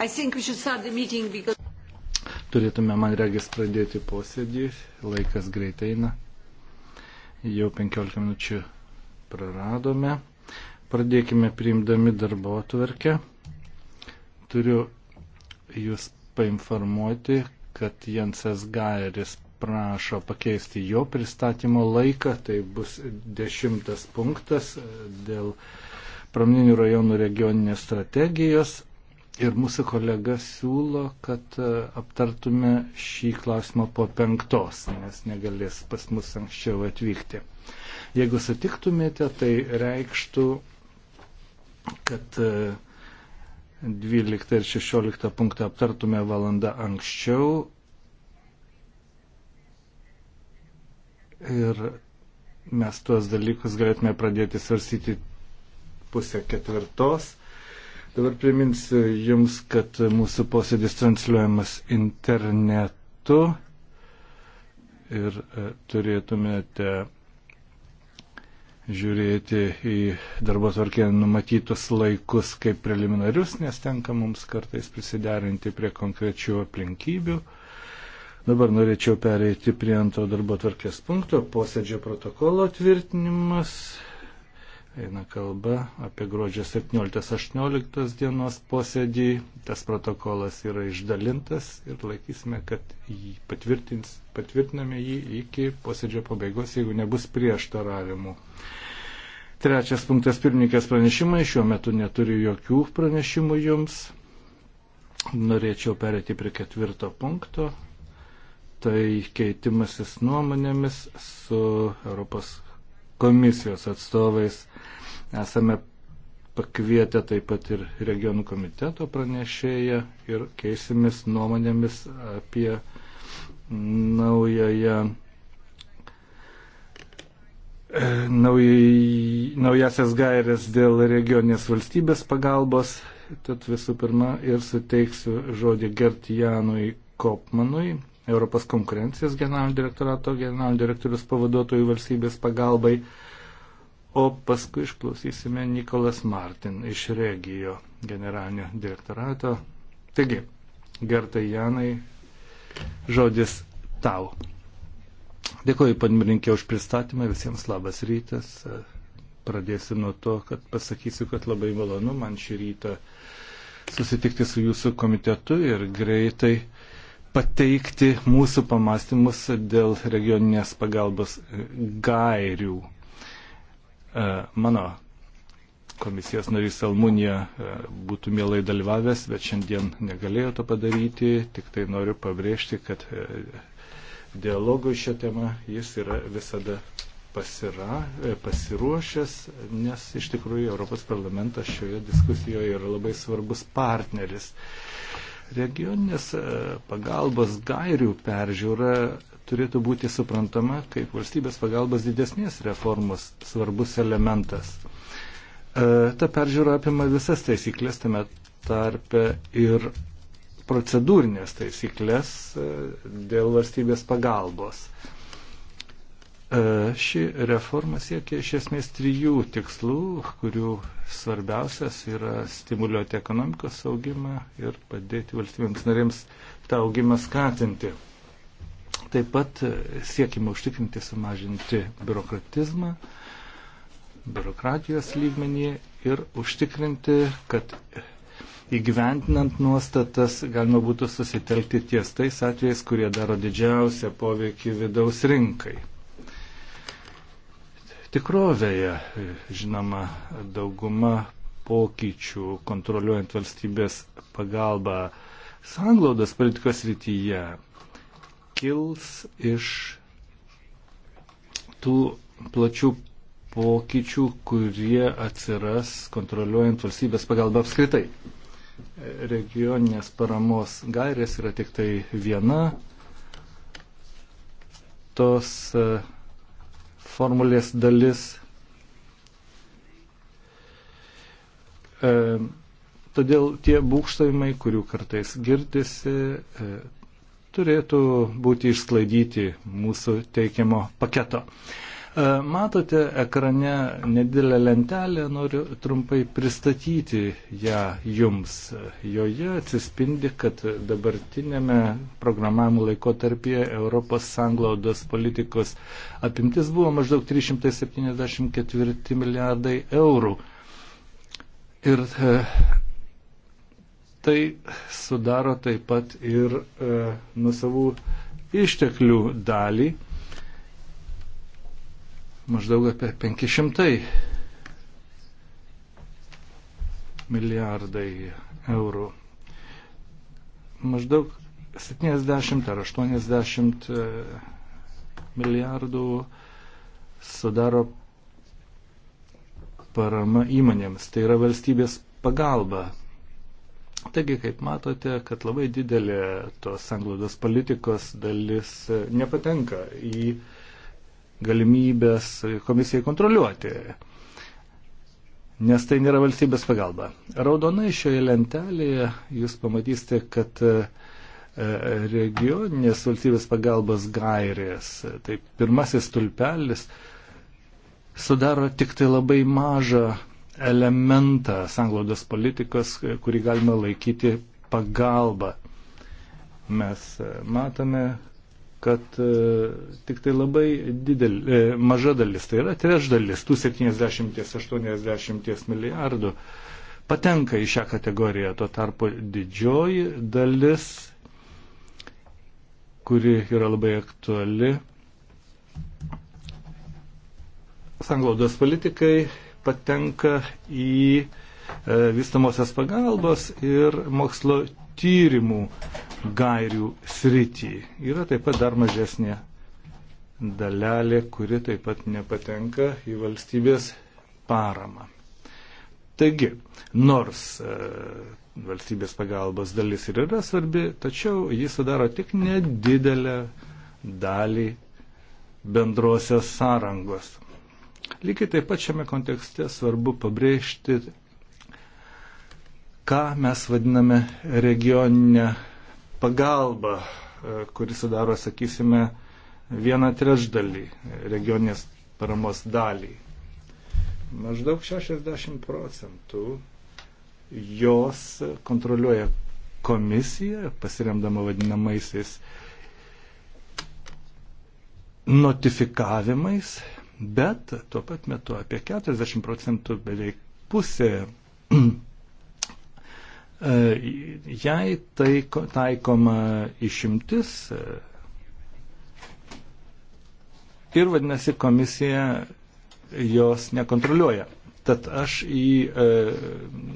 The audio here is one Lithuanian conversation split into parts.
Because... Turėtume, man regis, pradėti posėdį, laikas greitai eina. Jau 15 minučių praradome. Pradėkime priimdami darbo atverkę. Turiu jūs painformuoti, kad Jensas Gairis prašo pakeisti jo pristatymo laiką, tai bus dešimtas punktas dėl pramoninių rajonų regioninės strategijos. Ir mūsų kolega siūlo, kad e, aptartume šį klausimą po penktos, nes negalės pas mus anksčiau atvykti. Jeigu sutiktumėte, tai reikštų, kad 12 e, ir 16 punktą aptartume valandą anksčiau. Ir mes tuos dalykus galėtume pradėti svarstyti pusę ketvirtos. Dabar priminsiu Jums, kad mūsų posėdis transliuojamas internetu ir e, turėtumėte žiūrėti į darbo tvarkę numatytus laikus kaip preliminarius, nes tenka mums kartais prisiderinti prie konkrečių aplinkybių. Dabar norėčiau pereiti prie antro darbo tvarkės punkto - posėdžio protokolo tvirtinimas eina kalba apie gruodžio 17-18 dienos posėdį. Tas protokolas yra išdalintas ir laikysime, kad jį patvirtiname jį iki posėdžio pabaigos, jeigu nebus prieštaravimų. Trečias punktas pirmininkės pranešimai. Šiuo metu neturiu jokių pranešimų jums. Norėčiau perėti prie ketvirto punkto. Tai keitimasis nuomonėmis su Europos komisijos atstovais. Esame pakvietę taip pat ir regionų komiteto pranešėją ir keisimis nuomonėmis apie naująją e, naujai, naujasias gairias dėl regioninės valstybės pagalbos. Tad visų pirma ir suteiksiu žodį Gertijanui Kopmanui, Europos konkurencijos generalinio direktorato generalinio direktorius pavaduotojų valstybės pagalbai, o paskui išklausysime Nikolas Martin iš regijo generalinio direktorato. Taigi, Gertai Janai, žodis tau. Dėkuoju, panmirinkė, už pristatymą, visiems labas rytas. Pradėsiu nuo to, kad pasakysiu, kad labai malonu man šį rytą susitikti su jūsų komitetu ir greitai uh, pateikti mūsų pamastymus dėl regioninės pagalbos gairių. E, mano komisijos narys Almunija e, būtų mielai dalyvavęs, bet šiandien negalėjo to padaryti. Tik tai noriu pabrėžti, kad e, dialogų šią temą jis yra visada pasira, pasiruošęs, nes iš tikrųjų Europos parlamentas šioje diskusijoje yra labai svarbus partneris. Uh, Regioninės e, pagalbos gairių peržiūra turėtų būti suprantama kaip valstybės pagalbos didesnės reformos svarbus elementas. E, ta peržiūra apima visas taisyklės, tame tarpe ir procedūrinės taisyklės e, dėl valstybės pagalbos. E, ši reforma siekia iš esmės trijų tikslų, kurių svarbiausias yra stimuliuoti ekonomikos augimą ir padėti valstybėms narėms tą augimą skatinti. Taip pat siekime užtikrinti sumažinti biurokratizmą, biurokratijos lygmenį ir užtikrinti, kad įgyventinant nuostatas galima būtų susitelkti ties tais atvejais, kurie daro didžiausią poveikį vidaus rinkai tikrovėje. Žinoma, dauguma pokyčių kontroliuojant valstybės pagalbą sanglaudos politikos rytyje kils iš tų plačių pokyčių, kurie atsiras kontroliuojant valstybės pagalbą apskritai. Regioninės paramos gairės yra tik tai viena tos uh, formulės dalis. E, todėl tie būkštavimai, kurių kartais girdisi, e, turėtų būti išsklaidyti mūsų teikiamo paketo. E, E, matote ekrane nedidelę lentelę, noriu trumpai pristatyti ją jums. Joje atsispindi, kad dabartinėme programavimo laikotarpyje Europos sanglaudos politikos apimtis buvo maždaug 374 milijardai eurų. Ir e, tai sudaro taip pat ir e, nusavų išteklių dalį maždaug apie 500 milijardai eurų. Maždaug 70 ar 80 e, milijardų sudaro parama įmonėms, tai yra valstybės pagalba. Taigi, kaip matote, kad labai didelė tos sanglaudos politikos dalis e, nepatenka į uh, galimybės komisijai kontroliuoti, nes tai nėra valstybės pagalba. Raudonai šioje lentelėje jūs pamatysite, kad e, regioninės valstybės pagalbos gairės, tai pirmasis tulpelis, sudaro tik tai labai mažą elementą sanglaudos politikos, kurį galima laikyti pagalba. Mes e, matome, kad e, tik tai labai didel, e, maža dalis, tai yra trečdalis tų 70-80 milijardų patenka į šią kategoriją. Tuo tarpu didžioji dalis, kuri yra labai aktuali, sanglaudos politikai patenka į e, vystamosios pagalbos ir mokslo tyrimų e, gairių sritį. Yra taip pat dar mažesnė dalelė, kuri taip pat nepatenka į valstybės paramą. Taigi, nors e, valstybės pagalbos dalis ir yra svarbi, tačiau jis sudaro tik nedidelę dalį bendrosios sąrangos. Lygiai taip pat šiame kontekste svarbu pabrėžti, ką mes vadiname regioninę pagalba, e, kuris sudaro, sakysime, vieną trečdalį regioninės paramos dalį. Maždaug 60 procentų jos kontroliuoja komisija, pasiremdama vadinamaisiais notifikavimais, bet tuo pat metu apie 40 procentų beveik pusė E, jei tai taikoma išimtis e, ir vadinasi komisija jos nekontroliuoja. Tad aš į, e,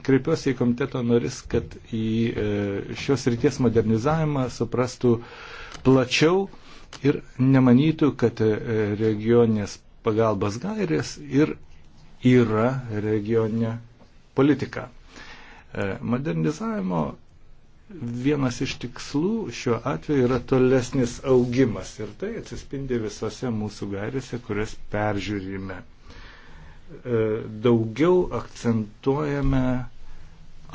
kreipiuosi į komiteto noris, kad į e, šios ryties modernizavimą suprastų plačiau ir nemanytų, kad e, regioninės pagalbos gairės ir yra regioninė politika. E, modernizavimo vienas iš tikslų šiuo atveju yra tolesnis augimas ir tai atsispindi visose mūsų gairėse, kurias peržiūrime. E, daugiau akcentuojame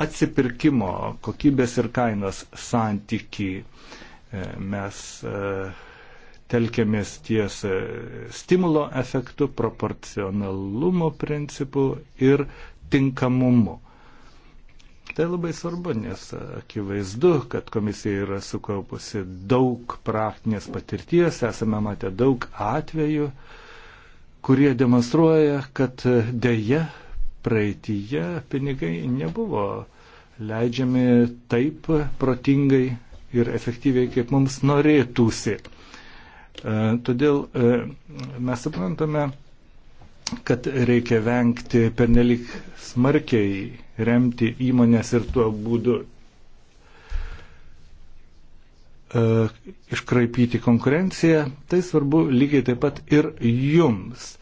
atsipirkimo kokybės ir kainos santyki. E, mes telkiamės ties stimulo efektu, proporcionalumo principu ir tinkamumu Tai labai svarbu, nes akivaizdu, kad komisija yra sukaupusi daug praktinės patirties, esame matę daug atvejų, kurie demonstruoja, kad dėja praeitįje pinigai nebuvo leidžiami taip protingai ir efektyviai, kaip mums norėtųsi. E, todėl e, mes suprantame, kad reikia vengti pernelik smarkiai remti įmonės ir tuo būdu e, iškraipyti konkurenciją, tai svarbu lygiai taip pat ir jums.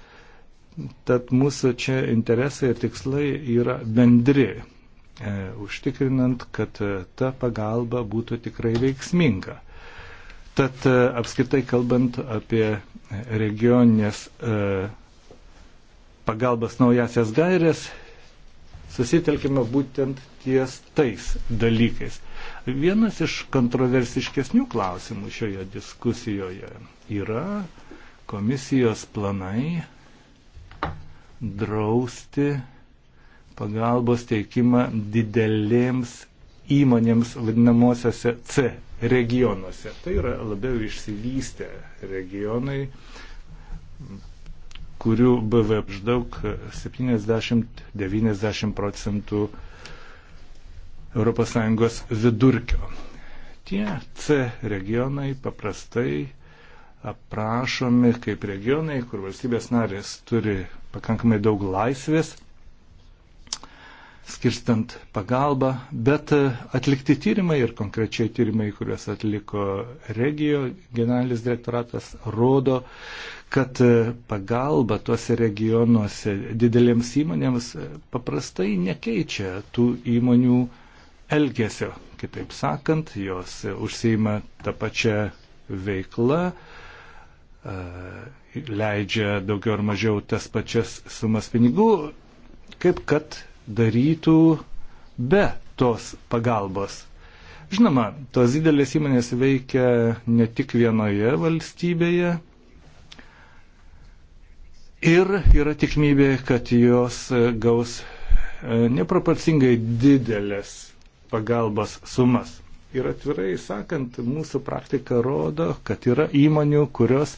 Tad mūsų čia interesai ir tikslai yra bendri, e, užtikrinant, kad e, ta pagalba būtų tikrai veiksminga. Tad e, apskritai kalbant apie regioninės e, pagalbas naujasias gairias, Susitelkime būtent ties tais dalykais. Vienas iš kontroversiškesnių klausimų šioje diskusijoje yra komisijos planai drausti pagalbos teikimą didelėms įmonėms vadinamosiose C regionuose. Tai yra labiau išsivystę regionai, kurių BVP maždaug 70-90 procentų ES vidurkio. Tie C regionai paprastai aprašomi kaip regionai, kur valstybės narės turi pakankamai daug laisvės skirstant pagalbą, bet e, atlikti tyrimai ir konkrečiai tyrimai, kuriuos atliko regijo generalinis direktoratas, rodo, kad e, pagalba tuose regionuose didelėms įmonėms e, paprastai nekeičia tų įmonių elgesio. Kitaip sakant, jos užsieima tą pačią veiklą, leidžia daugiau ar mažiau tas pačias sumas pinigų, kaip kad darytų be tos pagalbos. Žinoma, tos didelės įmonės veikia ne tik vienoje valstybėje ir yra tikimybė, kad jos gaus e, neproporcingai didelės pagalbos sumas. Ir atvirai sakant, mūsų praktika rodo, kad yra įmonių, kurios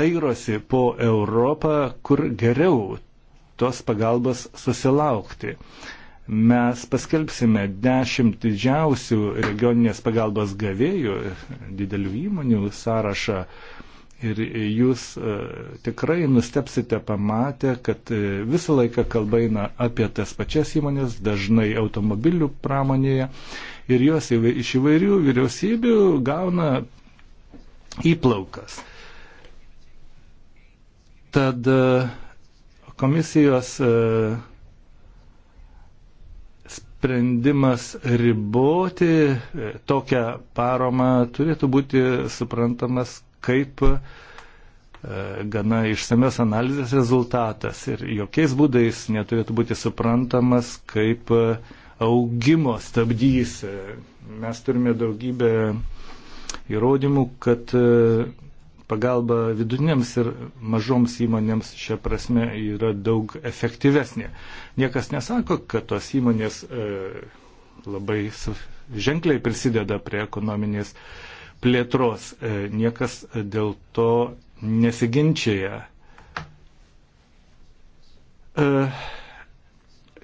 dairosi po Europą, kur geriau tos pagalbos susilaukti. Mes paskelbsime dešimt didžiausių regioninės pagalbos gavėjų, didelių įmonių sąrašą ir jūs e, tikrai nustepsite pamatę, kad e, visą laiką kalba eina apie tas pačias įmonės, dažnai automobilių pramonėje ir jos iš įvairių vyriausybių gauna įplaukas. Tad uh, Komisijos e, sprendimas riboti e, tokią paramą turėtų būti suprantamas kaip e, gana išsames analizės rezultatas ir jokiais būdais neturėtų būti suprantamas kaip augimo stabdys. Mes turime daugybę įrodymų, kad pagalba vidutiniams ir mažoms įmonėms šia prasme yra daug efektyvesnė. Niekas nesako, kad tos įmonės e, labai ženkliai prisideda prie ekonominės plėtros. E, niekas dėl to nesiginčia. E,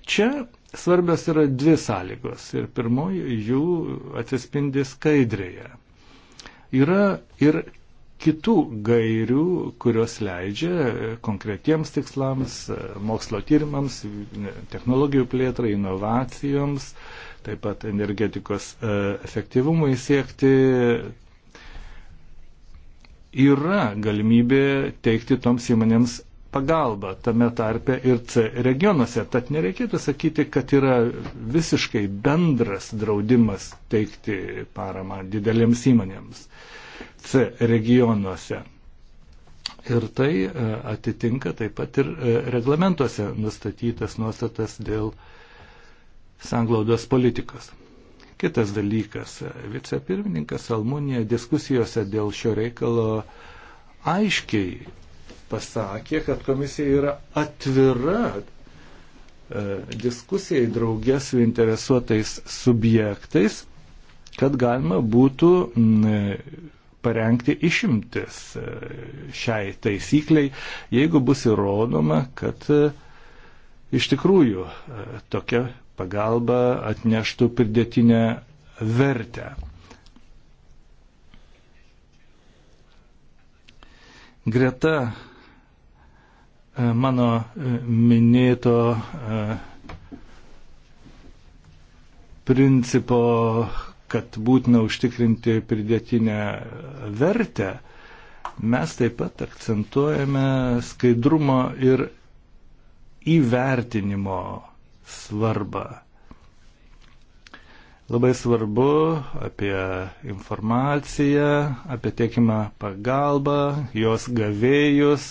čia svarbios yra dvi sąlygos ir pirmoji jų atsispindi skaidrėje. Yra ir kitų gairių, kurios leidžia konkretiems tikslams, mokslo tyrimams, technologijų plėtrai, inovacijoms, taip pat energetikos e, efektyvumui siekti. Yra galimybė teikti toms įmonėms pagalba tame tarpe ir C regionuose. Tad nereikėtų sakyti, kad yra visiškai bendras draudimas teikti paramą didelėms įmonėms. Uh, C regionuose. Ir tai e, atitinka taip pat ir e, reglamentuose nustatytas nuostatas dėl sanglaudos politikos. Kitas dalykas, e, vicepirmininkas Almunija diskusijose dėl šio reikalo aiškiai pasakė, kad komisija yra atvira diskusijai draugė su interesuotais subjektais, kad galima būtų parengti išimtis e, šiai taisykliai, jeigu bus įrodoma, kad e, iš tikrųjų e, tokia pagalba atneštų pridėtinę vertę. Greta mano minėto principo kad būtina užtikrinti pridėtinę vertę, mes taip pat akcentuojame skaidrumo ir įvertinimo svarbą. Labai svarbu apie informaciją, apie tiekimą pagalbą, jos gavėjus,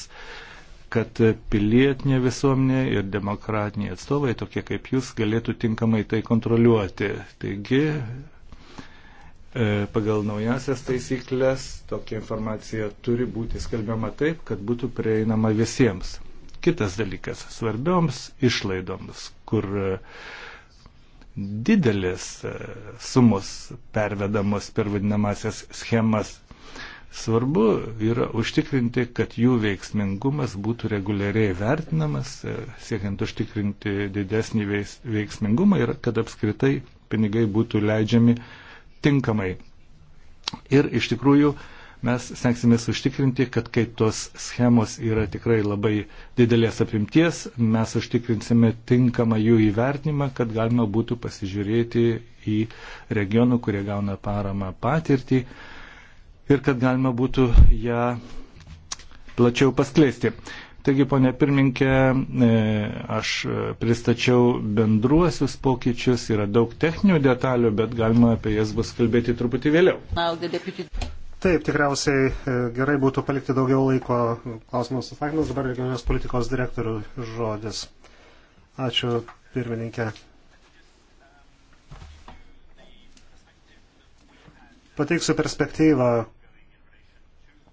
kad pilietinė visuomenė ir demokratiniai atstovai, tokie kaip jūs, galėtų tinkamai tai kontroliuoti. Taigi E, pagal naujasias taisyklės tokia informacija turi būti skelbiama taip, kad būtų prieinama visiems. Kitas dalykas - svarbioms išlaidoms, kur e, didelės e, sumos pervedamos per vadinamasias schemas Svarbu yra užtikrinti, kad jų veiksmingumas būtų reguliariai vertinamas, siekiant užtikrinti didesnį veiksmingumą ir kad apskritai pinigai būtų leidžiami tinkamai. Ir iš tikrųjų mes stengsimės užtikrinti, kad kai tos schemos yra tikrai labai didelės apimties, mes užtikrinsime tinkamą jų įvertinimą, kad galima būtų pasižiūrėti į regionų, kurie gauna paramą patirtį ir kad galima būtų ją plačiau paskleisti. Taigi, ponė pirminkė, e, aš pristačiau bendruosius pokyčius, yra daug techninių detalių, bet galima apie jas bus kalbėti truputį vėliau. Taip, tikriausiai e, gerai būtų palikti daugiau laiko klausimams atsakymams. Dabar regioninės politikos direktorių žodis. Ačiū, pirmininkė. Pateiksiu perspektyvą,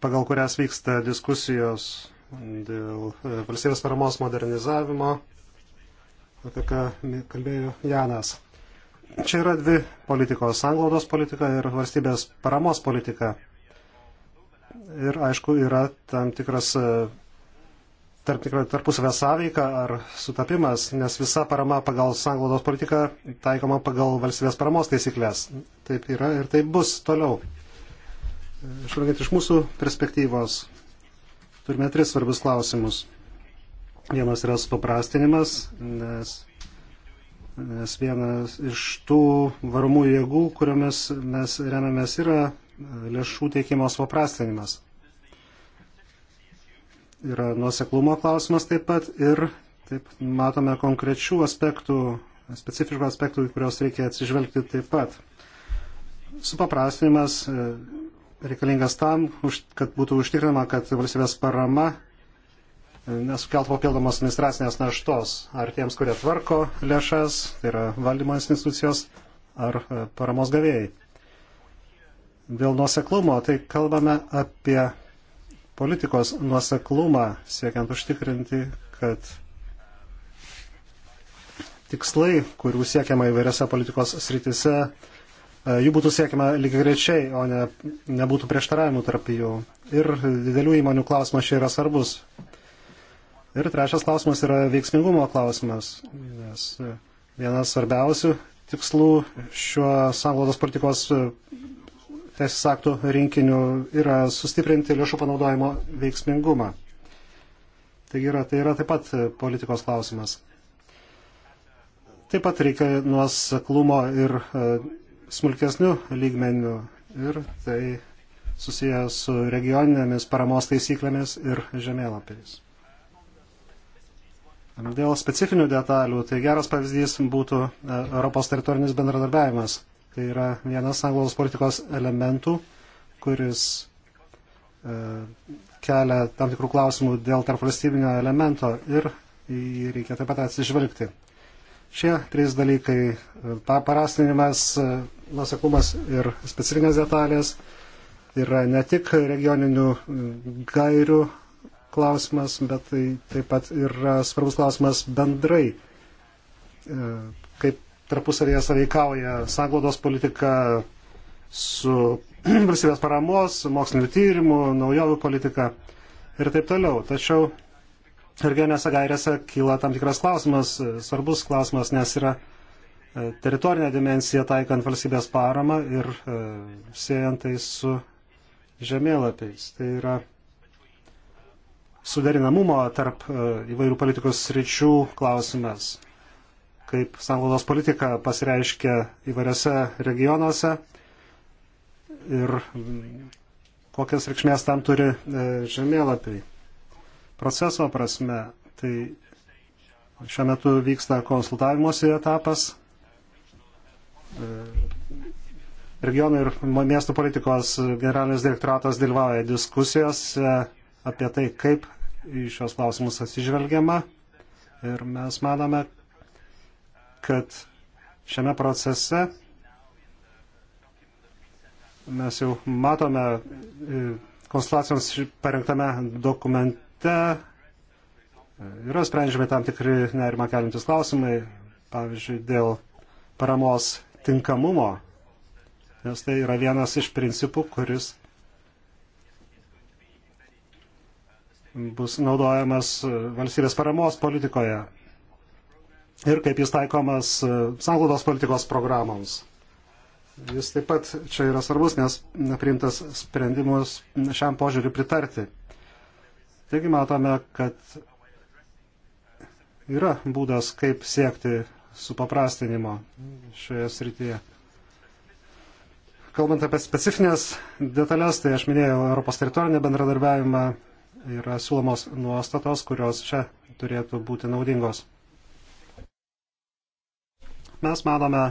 pagal kurias vyksta diskusijos dėl e, valstybės paramos modernizavimo, apie ką kalbėjo Janas. Čia yra dvi politikos - sanglaudos politika ir valstybės paramos politika. Ir aišku, yra tam tikras e, tarp tikra tarpusavę sąveiką ar sutapimas, nes visa parama pagal sanglaudos politiką taikoma pagal valstybės paramos taisyklės. Taip yra ir taip bus toliau. Išvelgiant e, iš mūsų perspektyvos, Turime tris svarbus klausimus. Vienas yra supaprastinimas, nes, nes vienas iš tų varmų jėgų, kuriomis mes remiamės, yra lėšų teikimo supaprastinimas. Yra nuoseklumo klausimas taip pat ir taip matome konkrečių aspektų, specifiškų aspektų, į kuriuos reikia atsižvelgti taip pat. Supaprastinimas reikalingas tam, kad būtų užtikrinama, kad valstybės parama e, nesukeltų papildomos administracinės naštos ar tiems, kurie tvarko lėšas, tai yra valdymo institucijos ar e, paramos gavėjai. Dėl nuoseklumo, tai kalbame apie politikos nuoseklumą, siekiant užtikrinti, kad tikslai, kurių siekiama įvairiose politikos srityse, E, jų būtų siekima lygiai grečiai, o ne, nebūtų prieštaravimų tarp jų. Ir didelių įmonių klausimas čia yra svarbus. Ir trečias klausimas yra veiksmingumo klausimas, nes vienas svarbiausių tikslų šiuo sanglaudos politikos e, teisės aktų rinkiniu yra sustiprinti lėšų panaudojimo veiksmingumą. Taigi yra, tai yra taip pat e, politikos klausimas. Taip pat reikia nuoseklumo ir smulkesnių lygmenių ir tai susijęs su regioninėmis paramos taisyklėmis ir žemėlapiais. Dėl specifinių detalių, tai geras pavyzdys būtų e, Europos teritorinis bendradarbiavimas. Tai yra vienas anglos politikos elementų, kuris e, kelia tam tikrų klausimų dėl tarpvalstybinio elemento ir jį reikia taip pat atsižvelgti. Šie trys dalykai - parastinimas, nuseklumas ir specifinės detalės yra ne tik regioninių mm, gairių klausimas, bet tai taip pat yra svarbus klausimas bendrai, e, kaip tarpusavėje saveikauja sąglaudos politika su valstybės paramos, mokslinių tyrimų, naujovių politika ir taip toliau. Tačiau Regionėse gairėse kyla tam tikras klausimas, e, svarbus klausimas, nes yra e, teritorinė dimensija taikant valstybės paramą ir e, siejant tai su žemėlapiais. Tai yra suderinamumo tarp įvairių politikos sričių klausimas, kaip sanglaudos politika pasireiškia įvairiose regionuose ir kokias reikšmės tam turi žemėlapiai. Proceso prasme, tai šiuo metu vyksta konsultavimosi etapas. E, regionų ir miestų politikos generalinis direktoratas dalyvauja diskusijos apie tai, kaip į šios klausimus atsižvelgiama. Ir mes manome, kad šiame procese mes jau matome e, konstatacijoms parengtame dokumente parlamente e, yra sprendžiami tam tikri nerima kelintis klausimai, pavyzdžiui, dėl paramos tinkamumo, nes tai yra vienas iš principų, kuris bus naudojamas e, valstybės paramos politikoje ir kaip jis taikomas e, sanglaudos politikos programoms. Jis taip pat čia yra svarbus, nes priimtas sprendimus šiam požiūriu pritarti. Taigi matome, kad yra būdas, kaip siekti supaprastinimo šioje srityje. Kalbant apie specifines detalės, tai aš minėjau Europos teritorinį bendradarbiavimą, yra siūlomos nuostatos, kurios čia turėtų būti naudingos. Mes manome,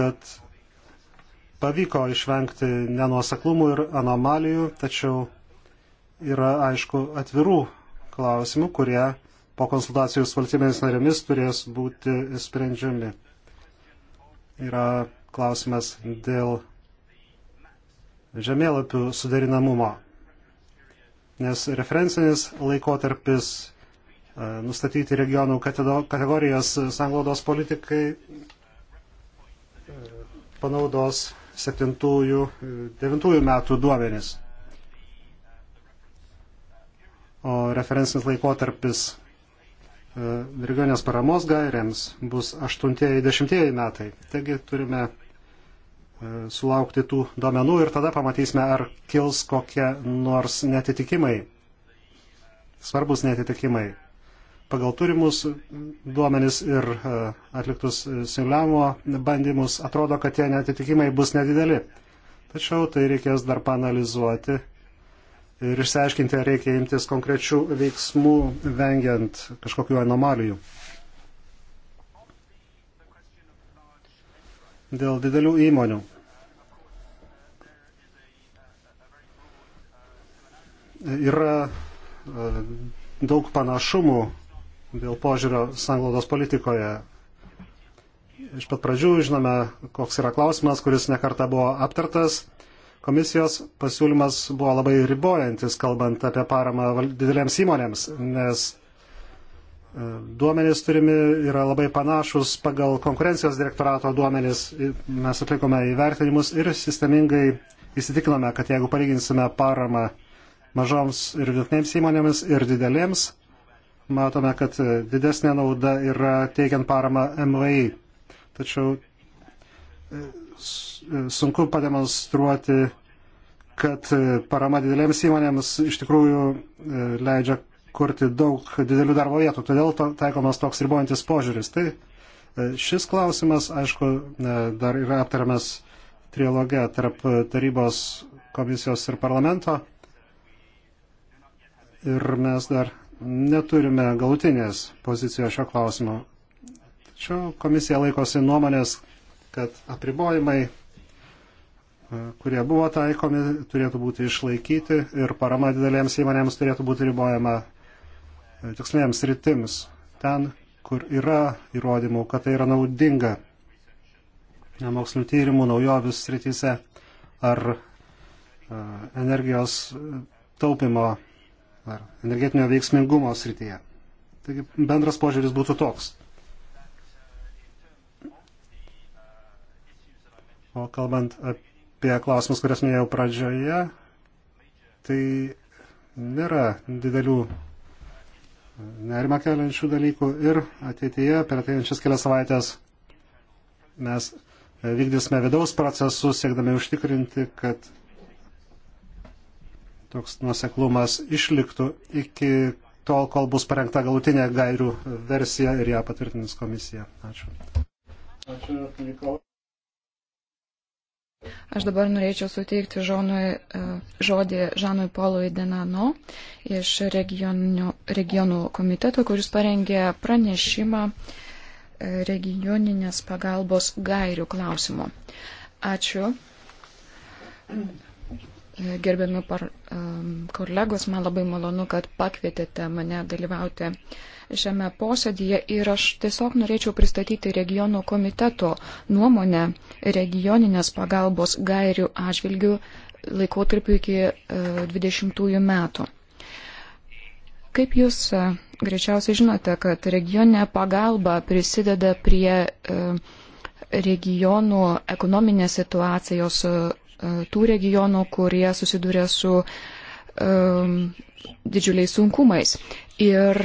kad pavyko išvengti nenuoseklumų ir anomalijų, tačiau yra aišku atvirų klausimų, kurie po konsultacijų su valstybėmis narėmis turės būti sprendžiami. Yra klausimas dėl žemėlapių suderinamumo, nes referencinis laikotarpis e, nustatyti regionų kategorijos sanglaudos politikai e, panaudos 2007-2009 metų duomenys. O referencinis laikotarpis e, regionės paramos gairėms bus 80-10 metai. Taigi turime e, sulaukti tų duomenų ir tada pamatysime, ar kils kokie nors netitikimai, svarbus netitikimai. Pagal turimus duomenis ir e, atliktus simuliavimo bandymus atrodo, kad tie netitikimai bus nedideli. Tačiau tai reikės dar panalizuoti ir išsiaiškinti, ar reikia imtis konkrečių veiksmų, vengiant kažkokių anomalijų. Dėl didelių įmonių. Yra e, daug panašumų dėl požiūrio sanglaudos politikoje. Iš pat pradžių žinome, koks yra klausimas, kuris nekarta buvo aptartas. Komisijos pasiūlymas buvo labai ribojantis, kalbant apie paramą didelėms įmonėms, nes e, duomenys turimi yra labai panašus pagal konkurencijos direktorato duomenys. Mes atlikome įvertinimus ir sistemingai įsitikinome, kad jeigu palyginsime paramą mažoms ir vidutinėms įmonėms ir didelėms, matome, kad didesnė nauda yra teikiant paramą MVI. Tačiau e, e, sunku pademonstruoti, kad e, parama didelėms įmonėms iš tikrųjų leidžia kurti daug didelių darbo vietų. Todėl to, taikomas toks ribojantis požiūris. Tai šis klausimas, aišku, dar yra aptariamas trialoge tarp tarybos komisijos ir parlamento. Ir mes dar neturime galutinės pozicijos šio klausimo. Tačiau komisija laikosi nuomonės, kad apribojimai, e, kurie buvo taikomi, turėtų būti išlaikyti ir parama didelėms įmonėms turėtų būti ribojama e, tikslėms rytims, ten, kur yra įrodymų, kad tai yra naudinga mokslinio tyrimų naujovius srityse ar e, energijos taupimo ar energetinio veiksmingumo srityje. Taigi bendras požiūris būtų toks. O kalbant apie klausimus, kurias minėjau pradžioje, tai nėra didelių nerima keliančių dalykų ir ateityje per ateinančias kelias savaitės mes vykdysime vidaus procesus, siekdami užtikrinti, kad toks nuoseklumas išliktų iki tol, kol bus parengta galutinė gairių versija ir ją patvirtins komisija. Ačiū. Ačiū, Nikola. Aš dabar norėčiau suteikti žonui, e, žodį Žanui Polui Denano iš regionų, regionų komiteto, kuris parengė pranešimą e, regioninės pagalbos gairių klausimų. Ačiū. Gerbiami par, um, kolegos, man labai malonu, kad pakvietėte mane dalyvauti šiame posėdėje ir aš tiesiog norėčiau pristatyti regionų komiteto nuomonę regioninės pagalbos gairių atžvilgių laikotarpiu iki uh, e, 20 metų. Kaip jūs uh, greičiausiai žinote, kad regioninė pagalba prisideda prie uh, regionų ekonominės situacijos E, tų regionų, kurie susiduria su um, didžiuliais sunkumais. Ir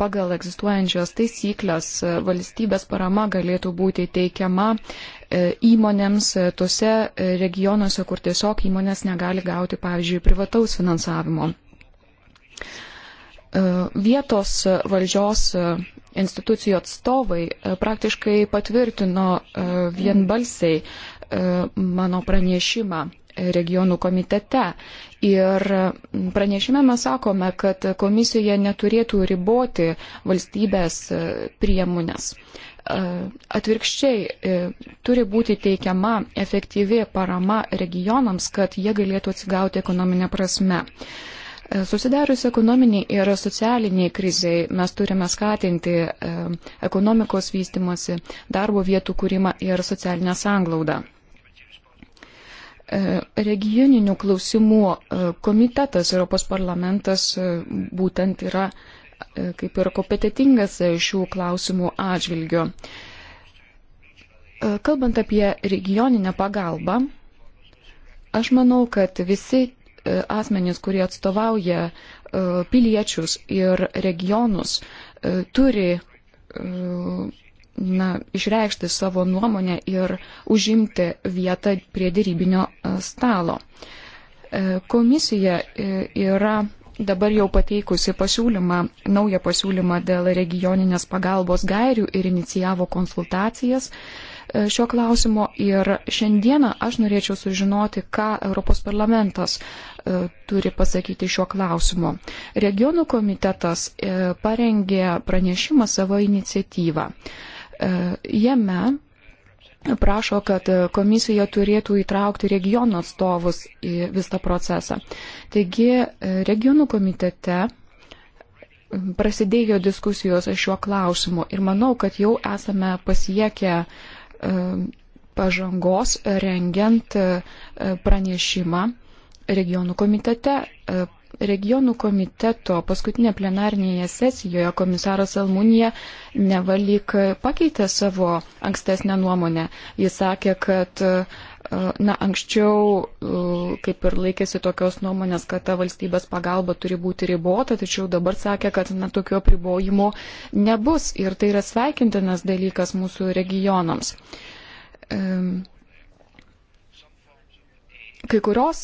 pagal egzistuojančias taisyklės e, valstybės parama galėtų būti teikiama įmonėms tose regionuose, kur tiesiog įmonės negali gauti, pavyzdžiui, privataus finansavimo. Vietos valdžios institucijų atstovai praktiškai patvirtino vienbalsiai E, mano pranešimą regionų komitete. Ir pranešime mes sakome, kad komisija neturėtų riboti valstybės e, priemonės. E, atvirkščiai turi būti teikiama efektyvi parama regionams, kad jie galėtų atsigauti ekonominę prasme. Susidarius ekonominiai ir socialiniai kriziai mes turime skatinti ekonomikos vystimasi, darbo vietų kūrimą ir socialinę sanglaudą. E, regioninių klausimų e, komitetas Europos parlamentas e, būtent yra kaip ir kompetitingas šių klausimų atžvilgiu. Kalbant apie regioninę pagalbą, aš manau, kad visi asmenys, kurie atstovauja piliečius ir regionus, turi na, išreikšti savo nuomonę ir užimti vietą prie dėrybinio e, stalo. E, komisija e, yra dabar jau pateikusi pasiūlymą, naują pasiūlymą dėl regioninės pagalbos gairių ir inicijavo konsultacijas šio klausimo. Ir šiandieną aš norėčiau sužinoti, ką Europos parlamentas turi pasakyti šiuo klausimu. Regionų komitetas parengė pranešimą savo iniciatyvą. E, jame prašo, kad komisija turėtų įtraukti regionų atstovus į visą procesą. Taigi e, regionų komitete prasidėjo diskusijos šiuo klausimu ir manau, kad jau esame pasiekę e, pažangos rengiant pranešimą regionų komitete Regionų komiteto paskutinė plenarnėje sesijoje komisaras Almunija nevalik pakeitė savo ankstesnę nuomonę. Jis sakė, kad e, Na, anksčiau, e, kaip ir laikėsi tokios nuomonės, kad ta valstybės pagalba turi būti ribota, tačiau dabar sakė, kad na, tokio pribojimo nebus ir tai yra sveikintinas dalykas mūsų regionams. Um Kai, kurios,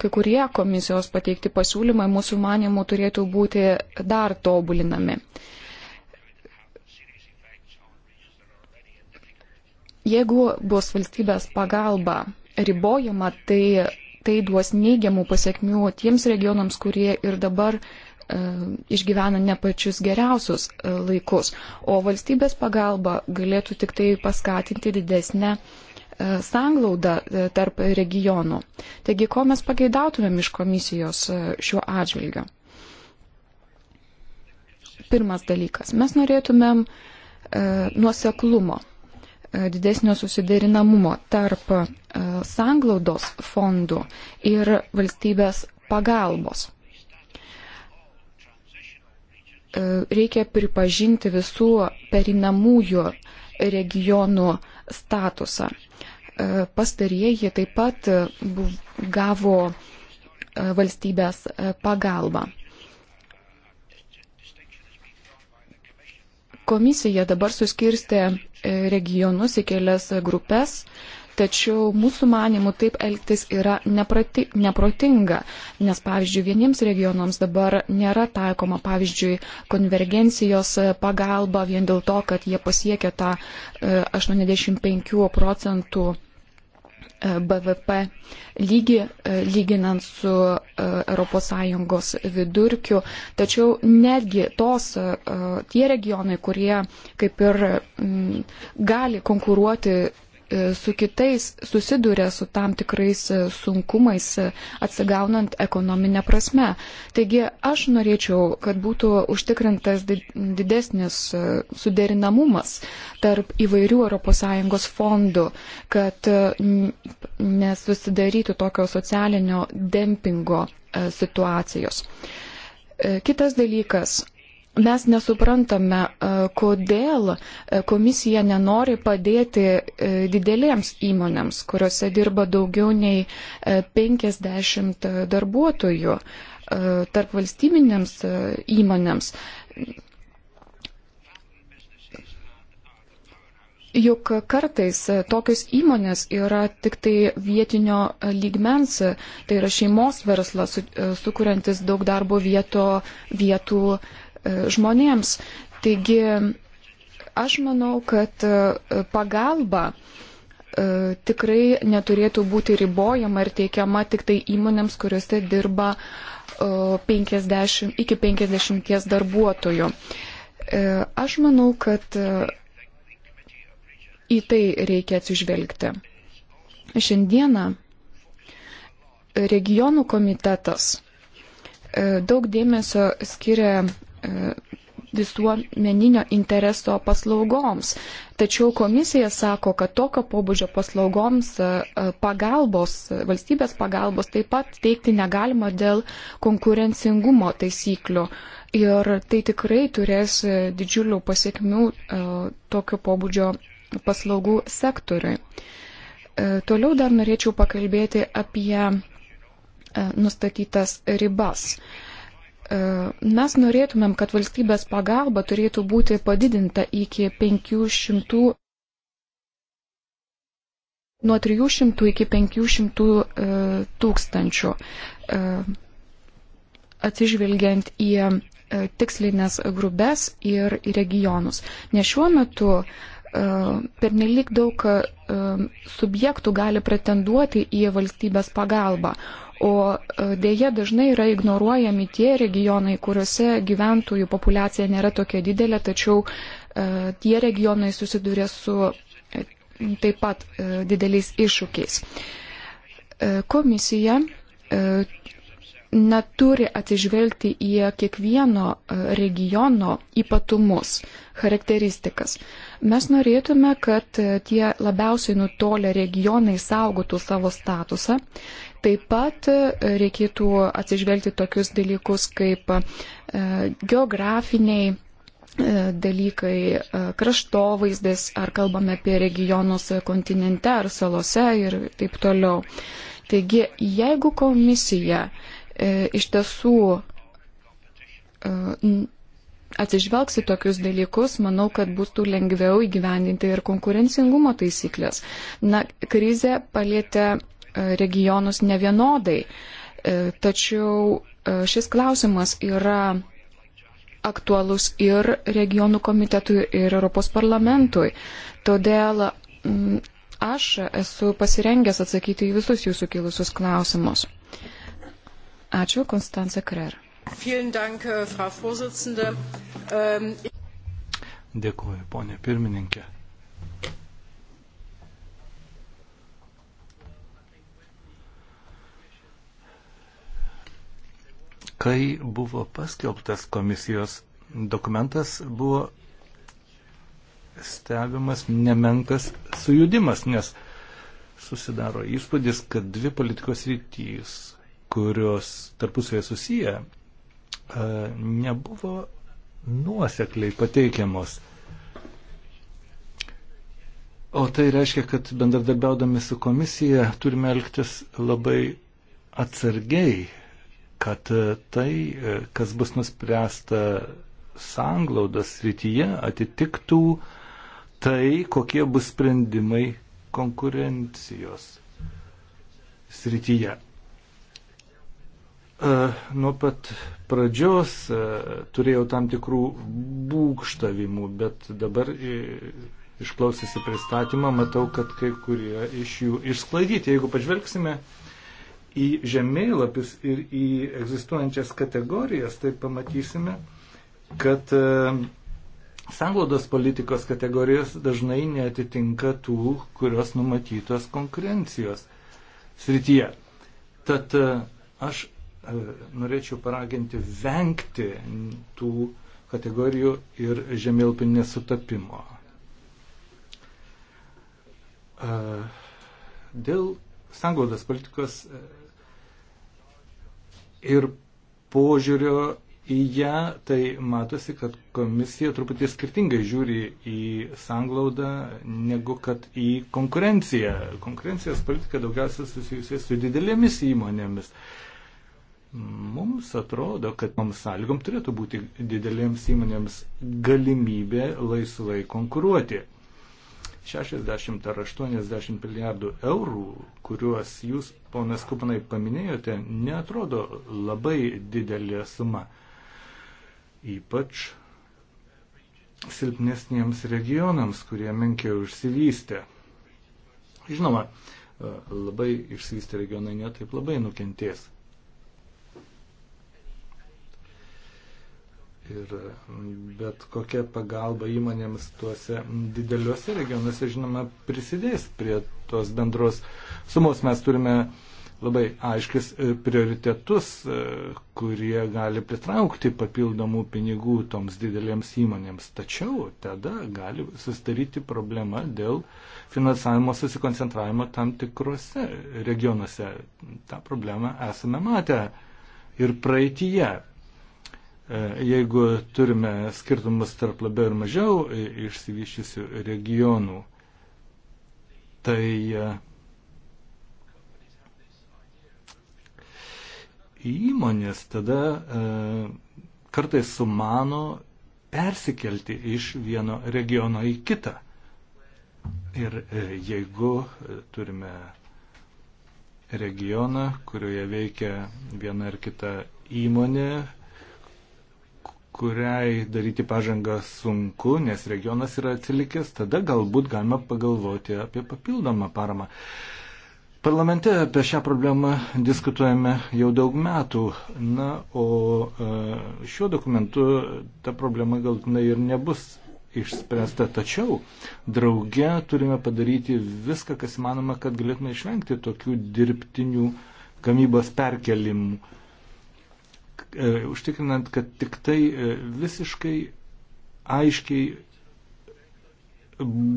kai kurie komisijos pateikti pasiūlymai mūsų manimų turėtų būti dar tobulinami. Jeigu bus valstybės pagalba ribojama, tai tai duos neigiamų pasiekmių tiems regionams, kurie ir dabar e, išgyvena ne pačius geriausius e, laikus, o valstybės pagalba galėtų tik tai paskatinti didesnę sanglaudą e, tarp regionų. Taigi, ko mes pageidautumėm iš komisijos e, šiuo atžvilgiu? Pirmas dalykas. Mes norėtumėm e, nuoseklumo, didesnio susiderinamumo tarp sanglaudos fondų ir valstybės pagalbos reikia pripažinti visų perinamųjų regionų statusą pastarieji taip pat e, gavo e, valstybės e, pagalbą. Komisija dabar suskirstė regionus į kelias grupės, tačiau mūsų manimų taip elgtis yra neprati, neprotinga, nes pavyzdžiui vieniems regionams dabar nėra taikoma pavyzdžiui konvergencijos pagalba vien dėl to, kad jie pasiekia tą 85 procentų BVP lygį, e, lyginant su ES vidurkiu. Tačiau netgi tos, e, tie regionai, kurie kaip ir gali konkuruoti E, su kitais susiduria su tam tikrais e, sunkumais e, atsigaunant ekonominę prasme. Taigi aš norėčiau, kad būtų užtikrintas didesnis suderinamumas tarp įvairių ES fondų, kad nesusidarytų tokio socialinio dempingo situacijos. Kitas dalykas Mes nesuprantame, e, kodėl e, komisija nenori padėti e, didelėms įmonėms, kuriuose dirba daugiau nei 50 darbuotojų, tarp valstybinėms įmonėms. Juk kartais tokios įmonės yra tik tai vietinio lygmens, tai yra šeimos verslas, sukuriantis daug darbo vieto, vietų E, žmonėms. Taigi aš manau, kad e, pagalba e, tikrai neturėtų būti ribojama ir teikiama tik tai įmonėms, kuriuose dirba 50, iki 50 darbuotojų. Aš manau, kad į tai reikia atsižvelgti. Šiandieną regionų komitetas daug dėmesio skiria E, visuomeninio intereso paslaugoms. Tačiau komisija sako, kad tokio pobūdžio paslaugoms e, e, pagalbos, valstybės pagalbos taip pat teikti negalima dėl konkurencingumo taisyklių. Ir tai tikrai turės didžiulių pasiekmių tokio pobūdžio paslaugų sektoriui. Toliau dar norėčiau pakalbėti apie nustatytas ribas. Uh, E, mes norėtumėm, kad valstybės pagalba turėtų būti padidinta iki 500, nuo 300 iki 500 e, tūkstančių, e, atsižvelgiant į tikslinės grubes ir regionus. Nes šiuo metu pernelik daug subjektų gali pretenduoti į valstybės pagalbą, o e, dėje dažnai yra ignoruojami tie regionai, kuriuose gyventojų populiacija nėra tokia didelė, tačiau e, tie regionai susiduria su e, taip pat dideliais iššūkiais. Komisija neturi atsižvelgti į kiekvieno regiono ypatumus, charakteristikas. Mes norėtume, kad tie labiausiai nutolę regionai saugotų savo statusą Taip pat e, reikėtų atsižvelgti tokius dalykus kaip e, geografiniai e, dalykai, kraštovaizdas, ar kalbame apie regionus kontinente ar salose ir taip toliau. Taigi, jeigu komisija iš tiesų atsižvelgs į tokius dalykus, manau, kad būtų lengviau įgyvendinti ir konkurencingumo taisyklės. Na, krizė palėtė regionus nevienodai. E, tačiau e, šis klausimas yra aktualus ir regionų komitetui, ir Europos parlamentui. Todėl aš esu pasirengęs atsakyti į visus jūsų kilusius klausimus. Ačiū, Konstancija Krer. Äh, ähm, Dėkuoju, ponė pirmininkė. Kai buvo paskelbtas komisijos dokumentas, buvo stebimas nemenkas sujudimas, nes susidaro įspūdis, kad dvi politikos rytys, kurios tarpusavėje susiję, e, nebuvo nuosekliai pateikiamos. O tai reiškia, kad bendradarbiaudami su komisija turime elgtis labai atsargiai, kad e, tai, e, kas bus nuspręsta sanglaudos rytyje, atitiktų tai, kokie bus sprendimai konkurencijos srityje. E, nuo pat pradžios turėjau tam tikrų būkštavimų, bet dabar išklausęs į pristatymą matau, kad kai kurie iš jų išsklaidyti. Jeigu pažvelgsime į žemėlapius ir į egzistuojančias kategorijas, tai pamatysime, kad e, sanglaudos politikos kategorijos dažnai netitinka tų, kurios numatytos konkurencijos srityje. Tad e, aš e, norėčiau paraginti vengti tų kategorijų ir žemėlpių nesutapimo. Dėl sanglaudos politikos ir požiūrio į ją, tai matosi, kad komisija truputį skirtingai žiūri į sanglaudą negu kad į konkurenciją. Konkurencijos politika daugiausia susijusi su didelėmis įmonėmis. Mums atrodo, kad mums sąlygom turėtų būti didelėms įmonėms galimybė laisvai konkuruoti. 60 ar 80 milijardų eurų, kuriuos jūs, ponas Kupanai, paminėjote, netrodo labai didelė suma. Ypač silpnesniems regionams, kurie menkiau išsivystė. Žinoma, labai išsivystę regionai netaip labai nukentės. Ir bet kokia pagalba įmonėms tuose dideliuose regionuose, žinoma, prisidės prie tos bendros sumos. Mes turime labai aiškius e, prioritetus, e, kurie gali pritraukti papildomų pinigų toms didelėms įmonėms. Tačiau tada gali sustaryti problema dėl finansavimo susikoncentravimo tam tikrose regionuose. Ta problema esame matę ir praeitie. E, jeigu turime skirtumus tarp labiau ir mažiau išsivyščiusių regionų, tai e, įmonės tada e, kartais sumano persikelti iš vieno regiono į kitą. Ir jeigu turime regioną, kurioje veikia viena ar kita įmonė, kuriai daryti pažangą sunku, nes regionas yra atsilikęs, tada galbūt galima pagalvoti apie papildomą paramą. Parlamente apie šią problemą diskutuojame jau daug metų, na, o e, šiuo dokumentu ta problema galtinai ir nebus išspręsta. Tačiau drauge turime padaryti viską, kas manoma, kad galėtume išvengti tokių dirbtinių gamybos perkelimų. E, užtikrinant, kad tik tai e, visiškai aiškiai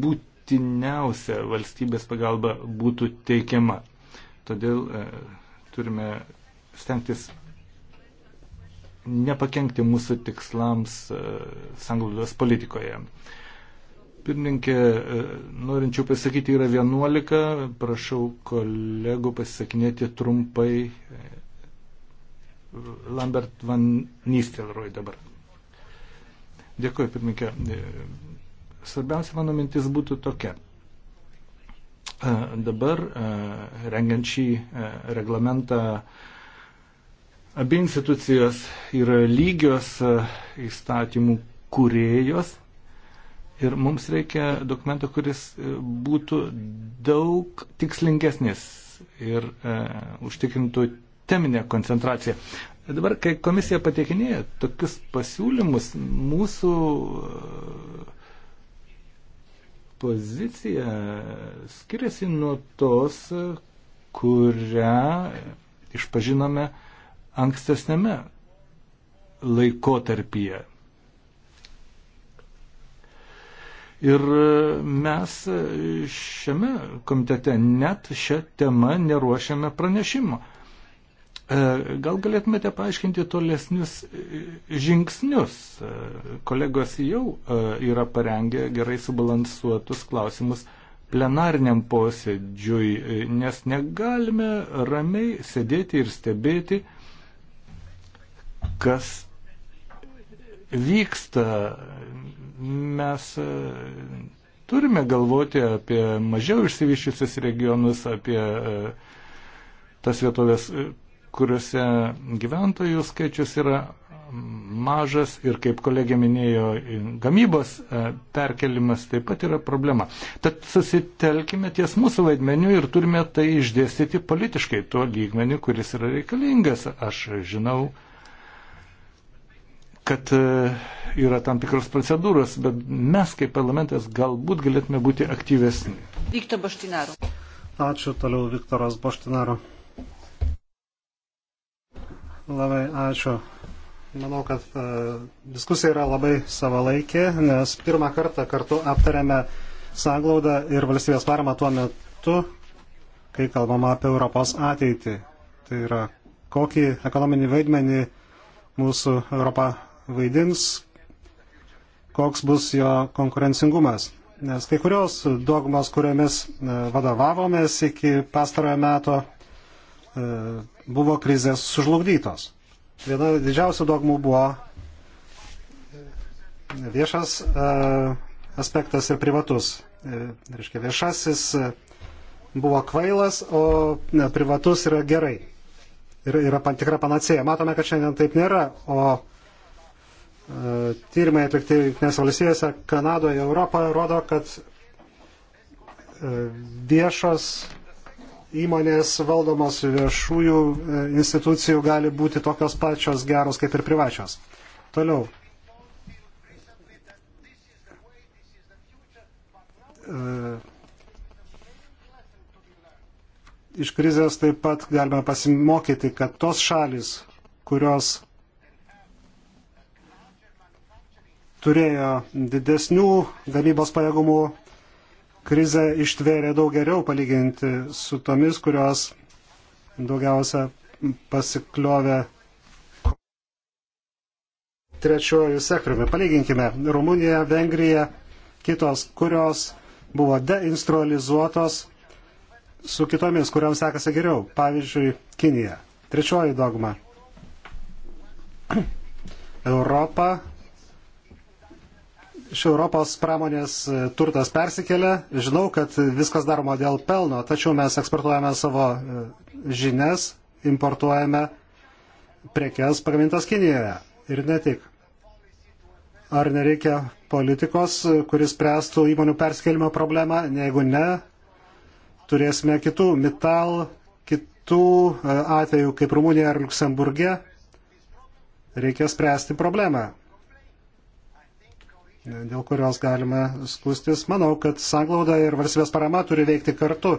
būtiniausia valstybės pagalba būtų teikiama. Todėl e, turime stengtis nepakengti mūsų tikslams sanglaudos politikoje. Pirmininkė, norinčių pasakyti yra 11, prašau kolegų pasisakinėti trumpai Lambert van Nistelrooy dabar. Dėkuoju, pirmininkė. E, svarbiausia mano mintis būtų tokia. E, dabar, e, rengiant šį reglamentą, abi institucijos yra lygios įstatymų kūrėjos ir mums reikia dokumento, kuris būtų daug tikslingesnis ir užtikrintų teminė koncentracija. Dabar, kai komisija pateikinėja tokius pasiūlymus, mūsų e, pozicija skiriasi nuo tos, kurią išpažinome ankstesnėme laikotarpyje. Ir mes šiame komitete net šią temą neruošiame pranešimo. E, gal galėtumėte paaiškinti tolesnius e, žingsnius? E, kolegos jau yra parengę gerai subalansuotus klausimus plenariniam posėdžiui, nes negalime ramiai sėdėti ir stebėti, kas vyksta. Mes turime galvoti apie mažiau išsivyščiusius regionus, apie tas vietovės, kuriuose gyventojų skaičius yra mažas ir, kaip kolegė minėjo, gamybos e, perkelimas taip pat yra problema. Tad susitelkime ties mūsų vaidmeniu ir turime tai išdėstyti politiškai tuo lygmeniu, kuris yra reikalingas. Aš žinau, kad e, yra tam tikros procedūros, bet mes kaip parlamentas galbūt galėtume būti aktyvesni. Viktor Boštinaro. Ačiū toliau Viktoras Boštinaro. Labai ačiū. Manau, kad uh, diskusija yra labai savalaikė, nes pirmą kartą kartu aptarėme sąglaudą ir valstybės paramą tuo metu, kai kalbama apie Europos ateitį. Tai yra, kokį ekonominį vaidmenį mūsų Europa vaidins, koks bus jo konkurencingumas. Nes kai kurios dogmos, kuriomis e, vadovavomės iki pastarojo meto, E, buvo krizės sužlugdytos. Viena didžiausių dogmų buvo viešas e, aspektas ir privatus. E, reiškia, viešasis buvo kvailas, o ne, privatus yra gerai. Ir yra tikra panacėja. Matome, kad šiandien taip nėra, o e, tyrimai atlikti Junktinės valstijose, Kanadoje, Europoje rodo, kad e, viešos įmonės valdomos viešųjų e, institucijų gali būti tokios pačios geros kaip ir privačios. Toliau. E, iš krizės taip pat galime pasimokyti, kad tos šalis, kurios turėjo didesnių gamybos pajėgumų krizę ištvėrė daug geriau palyginti su tomis, kurios daugiausia pasikliovė trečiojų sektoriumi. Palyginkime Rumuniją, Vengriją, kitos, kurios buvo deinstrualizuotos su kitomis, kuriams sekasi geriau. Pavyzdžiui, Kinija. Trečioji dogma. Europa iš Europos pramonės e, turtas persikelia. Žinau, kad viskas daroma dėl pelno, tačiau mes eksportuojame savo e, žinias, importuojame prekes pagamintas Kinijoje. Ir ne tik. Ar nereikia politikos, e, kuris spręstų įmonių perskelimo problemą? Jeigu ne, turėsime kitų metal, kitų atvejų kaip Rumunija ar Luksemburgė. Reikia spręsti problemą dėl kurios galime skustis. Manau, kad sanglauda ir valstybės parama turi veikti kartu,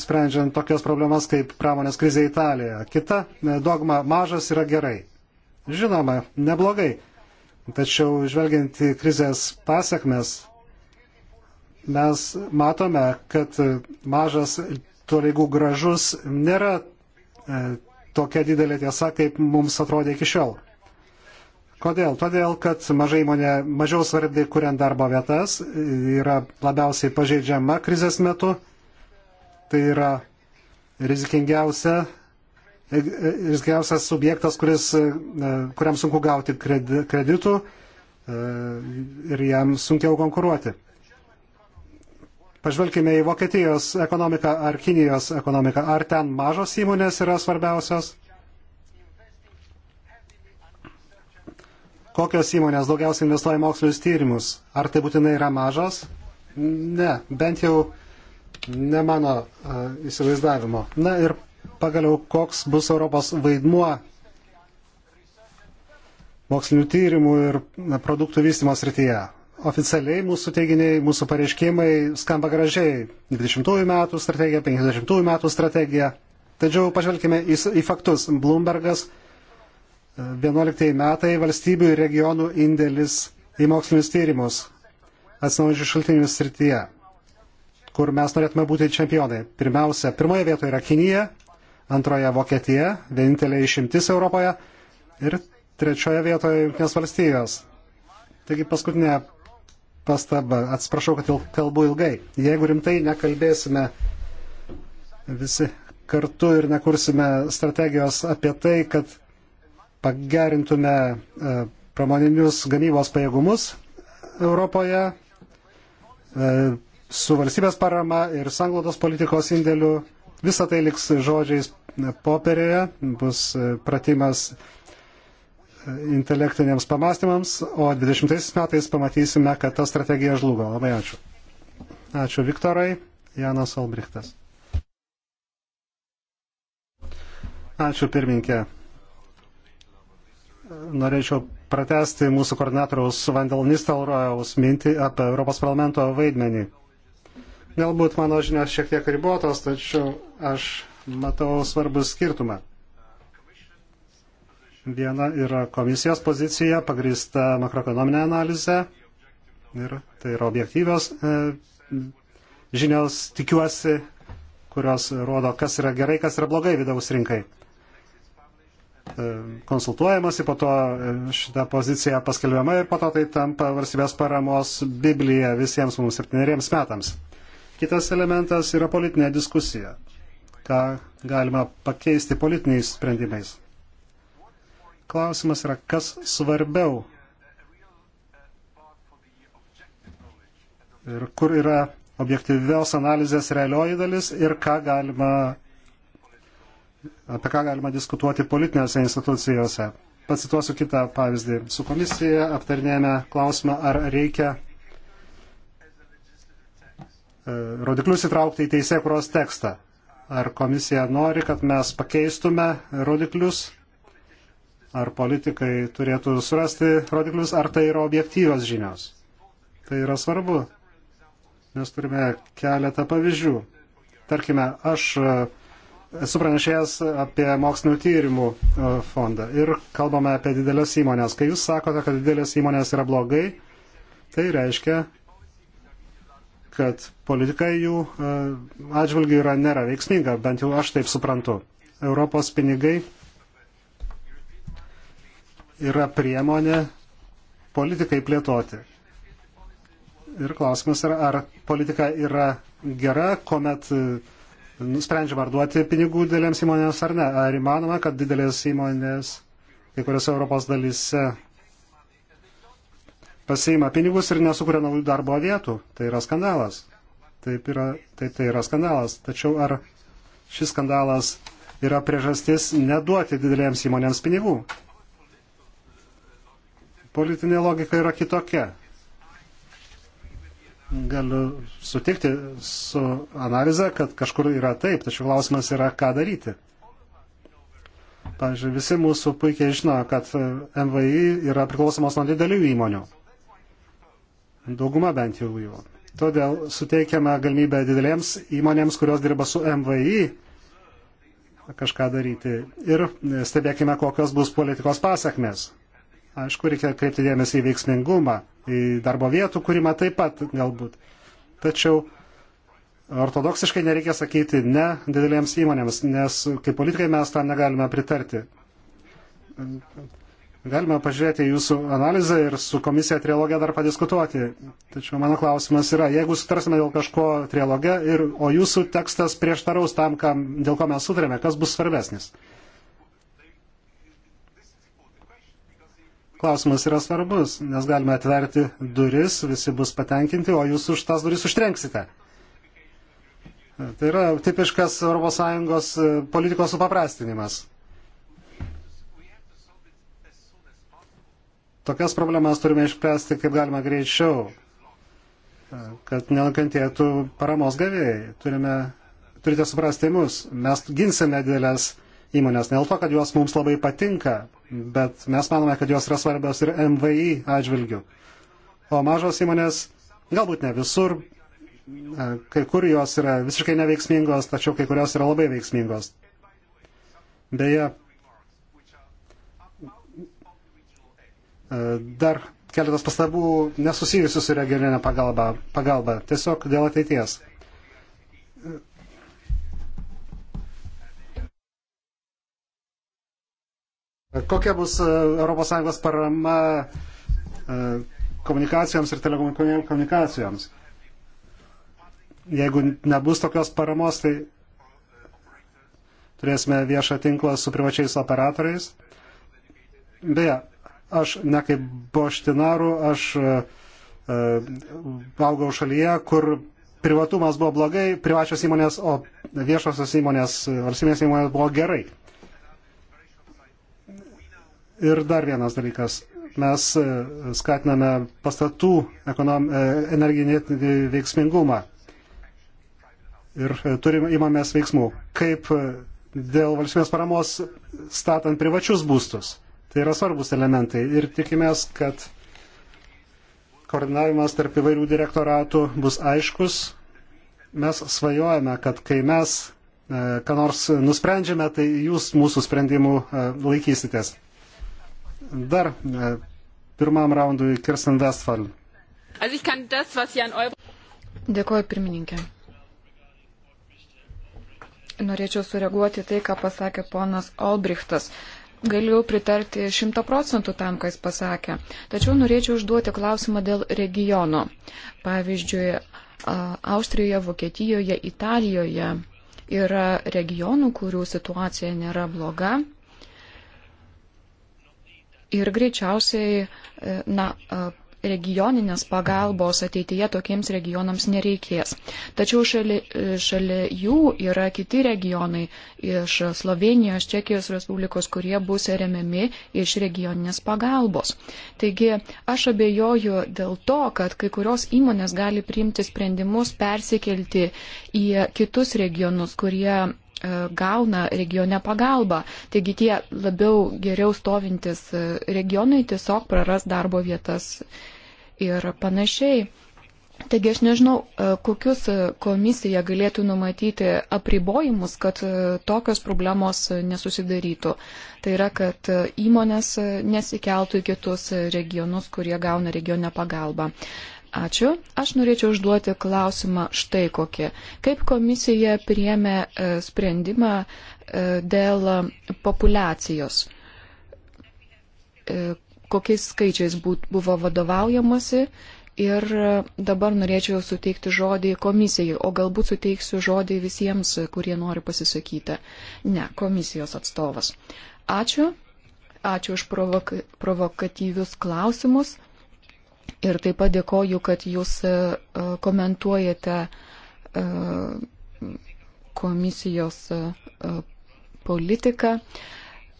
sprendžiant tokias problemas kaip pramonės krizė Italijoje. Kita dogma - mažas yra gerai. Žinoma, neblogai. Tačiau žvelgiant į krizės pasiekmes, mes matome, kad mažas tolygų gražus nėra e, tokia didelė tiesa, kaip mums atrodė iki šiol. Kodėl? Todėl, kad maža įmonė mažiau svarbi, kuriant darbo vietas, yra labiausiai pažeidžiama krizės metu, tai yra rizikingiausia, rizikingiausias subjektas, kuris, kuriam sunku gauti kreditų ir jam sunkiau konkuruoti. Pažvelkime į Vokietijos ekonomiką ar Kinijos ekonomiką. Ar ten mažos įmonės yra svarbiausios? kokios įmonės daugiausiai investuoja į mokslinius tyrimus. Ar tai būtinai yra mažos? Ne, bent jau ne mano uh, įsivaizdavimo. Na ir pagaliau, koks bus Europos vaidmuo mokslinių tyrimų ir na, produktų vystimo srityje. Oficialiai mūsų teiginiai, mūsų pareiškimai skamba gražiai. 20 metų strategija, 50 metų strategija. Tačiau pažvelkime į, į faktus. Bloombergas uh, 11 metai valstybių ir regionų indėlis į mokslinius tyrimus atsinaujančių šaltinių srityje, kur mes norėtume būti čempionai. Pirmiausia, pirmoje vietoje yra Kinija, antroje Vokietija, vienintelė išimtis Europoje ir trečioje vietoje Junktinės valstijos. Taigi paskutinė pastaba, atsiprašau, kad kalbu ilgai. Jeigu rimtai nekalbėsime visi kartu ir nekursime strategijos apie tai, kad pagerintume e, pramoninius gamybos pajėgumus Europoje e, su valstybės parama ir sanglaudos politikos indėliu. Visą tai liks žodžiais popierėje, bus e, pratimas intelektiniams pamastymams, o 20 metais pamatysime, kad ta strategija žlugo. Labai ačiū. Ačiū Viktorai, Janas Albrichtas. Ačiū pirminkė norėčiau pratesti mūsų koordinatoriaus Vandelnistelrojaus mintį apie Europos parlamento vaidmenį. Galbūt mano žinios šiek tiek ribotos, tačiau aš matau svarbų skirtumą. Viena yra komisijos pozicija pagrįsta makroekonominė analizė ir tai yra objektyvios e, žinios, tikiuosi, kurios rodo, kas yra gerai, kas yra blogai vidaus rinkai. E, konsultuojamasi, po to e, šita pozicija paskelbiama ir po to tai tampa valstybės paramos Biblija visiems mums septyneriems metams. Kitas elementas yra politinė diskusija, ką galima pakeisti politiniais sprendimais. Klausimas yra, kas svarbiau ir kur yra objektyvios analizės realioji dalis ir ką galima apie ką galima diskutuoti politinėse institucijose. Pacituosiu kitą pavyzdį. Su komisija aptarnėjame klausimą, ar reikia e, rodiklius įtraukti į teisėkuros tekstą. Ar komisija nori, kad mes pakeistume rodiklius, ar politikai turėtų surasti rodiklius, ar tai yra objektyvios žinios. Tai yra svarbu, nes turime keletą pavyzdžių. Tarkime, aš Esu pranešėjęs apie mokslinių tyrimų e, fondą ir kalbame apie didelės įmonės. Kai jūs sakote, kad didelės įmonės yra blogai, tai reiškia, kad politika jų e, atžvilgių yra nėra veiksminga, bent jau aš taip suprantu. Europos pinigai yra priemonė politikai plėtoti. Ir klausimas yra, ar politika yra gera, kuomet uh, nusprendžiama ar duoti pinigų didelėms įmonėms ar ne. Ar įmanoma, kad didelės įmonės kai kuriuose Europos dalyse pasiima pinigus ir nesukuria naujų darbo vietų? Tai yra skandalas. Taip yra, tai, tai yra skandalas. Tačiau ar šis skandalas yra priežastis neduoti didelėms įmonėms pinigų? Politinė logika yra kitokia galiu sutikti su analize, kad kažkur yra taip, tačiau klausimas yra, ką daryti. Pavyzdžiui, visi mūsų puikiai žino, kad MVI yra priklausomos nuo didelių įmonių. Dauguma bent jau jų. Todėl suteikiame galimybę didelėms įmonėms, kurios dirba su MVI, kažką daryti. Ir stebėkime, kokios bus politikos pasakmės. Aišku, reikia kreipti dėmesį į veiksmingumą, į darbo vietų kūrimą taip pat galbūt. Tačiau ortodoksiškai nereikia sakyti ne didelėms įmonėms, nes kaip politikai mes tam negalime pritarti. Galime pažiūrėti jūsų analizę ir su komisija trilogė dar padiskutuoti. Tačiau mano klausimas yra, jeigu sutarsime dėl kažko trilogė, ir, o jūsų tekstas prieštaraus tam, kam, dėl ko mes sutarėme, kas bus svarbesnis? klausimas yra svarbus, nes galime atverti duris, visi bus patenkinti, o jūs už tas duris užtrenksite. Tai yra tipiškas ES politikos supaprastinimas. Tokias problemas turime išspręsti kaip galima greičiau, kad nenukentėtų paramos gavėjai. Turime, turite suprasti mus, mes ginsime didelės įmonės. Ne dėl to, kad jos mums labai patinka, bet mes manome, kad jos yra svarbios ir MVI atžvilgių. O mažos įmonės, galbūt ne visur, e, kai kur jos yra visiškai neveiksmingos, tačiau kai kurios yra labai veiksmingos. Beje, e, dar keletas pastabų nesusijusių su regioninė pagalba, pagalba, tiesiog dėl ateities. Kokia bus ES parama e, komunikacijoms ir telekomunikacijoms? Jeigu nebus tokios paramos, tai turėsime viešą tinklą su privačiais operatoriais. Beje, aš ne kaip boštinaru, aš e, e, augau šalyje, kur privatumas buvo blogai, privačios įmonės, o viešosios įmonės, valstybės įmonės buvo gerai. Ir dar vienas dalykas. Mes e, skatiname pastatų ekonom, e, energinį veiksmingumą. Ir e, turim, imamės veiksmų. Kaip dėl valstybės paramos statant privačius būstus. Tai yra svarbus elementai. Ir tikimės, kad koordinavimas tarp įvairių direktoratų bus aiškus. Mes svajojame, kad kai mes ką nors nusprendžiame, tai jūs mūsų sprendimų laikysitės. Dar e, pirmam raundui Kirsten Westfall. Dėkuoju pirmininkė. Norėčiau sureaguoti tai, ką pasakė ponas Albrichtas. Galiu pritarti šimta procentų tam, ką jis pasakė. Tačiau norėčiau užduoti klausimą dėl regiono. Pavyzdžiui, Austrijoje, Vokietijoje, Italijoje yra regionų, kurių situacija nėra bloga, Ir greičiausiai, e, na, e, regioninės pagalbos ateityje tokiems regionams nereikės. Tačiau e, šalia šali jų yra kiti regionai iš Slovenijos, Čekijos Respublikos, kurie bus remiami iš regioninės pagalbos. Taigi aš abejoju dėl to, kad kai kurios įmonės gali priimti sprendimus persikelti į kitus regionus, kurie E, gauna regione pagalbą. Taigi tie labiau geriau stovintis e, regionai tiesiog praras darbo vietas ir panašiai. Taigi aš nežinau, e, kokius komisija galėtų numatyti apribojimus, kad tokios problemos nesusidarytų. Tai yra, kad įmonės nesikeltų į kitus regionus, kurie gauna regionę pagalbą. Ačiū. Aš norėčiau užduoti klausimą štai kokį. Kaip komisija priemė e, sprendimą e, dėl populacijos? E, kokiais skaičiais buvo vadovaujamasi? Ir dabar norėčiau suteikti žodį komisijai, o galbūt suteiksiu žodį visiems, kurie nori pasisakyti. Ne, komisijos atstovas. Ačiū. Ačiū už provoka provokatyvius klausimus. Ir taip pat dėkoju, kad jūs e, e, komentuojate e, komisijos politiką.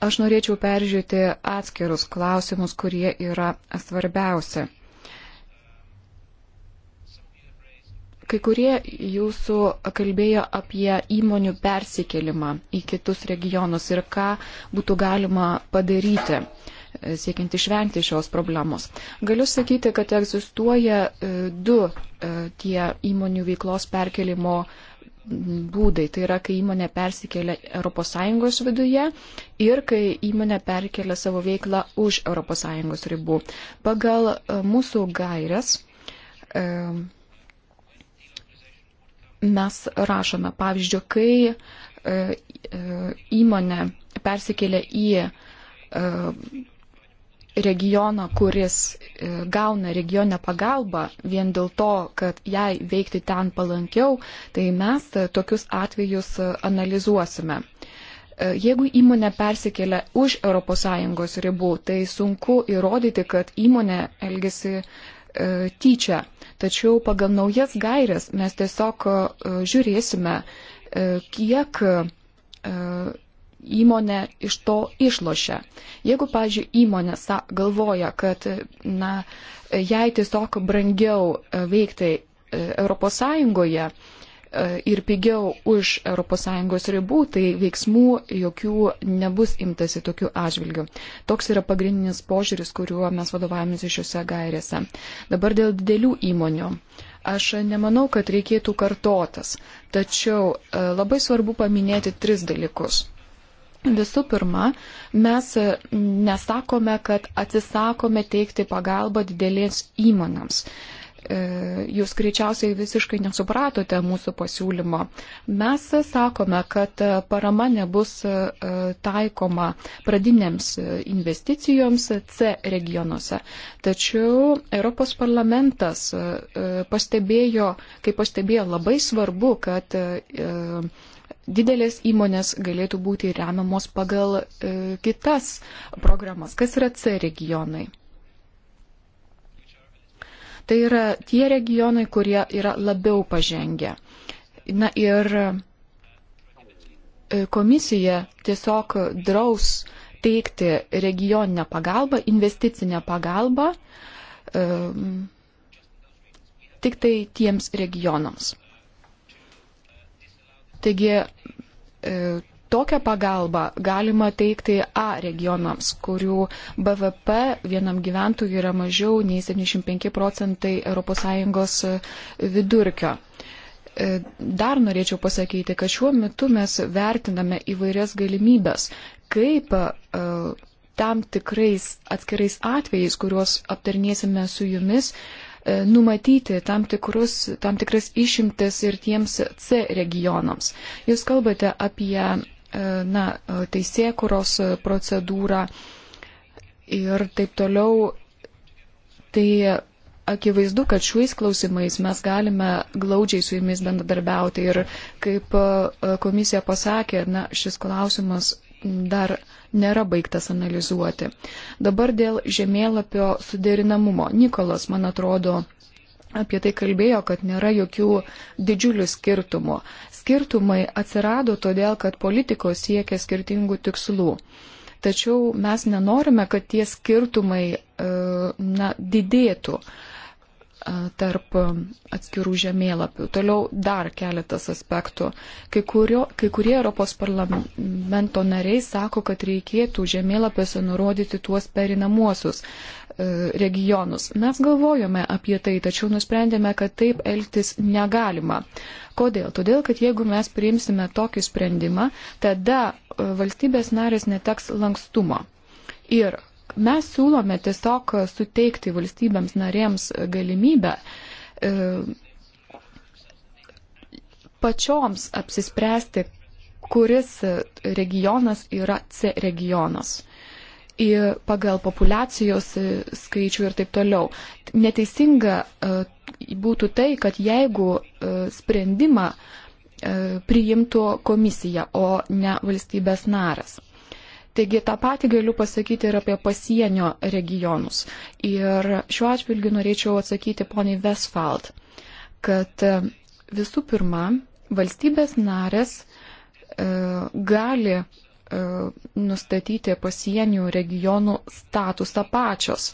Aš norėčiau peržiūrėti atskirus klausimus, kurie yra svarbiausia. Kai kurie jūsų kalbėjo apie įmonių persikelimą į kitus regionus ir ką būtų galima padaryti. Uh, siekiant išvengti šios problemos. Galiu sakyti, kad egzistuoja e, du e, tie įmonių veiklos perkelimo būdai. Tai yra, kai įmonė persikelia ES viduje ir kai įmonė perkelia savo veiklą už ES ribų. Pagal e, mūsų gairias mes rašome, pavyzdžiui, kai įmonė persikelia į regioną, kuris e, gauna regionę pagalbą vien dėl to, kad jai veikti ten palankiau, tai mes e, tokius atvejus e, analizuosime. Jeigu įmonė persikelia už ES ribų, tai sunku įrodyti, kad įmonė elgesi tyčia. Tačiau pagal naujas gairias mes tiesiog žiūrėsime, kiek įmonė iš to išlošia. Jeigu, pažiūrėjau, įmonė sa, galvoja, kad na, jai tiesiog brangiau e, veikti ES e, ir pigiau už ES ribų, tai veiksmų jokių nebus imtasi tokiu atžvilgiu. Toks yra pagrindinis požiūris, kuriuo mes vadovavomės šiuose gairėse. Dabar dėl didelių įmonių. Aš nemanau, kad reikėtų kartotas, tačiau e, labai svarbu paminėti tris dalykus. Visų pirma, mes nesakome, kad atsisakome teikti pagalbą didelės įmonėms. E, jūs greičiausiai visiškai nesupratote mūsų pasiūlymo. Mes sakome, kad parama nebus e, taikoma pradinėms investicijoms C regionuose. Tačiau Europos parlamentas e, pastebėjo, kaip pastebėjo, labai svarbu, kad didelės įmonės galėtų būti remiamos pagal e, kitas programas. Kas yra C regionai? Tai yra tie regionai, kurie yra labiau pažengę. Na ir e, komisija tiesiog draus teikti regioninę pagalbą, investicinę pagalbą e, tik tai tiems regionams. Taigi e, tokią pagalbą galima teikti A regionams, kurių BVP vienam gyventojui yra mažiau nei 75 procentai ES e, vidurkio. E, dar norėčiau pasakyti, kad šiuo metu mes vertiname įvairias galimybės, kaip tam tikrais atskirais atvejais, kuriuos aptarnėsime su jumis, uh, E, numatyti tam, tikrus, tam tikras išimtis ir tiems C regionams. Jūs kalbate apie e, na, teisėkuros procedūrą ir taip toliau. Tai akivaizdu, kad šiais klausimais mes galime glaudžiai su jumis bendradarbiauti ir kaip e, komisija pasakė, na, šis klausimas dar nėra baigtas analizuoti. Dabar dėl žemėlapio suderinamumo. Nikolas, man atrodo, apie tai kalbėjo, kad nėra jokių didžiulių skirtumų. Skirtumai atsirado todėl, kad politikos siekia skirtingų tikslų. Tačiau mes nenorime, kad tie skirtumai e, na, didėtų. Uh, tarp atskirų žemėlapių. Toliau dar keletas aspektų. Kai, kurio, kai kurie Europos parlamento nariai sako, kad reikėtų žemėlapiuose nurodyti tuos perinamuosius e, regionus. Mes galvojome apie tai, tačiau nusprendėme, kad taip elgtis negalima. Kodėl? Todėl, kad jeigu mes priimsime tokį sprendimą, tada e, valstybės narės neteks lankstumo. Ir Mes siūlome tiesiog suteikti valstybėms narėms galimybę e, pačioms apsispręsti, kuris regionas yra C regionas pagal populacijos skaičių ir taip toliau. Neteisinga e, būtų tai, kad jeigu e, sprendimą priimtų komisija, o ne valstybės naras. Taigi tą patį galiu pasakyti ir apie pasienio regionus. Ir šiuo atžvilgiu norėčiau atsakyti poniai Vesfald, kad e, visų pirma, valstybės narės e, gali e, nustatyti pasienių regionų statusą pačios.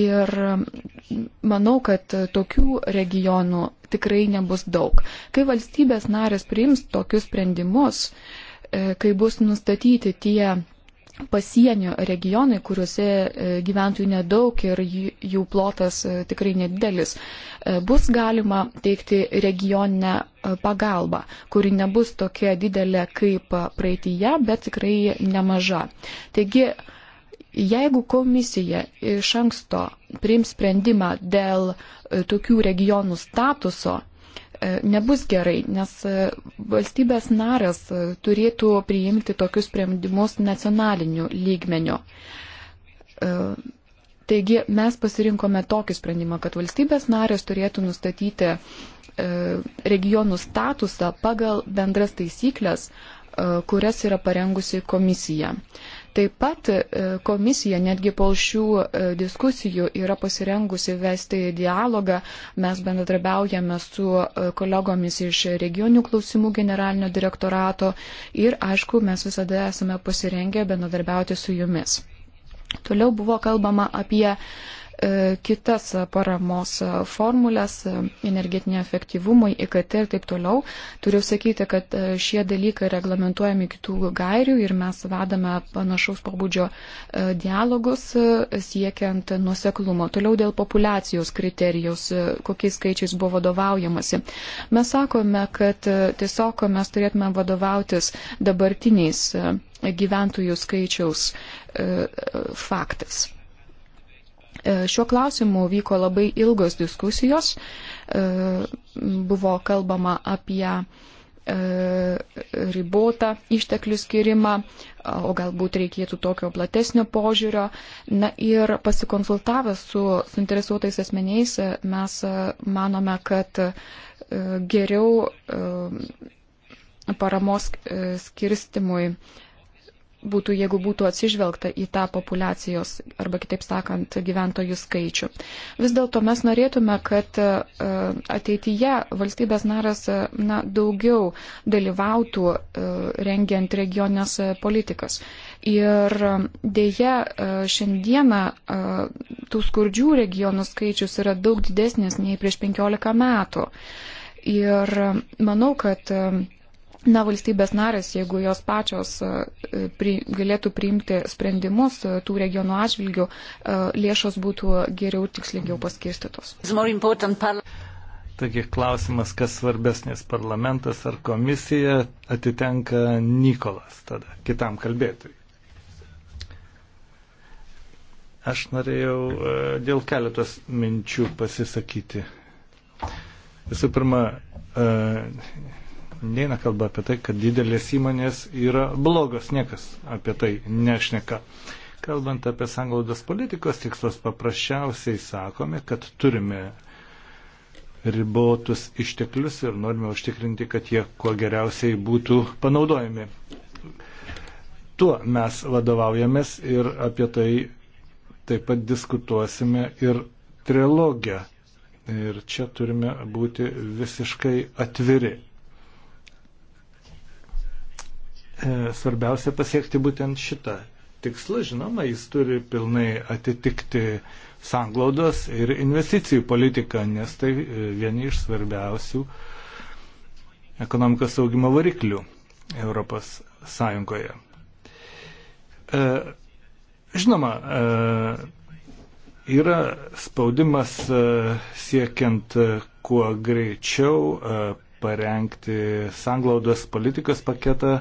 Ir manau, kad tokių regionų tikrai nebus daug. Kai valstybės narės priims tokius sprendimus, e, kai bus nustatyti tie pasienio regionai, kuriuose e, gyventojų nedaug ir jų plotas e, tikrai nedidelis, e, bus galima teikti regioninę pagalbą, kuri nebus tokia didelė kaip praeitįje, bet tikrai nemaža. Taigi, jeigu komisija iš anksto priims sprendimą dėl tokių regionų statuso, E, nebus gerai, nes e, valstybės naras e, turėtų priimti tokius sprendimus nacionaliniu lygmeniu. Taigi mes pasirinkome tokį sprendimą, kad valstybės narės turėtų nustatyti regionų statusą pagal bendras taisyklės, kurias yra parengusi komisija. Uh, Taip pat e, komisija netgi po šių e, diskusijų yra pasirengusi vesti dialogą. Mes bendradarbiaujame su e, kolegomis iš regionių klausimų generalinio direktorato ir, aišku, mes visada esame pasirengę bendradarbiauti su jumis. Toliau buvo kalbama apie uh, E, kitas paramos formulės e, energetinio efektyvumui, IKT ir taip toliau. Turiu sakyti, kad e, šie dalykai reglamentuojami kitų gairių ir mes vedame panašaus pabudžio dialogus siekiant nuseklumo. Toliau dėl populacijos kriterijus, kokiais skaičiais buvo vadovaujamasi. Mes sakome, kad tiesiog mes turėtume vadovautis dabartiniais gyventojų skaičiaus faktais. E, šiuo klausimu vyko labai ilgos diskusijos, e, buvo kalbama apie e, ribotą išteklių skirimą, o galbūt reikėtų tokio platesnio požiūrio. Na ir pasikonsultavę su suinteresuotais asmeniais mes manome, kad geriau paramos skirstimui būtų, jeigu būtų atsižvelgta į tą populacijos arba kitaip sakant gyventojų skaičių. Vis dėlto mes norėtume, kad e, ateityje valstybės naras e, na, daugiau dalyvautų e, rengiant regionės politikas. Ir dėja, šiandieną tų skurdžių regionų skaičius yra daug didesnis nei prieš 15 metų. Ir manau, kad Na, valstybės narės, jeigu jos pačios e, pri, galėtų priimti sprendimus e, tų regionų atžvilgių, e, lėšos būtų geriau tikslingiau paskirstytos. Taigi klausimas, kas svarbesnis parlamentas ar komisija, atitenka Nikolas tada kitam kalbėtui. Aš norėjau dėl keletos minčių pasisakyti. Visų pirma, neina kalba apie tai, kad didelės įmonės yra blogos, niekas apie tai nešneka. Kalbant apie sanglaudos politikos tikslus, paprasčiausiai sakome, kad turime ribotus išteklius ir norime užtikrinti, kad jie kuo geriausiai būtų panaudojami. Tuo mes vadovaujamės ir apie tai taip pat diskutuosime ir trilogę. Ir čia turime būti visiškai atviri. E, svarbiausia pasiekti būtent šitą tikslą. Žinoma, jis turi pilnai atitikti sanglaudos ir investicijų politiką, nes tai e, vieni iš svarbiausių ekonomikos augimo variklių Europos Sąjungoje. E, žinoma, yra spaudimas siekiant kuo greičiau parengti sanglaudos politikos paketą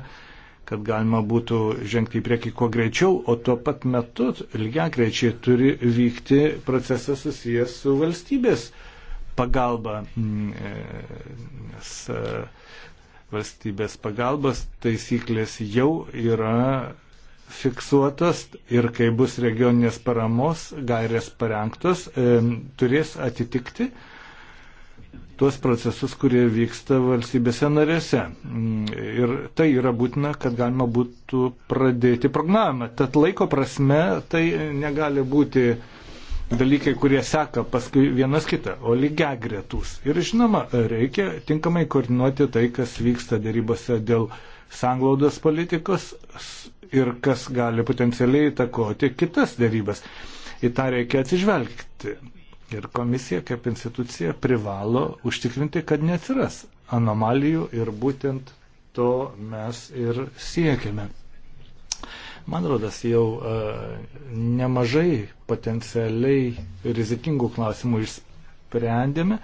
kad galima būtų žengti į priekį kuo greičiau, o tuo pat metu lygiai greičiai turi vykti procesas susijęs su valstybės pagalba. Mm, e, nes e, valstybės pagalbos taisyklės jau yra fiksuotos ir kai bus regioninės paramos gairės parengtos, e, turės atitikti tuos procesus, kurie vyksta valstybėse narėse. Mm, ir tai yra būtina, kad galima būtų pradėti programą. Tad laiko prasme tai negali būti dalykai, kurie seka paskui vienas kitą, o lygia gretus. Ir žinoma, reikia tinkamai koordinuoti tai, kas vyksta dėrybose dėl sanglaudos politikos ir kas gali potencialiai įtakoti kitas dėrybas. Į tą reikia atsižvelgti. Ir komisija kaip institucija privalo užtikrinti, kad neatsiras anomalijų ir būtent to mes ir siekime. Man rodas, jau e, nemažai potencialiai rizikingų klausimų išsprendėme.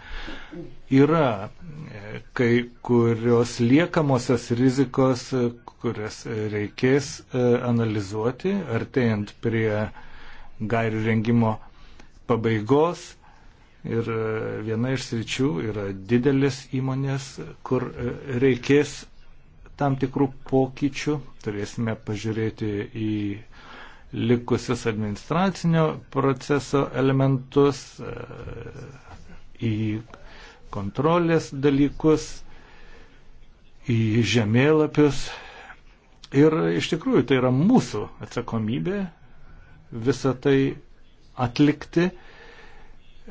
Yra e, kai kurios liekamosios rizikos, e, kurias reikės analizuoti, artėjant prie gairių rengimo pabaigos ir e, viena iš sričių yra didelės įmonės, kur e, reikės tam tikrų pokyčių. Turėsime pažiūrėti į likusius administracinio proceso elementus, e, į kontrolės dalykus, į žemėlapius. Ir iš tikrųjų tai yra mūsų atsakomybė visą tai atlikti,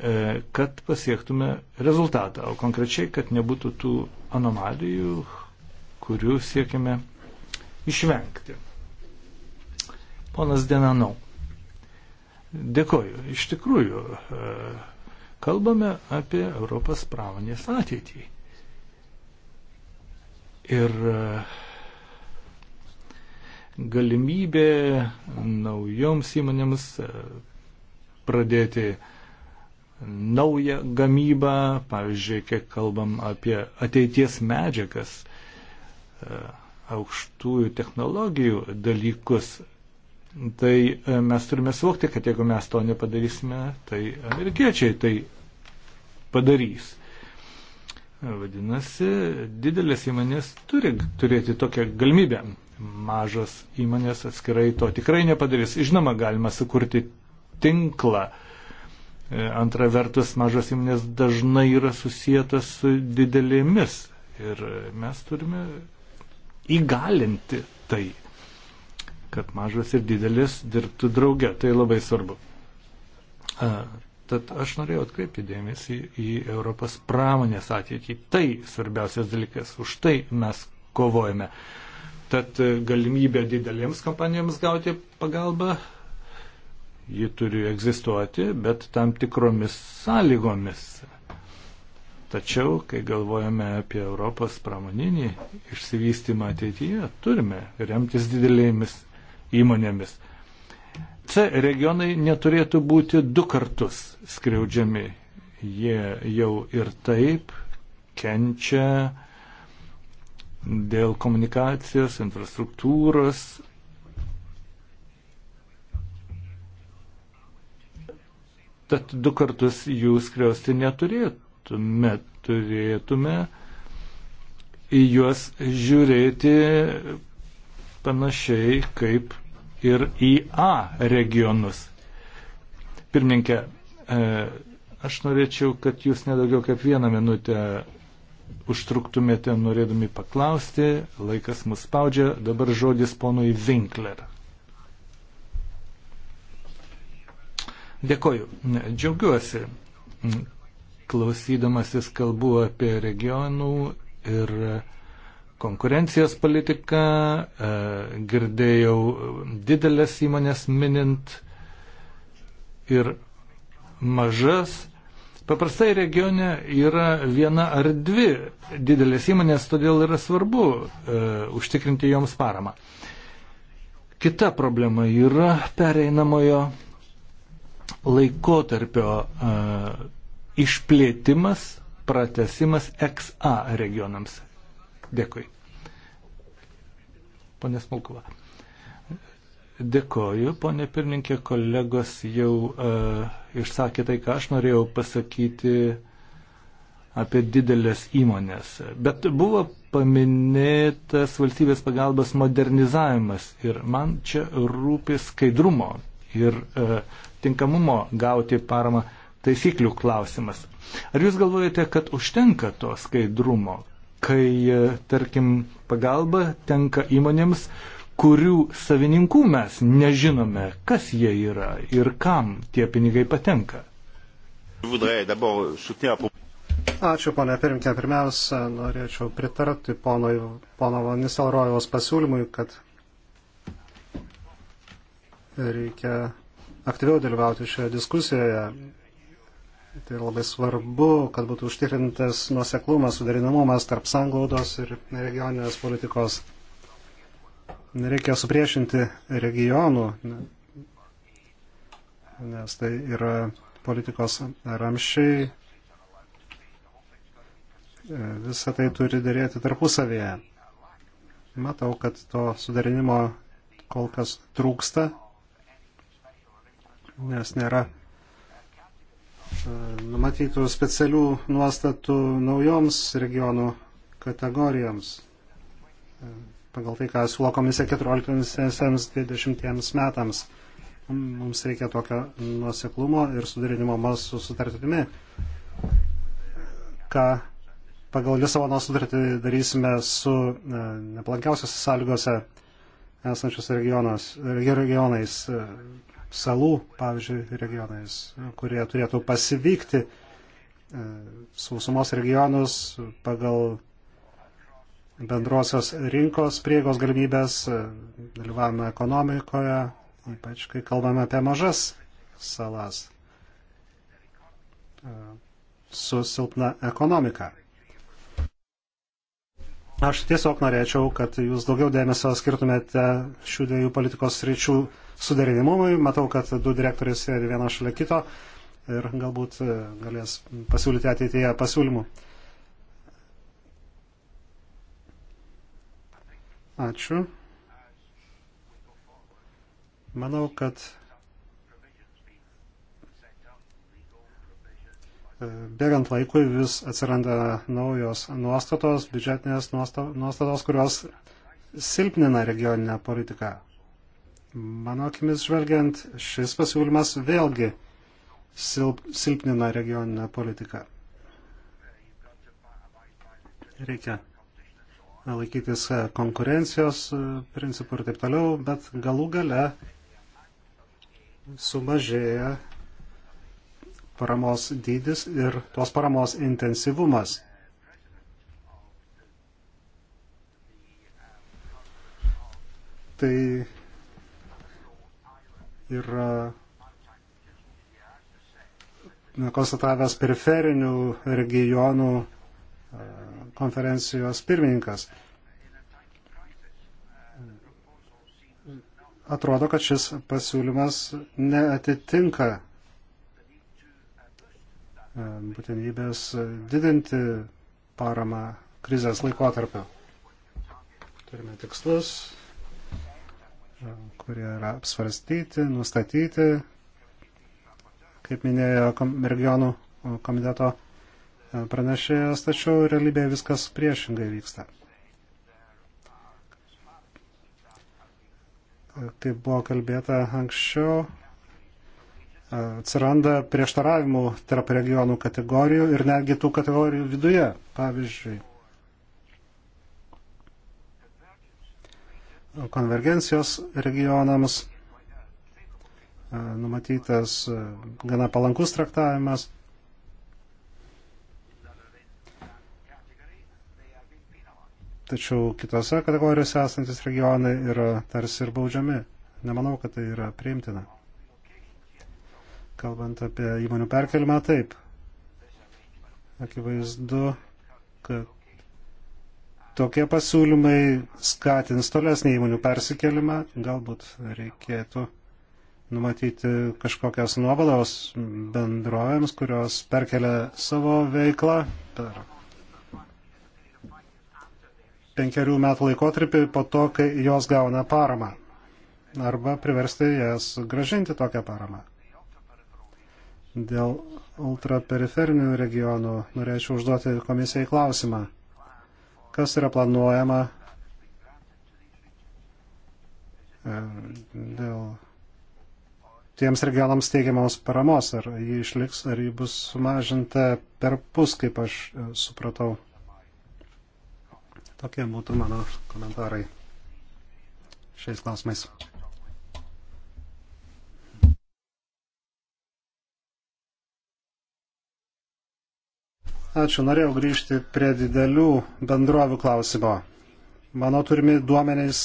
e, kad pasiektume rezultatą, o konkrečiai, kad nebūtų tų anomalijų, kurių siekime išvengti. Ponas Denanau, dėkoju. Iš tikrųjų, e, kalbame apie Europos pramonės ateitį. Ir e, galimybė naujoms įmonėms pradėti naują gamybą, pavyzdžiui, kiek kalbam apie ateities medžiagas, e, aukštųjų technologijų dalykus. Tai e, mes turime suvokti, kad jeigu mes to nepadarysime, tai amerikiečiai tai padarys. Vadinasi, didelės įmonės turi turėti tokią galimybę. Mažos įmonės atskirai to tikrai nepadarys. Žinoma, galima sukurti tinklą. E, antra vertus, mažos įmonės dažnai yra susijęs su didelėmis ir mes turime įgalinti tai, kad mažos ir didelės dirbtų drauge. Tai labai svarbu. E, tad aš norėjau atkreipti dėmesį į Europos pramonės ateitį. Tai svarbiausias dalykas. Už tai mes kovojame. Tad galimybė didelėms kompanijoms gauti pagalbą ji turi egzistuoti, bet tam tikromis sąlygomis. Tačiau, kai galvojame apie Europos pramoninį išsivystymą ateityje, turime remtis didelėmis įmonėmis. C regionai neturėtų būti du kartus skriaudžiami. Jie jau ir taip kenčia dėl komunikacijos, infrastruktūros Tad du kartus jų skriausti neturėtume. Turėtume į juos žiūrėti panašiai kaip ir į A regionus. Pirmininkė, e, aš norėčiau, kad jūs nedaugiau kaip vieną minutę užtruktumėte norėdami paklausti. Laikas mus spaudžia. Dabar žodis ponui Winkler. Dėkoju. Džiaugiuosi klausydamasis kalbu apie regionų ir konkurencijos politiką. E, girdėjau didelės įmonės minint ir mažas. Paprastai regione yra viena ar dvi didelės įmonės, todėl yra svarbu e, užtikrinti joms paramą. Kita problema yra pereinamojo laikotarpio e, išplėtimas, pratesimas XA regionams. Dėkui. Pane Smulkova. Dėkoju, ponė pirmininkė, kolegos jau uh, išsakė tai, ką aš norėjau pasakyti apie didelės įmonės. Bet buvo paminėtas valstybės pagalbos modernizavimas ir man čia rūpi skaidrumo ir uh, tinkamumo gauti paramą taisyklių klausimas. Ar jūs galvojate, kad užtenka to skaidrumo, kai, e, tarkim, pagalba tenka įmonėms, kurių savininkų mes nežinome, kas jie yra ir kam tie pinigai patenka? Ačiū, ponė pirmkė. Pirmiausia, norėčiau pritarti pono, pono Vaniselrojaus pasiūlymui, kad reikia aktyviau dalyvauti šioje diskusijoje. Tai labai svarbu, kad būtų užtikrintas nuoseklumas, sudarinamumas tarp sanglaudos ir regioninės politikos. Nereikia supriešinti regionų, nes tai yra politikos ramščiai. Visą tai turi dėrėti tarpusavėje. Matau, kad to sudarinimo kol kas trūksta nes nėra e, numatytų specialių nuostatų naujoms regionų kategorijoms e, pagal tai, ką siūlo komisija 14-20 metams. Mums reikia tokio nuoseklumo ir sudarinimo su sutartimi, ką pagal Lisabono sutartį darysime su e, neplankiausiose sąlygose esančios regionos, regionais salų, pavyzdžiui, regionais, kurie turėtų pasivykti e, sausumos regionus pagal bendrosios rinkos prieigos galimybės, e, dalyvavimą ekonomikoje, ypač kai kalbame apie mažas salas e, su silpna ekonomika. Aš tiesiog norėčiau, kad jūs daugiau dėmesio skirtumėte šių dviejų politikos ryčių suderinimumui. Matau, kad du direktoriai sėdi vienas šalia kito ir galbūt e, galės pasiūlyti ateityje pasiūlymų. Ačiū. Manau, kad e, bėgant laikui vis atsiranda naujos nuostatos, biudžetinės nuostatos, kurios silpnina regioninę politiką. Mano akimis žvelgiant, šis pasiūlymas vėlgi silp, silpnina regioninę politiką. Reikia laikytis konkurencijos e, principų ir taip toliau, bet galų gale sumažėja paramos dydis ir tos paramos intensyvumas. Tai yra konstatavęs periferinių regionų e, konferencijos pirmininkas. Atrodo, kad šis pasiūlymas neatitinka e, būtinybės didinti paramą krizės laikotarpiu. Turime tikslus, kurie yra apsvarstyti, nustatyti, kaip minėjo regionų komiteto e, pranešėjas, tačiau realybėje viskas priešingai vyksta. E, kaip buvo kalbėta anksčiau, e, atsiranda prieštaravimų tarp regionų kategorijų ir netgi tų kategorijų viduje. Pavyzdžiui, konvergencijos regionams e, numatytas e, gana palankus traktavimas. Tačiau kitose kategorijose esantis regionai yra tarsi ir baudžiami. Nemanau, kad tai yra priimtina. Kalbant apie įmonių perkelimą, taip. Akivaizdu, kad Tokie pasiūlymai skatins tolesnį įmonių persikelimą, galbūt reikėtų numatyti kažkokias nuobados bendrovėms, kurios perkelia savo veiklą per penkerių metų laikotarpį po to, kai jos gauna paramą. Arba priversti jas gražinti tokią paramą. Dėl ultraperiferinių regionų norėčiau užduoti komisijai klausimą kas yra planuojama e, dėl tiems regionams teikiamos paramos, ar jį išliks, ar jį bus sumažinta per pus, kaip aš e, supratau. Tokie būtų mano komentarai šiais klausimais. Ačiū, norėjau grįžti prie didelių bendrovių klausimo. Mano turimi duomenys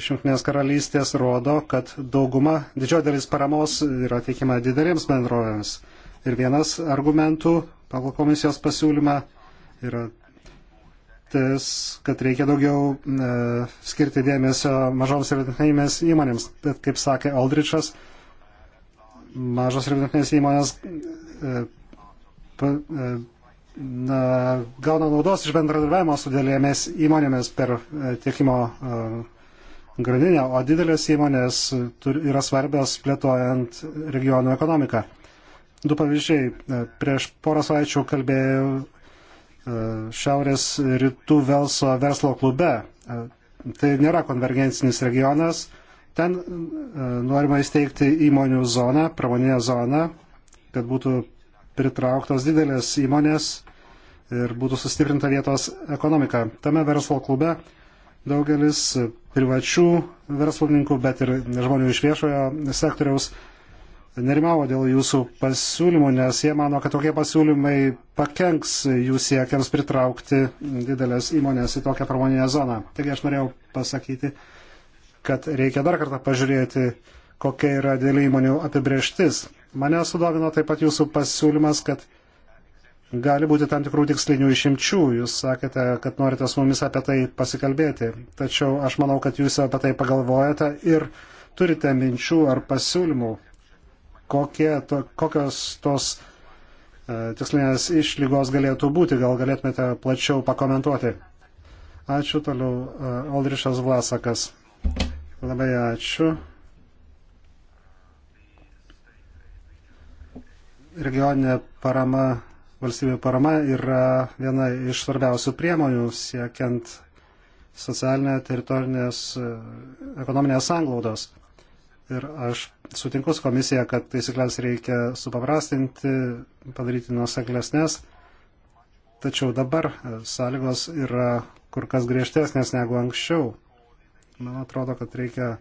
iš Junktinės karalystės rodo, kad dauguma, didžioji dalis paramos yra teikima didelėms bendrovėms. Ir vienas argumentų pagal komisijos pasiūlymą yra tas, kad reikia daugiau e, skirti dėmesio mažoms ir vidutinėms įmonėms. Bet, kaip sakė Aldrichas, mažos ir vidutinės įmonės e, pa, e, na, gauna naudos iš bendradarbiavimo su dėlėmis įmonėmis per e, tiekimo e, grandinę, o didelės įmonės yra svarbios plėtojant regionų ekonomiką. Du pavyzdžiai. E, prieš porą savaičių kalbėjau Šiaurės rytų Velso verslo klube. Tai nėra konvergencinis regionas. Ten norima įsteigti įmonių zoną, pramoninę zoną, kad būtų pritrauktos didelės įmonės ir būtų sustiprinta vietos ekonomika. Tame verslo klube daugelis privačių verslininkų, bet ir žmonių iš viešojo sektoriaus nerimavo dėl jūsų pasiūlymų, nes jie mano, kad tokie pasiūlymai pakenks jų siekiams pritraukti didelės įmonės į tokią pramoninę zoną. Taigi aš norėjau pasakyti, kad reikia dar kartą pažiūrėti, kokia yra didelių įmonių apibrieštis. Mane sudomino taip pat jūsų pasiūlymas, kad gali būti tam tikrų tikslinių išimčių. Jūs sakėte, kad norite su mumis apie tai pasikalbėti. Tačiau aš manau, kad jūs apie tai pagalvojate ir turite minčių ar pasiūlymų, kokie, to, kokios tos e, tikslinės išlygos galėtų būti. Gal galėtumėte plačiau pakomentuoti. Ačiū toliau, Aldrišas e, Vlasakas. Labai ačiū. regioninė parama, valstybė parama yra viena iš svarbiausių priemonių siekiant socialinę, teritorinės, e, ekonominės sanglaudos. Ir aš sutinku su komisija, kad taisyklės reikia supaprastinti, padaryti nuoseklesnės, tačiau dabar e, sąlygos yra kur kas griežtesnės negu anksčiau. Man atrodo, kad reikia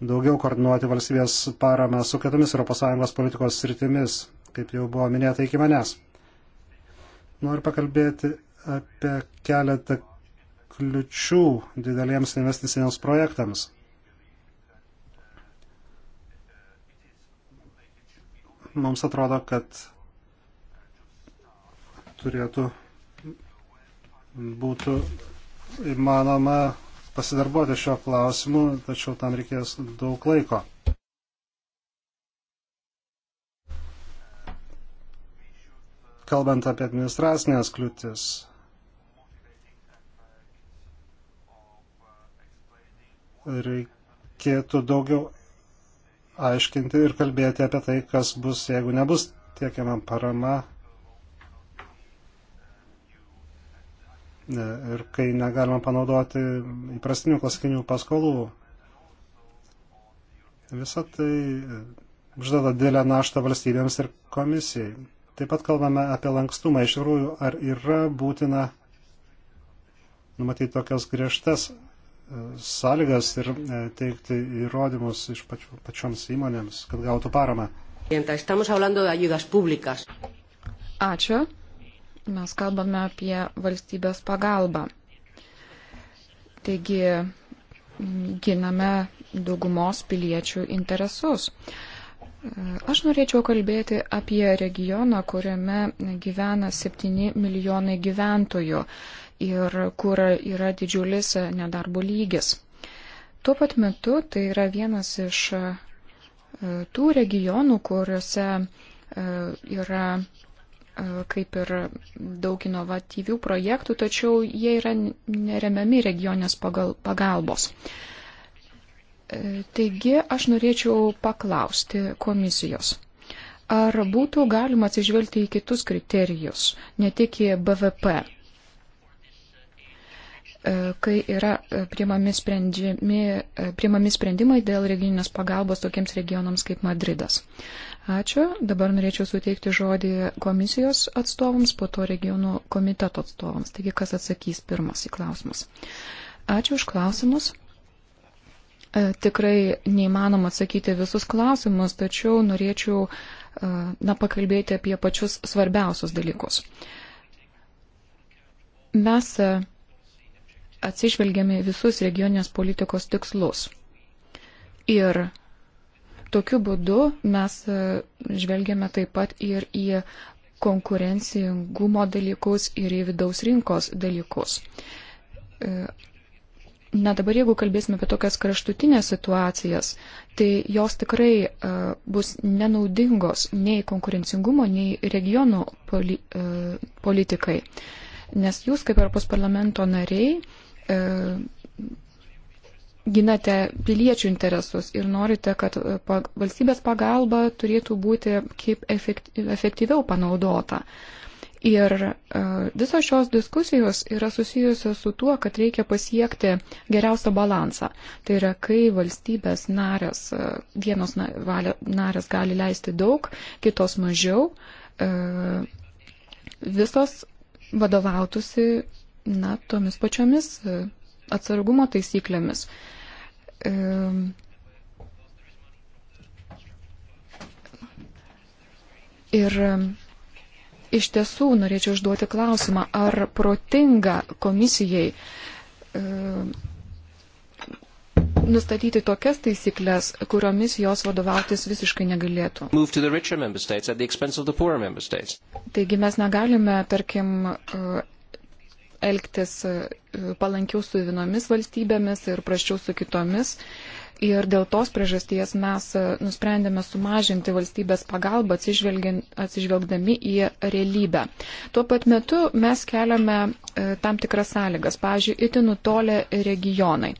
daugiau koordinuoti valstybės paramą su kitomis ES politikos sritimis kaip jau buvo minėta iki manęs. Noriu pakalbėti apie keletą kliučių dideliems investiciniams projektams. Mums atrodo, kad turėtų būtų įmanoma pasidarbuoti šio klausimu, tačiau tam reikės daug laiko. kalbant apie administracinės kliūtis. Reikėtų daugiau aiškinti ir kalbėti apie tai, kas bus, jeigu nebus tiekiama parama ir kai negalima panaudoti įprastinių klasikinių paskolų. Visą tai uždeda didelę naštą valstybėms ir komisijai. Taip pat kalbame apie lankstumą. Iš tikrųjų, ar yra būtina numatyti tokias griežtas e, sąlygas ir e, teikti įrodymus iš pačio, pačioms įmonėms, kad gautų paramą. Ačiū. Mes kalbame apie valstybės pagalbą. Taigi giname daugumos piliečių interesus. Aš norėčiau kalbėti apie regioną, kuriame gyvena 7 milijonai gyventojų ir kur yra didžiulis nedarbo lygis. Tuo pat metu tai yra vienas iš e, tų regionų, kuriuose e, yra e, kaip ir daug inovatyvių projektų, tačiau jie yra neremiami regionės pagalbos. Taigi aš norėčiau paklausti komisijos. Ar būtų galima atsižvelgti į kitus kriterijus, ne tik į BVP, e, kai yra e, priimami, e, priimami sprendimai dėl regioninės pagalbos tokiems regionams kaip Madridas. Ačiū. Dabar norėčiau suteikti žodį komisijos atstovams, po to regionų komiteto atstovams. Taigi, kas atsakys pirmas į klausimus. Ačiū už klausimus. E, tikrai neįmanoma atsakyti visus klausimus, tačiau norėčiau e, na, pakalbėti apie pačius svarbiausius dalykus. Mes e, atsižvelgiame visus regioninės politikos tikslus. Ir tokiu būdu mes žvelgiame taip pat ir į konkurencingumo dalykus ir į vidaus rinkos dalykus Na dabar jeigu kalbėsime apie tokias kraštutinės situacijas, tai jos tikrai uh, bus nenaudingos nei konkurencingumo, nei regionų poli, uh, politikai. Nes jūs kaip Europos parlamento nariai uh, ginate piliečių interesus ir norite, kad uh, valstybės pagalba turėtų būti kaip efektyviau panaudota. Uh, Ir e, visos šios diskusijos yra susijusios su tuo, kad reikia pasiekti geriausią balansą. Tai yra, kai valstybės narės, e, vienos narės gali leisti daug, kitos mažiau, e, visos vadovautųsi na, tomis pačiomis atsargumo taisyklėmis. Ir Iš tiesų norėčiau užduoti klausimą, ar protinga komisijai e, nustatyti tokias taisyklės, kuriomis jos vadovautis visiškai negalėtų. Taigi mes negalime, tarkim, e, elgtis e, palankiau su vienomis valstybėmis ir praščiau su kitomis. E, Ir dėl tos priežasties mes e, nusprendėme sumažinti valstybės pagalbą atsižvelgdami į realybę. Tuo pat metu mes keliame e, tam tikras sąlygas, pavyzdžiui, itin nutolę regionai.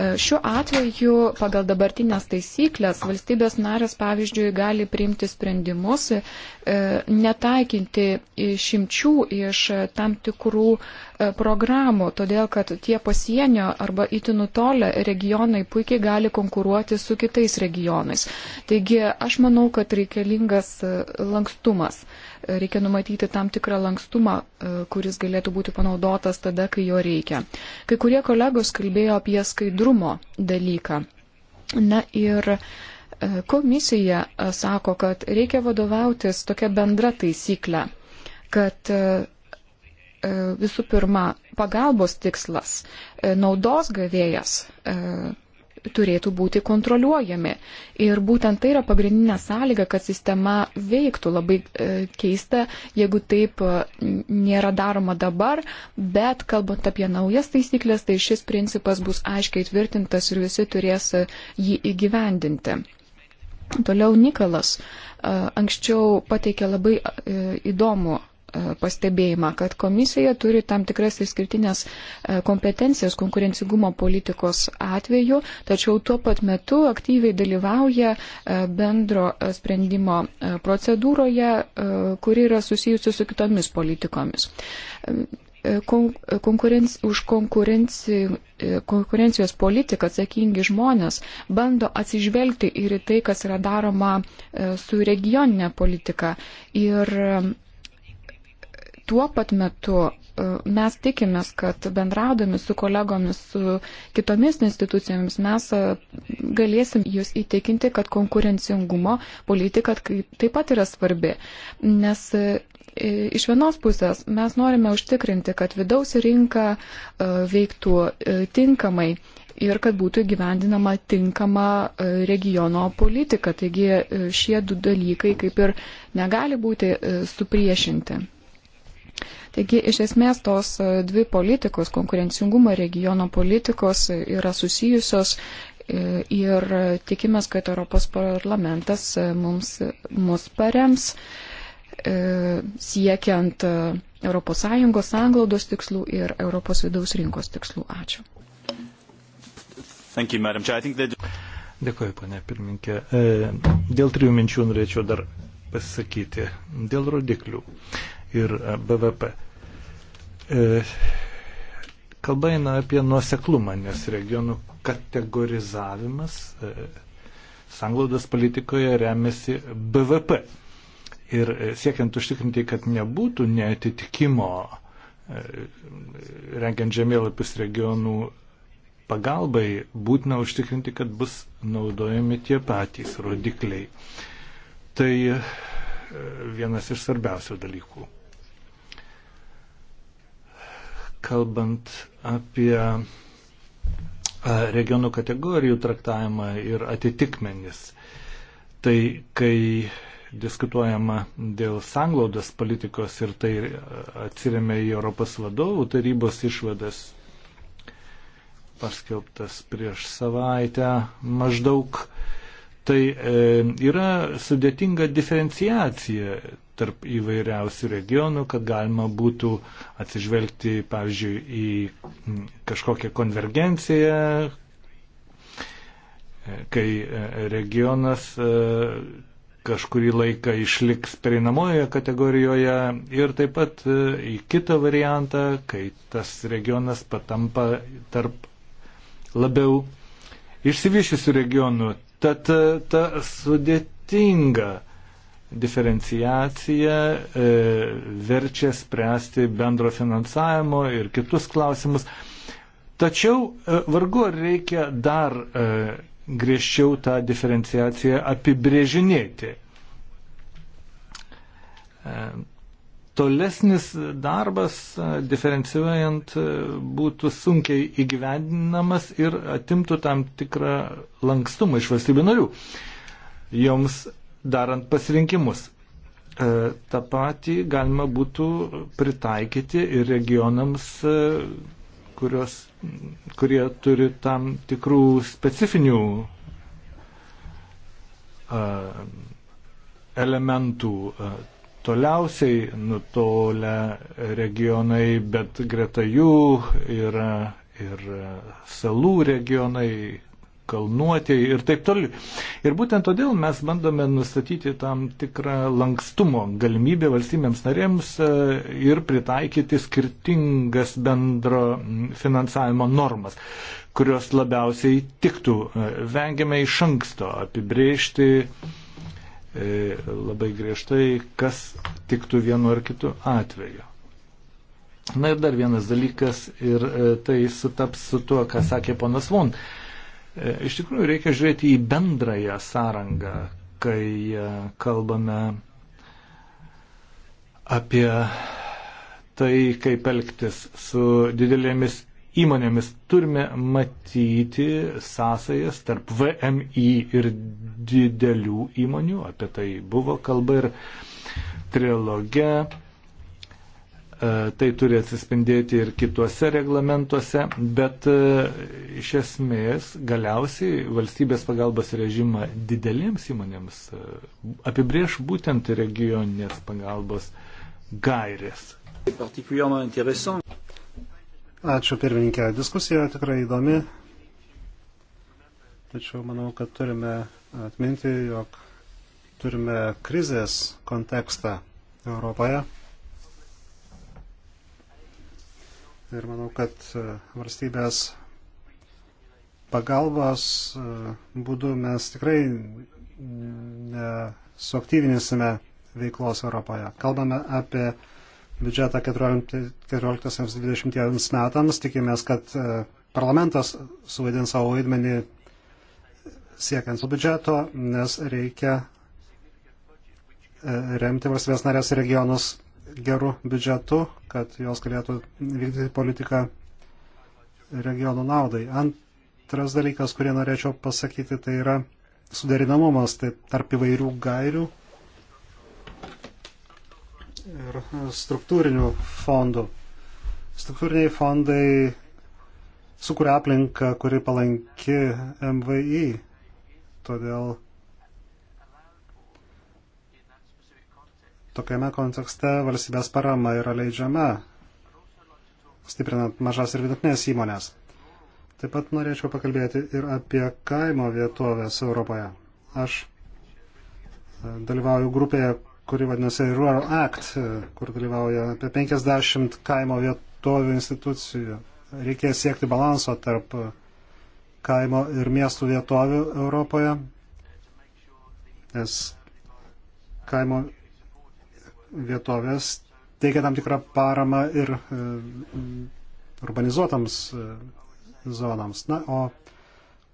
E, šiuo atveju pagal dabartinės taisyklės valstybės narės, pavyzdžiui, gali priimti sprendimus e, netaikinti šimčių iš tam tikrų e, programų, todėl kad tie pasienio arba itin nutolę regionai puikiai gali konkuruoti su kitais regionais. Taigi aš manau, kad reikalingas lankstumas reikia numatyti tam tikrą lankstumą, e, kuris galėtų būti panaudotas tada, kai jo reikia. Kai kurie kolegos kalbėjo apie skaidrumo dalyką. Na ir e, komisija e, sako, kad reikia vadovautis tokia bendra taisyklė, kad visų pirma pagalbos tikslas, naudos gavėjas turėtų būti kontroliuojami. Ir būtent tai yra pagrindinė sąlyga, kad sistema veiktų. Labai e, keista, jeigu taip e, nėra daroma dabar, bet kalbant apie naujas taisyklės, tai šis principas bus aiškiai tvirtintas ir visi turės e, jį įgyvendinti. Toliau Nikolas e, anksčiau pateikė labai e, įdomų E, pastebėjimą, kad komisija turi tam tikras išskirtinės e, kompetencijas konkurencingumo politikos atveju, tačiau tuo pat metu aktyviai dalyvauja e, bendro sprendimo procedūroje, kuri yra susijusi su kitomis politikomis. Kon, konkurenci, už konkurenci, konkurencijos politiką atsakingi žmonės bando atsižvelgti ir į tai, kas yra daroma su regioninė politika. Ir Tuo pat metu e, mes tikimės, kad bendraudami su kolegomis, su kitomis institucijomis mes e, galėsim jūs įtikinti, kad konkurencingumo politika taip pat yra svarbi. Nes e, iš vienos pusės mes norime užtikrinti, kad vidaus rinka veiktų tinkamai. Ir kad būtų gyvendinama tinkama regiono politika. Taigi šie du dalykai kaip ir negali būti supriešinti. Taigi, iš esmės, tos e, dvi politikos, konkurencingumo regiono politikos e, yra susijusios e, ir tikimės, kad Europos parlamentas mums, mus parems siekiant ES anglaudos tikslų ir Europos vidaus rinkos tikslų. Ačiū. Thank you, that... Dėkuoju, ponė pirminkė. Dėl trijų minčių norėčiau dar pasakyti. Dėl rodiklių ir e, BVP. E, kalba eina apie nuoseklumą, nes regionų kategorizavimas e, sanglaudos politikoje remiasi BVP. Ir siekiant užtikrinti, kad nebūtų netitikimo, rengiant žemėlapius regionų pagalbai, būtina užtikrinti, kad bus naudojami tie patys rodikliai. Tai vienas iš svarbiausių dalykų kalbant apie regionų kategorijų traktavimą ir atitikmenis. Tai kai diskutuojama dėl sanglaudos politikos ir tai atsiriame į Europos vadovų tarybos išvadas paskelbtas prieš savaitę maždaug, tai e, yra sudėtinga diferenciacija tarp įvairiausių regionų, kad galima būtų atsižvelgti, pavyzdžiui, į kažkokią konvergenciją, e, kai e, regionas e, kažkurį laiką išliks perinamojoje kategorijoje ir taip pat į kitą variantą, kai tas regionas patampa tarp labiau išsivyšusių regionų. Tad ta sudėtinga diferenciacija e, verčia spręsti bendro finansavimo ir kitus klausimus. Tačiau e, vargu ar reikia dar e, griežčiau tą diferenciaciją apibrėžinėti. E, tolesnis darbas e, diferencijuojant e, būtų sunkiai įgyvendinamas ir atimtų tam tikrą lankstumą iš valstybių narių. Joms darant pasirinkimus. E, Ta pati galima būtų pritaikyti ir regionams, e, kurios, kurie turi tam tikrų specifinių e, elementų. Toliausiai nutolę regionai, bet greta jų yra ir salų regionai, kalnuotieji ir taip toliau. Ir būtent todėl mes bandome nustatyti tam tikrą lankstumo galimybę valstybėms narėms e, ir pritaikyti skirtingas bendro finansavimo normas kurios labiausiai tiktų. E, vengiame iš anksto apibrėžti e, labai griežtai, kas tiktų vienu ar kitu atveju. Na ir dar vienas dalykas, ir tai sutaps su tuo, ką sakė ponas Von. E, E, iš tikrųjų, reikia žiūrėti į bendrąją sąrangą, kai e, kalbame apie tai, kaip elgtis su didelėmis įmonėmis. Turime matyti sąsajas tarp VMI ir didelių įmonių, apie tai buvo kalba ir trilogija E, tai turi atsispindėti ir kituose reglamentuose, bet e, iš esmės galiausiai valstybės pagalbos režimą didelėms įmonėms e, apibrieš būtent regioninės pagalbos gairės. Tai Ačiū pirmininkė. Diskusija tikrai įdomi, tačiau manau, kad turime atminti, jog turime krizės kontekstą Europoje. Ir manau, kad e, valstybės pagalbos e, būdu mes tikrai suaktyvinsime veiklos Europoje. Kalbame apie biudžetą 14-20 metams. Tikimės, kad e, parlamentas suvaidins savo vaidmenį siekiant su biudžeto, nes reikia remti valstybės narės regionus geru biudžetu, kad jos galėtų vykdyti politiką regionų naudai. Antras dalykas, kurį norėčiau pasakyti, tai yra suderinamumas tai tarp įvairių gairių ir struktūrinių fondų. Struktūriniai fondai sukuria aplinką, kuri palanki MVI. Todėl tokiame kontekste valstybės parama yra leidžiama, stiprinant mažas ir vidutinės įmonės. Taip pat norėčiau pakalbėti ir apie kaimo vietovės Europoje. Aš e, dalyvauju grupėje, kuri vadinasi Rural Act, e, kur dalyvauja apie 50 kaimo vietovių institucijų. Reikės siekti balanso tarp e, kaimo ir miestų vietovių Europoje, nes kaimo vietovės teikia tam tikrą paramą ir e, urbanizuotams e, zonams. Na, o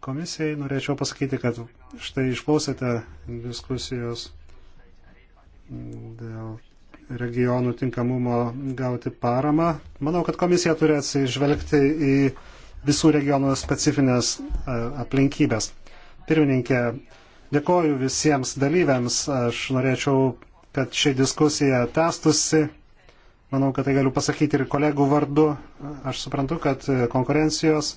komisijai norėčiau pasakyti, kad štai išklausėte diskusijos dėl regionų tinkamumo gauti paramą. Manau, kad komisija turi atsižvelgti į visų regionų specifines e, aplinkybės. Pirmininkė, dėkoju visiems dalyviams. Aš norėčiau kad ši diskusija testusi. Manau, kad tai galiu pasakyti ir kolegų vardu. Aš suprantu, kad konkurencijos e,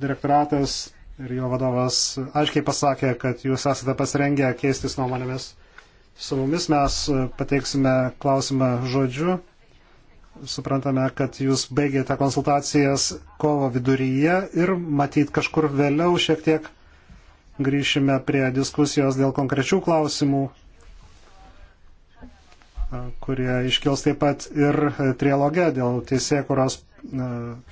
direktoratas ir jo vadovas aiškiai pasakė, kad jūs esate pasirengę keistis nuomonėmis su mumis. Mes pateiksime klausimą žodžiu. Suprantame, kad jūs baigėte konsultacijas kovo viduryje ir matyt kažkur vėliau šiek tiek grįšime prie diskusijos dėl konkrečių klausimų kurie iškils taip pat ir e, trialoge dėl teisėkuros e,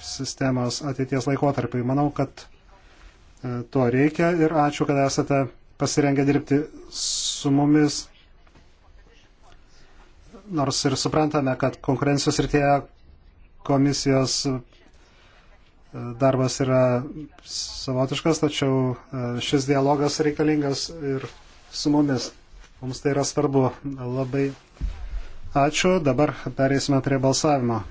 sistemos ateities laikotarpiai. Manau, kad e, to reikia ir ačiū, kad esate pasirengę dirbti su mumis. Nors ir suprantame, kad konkurencijos rytėje komisijos darbas yra savotiškas, tačiau šis dialogas reikalingas ir su mumis. Mums tai yra svarbu. Labai Ačiū, dabar perėsime prie balsavimo.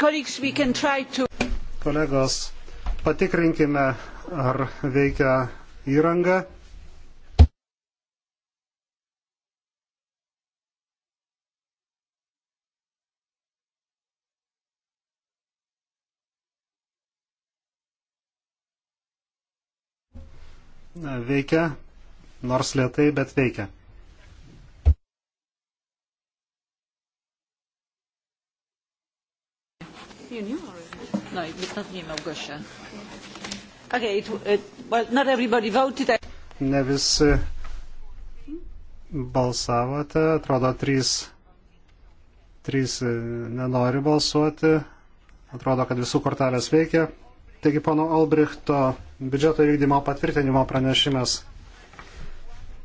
To... Kolegos, patikrinkime, ar veikia įranga. Veikia, nors lietai, bet veikia. No, it's not me, Małgosia. Okay, it, it, well, not everybody voted. Ne visi balsavote, atrodo, trys, trys e, nenori balsuoti, atrodo, kad visų kortelės veikia. Taigi, pono Albrichto biudžeto vykdymo patvirtinimo pranešimas.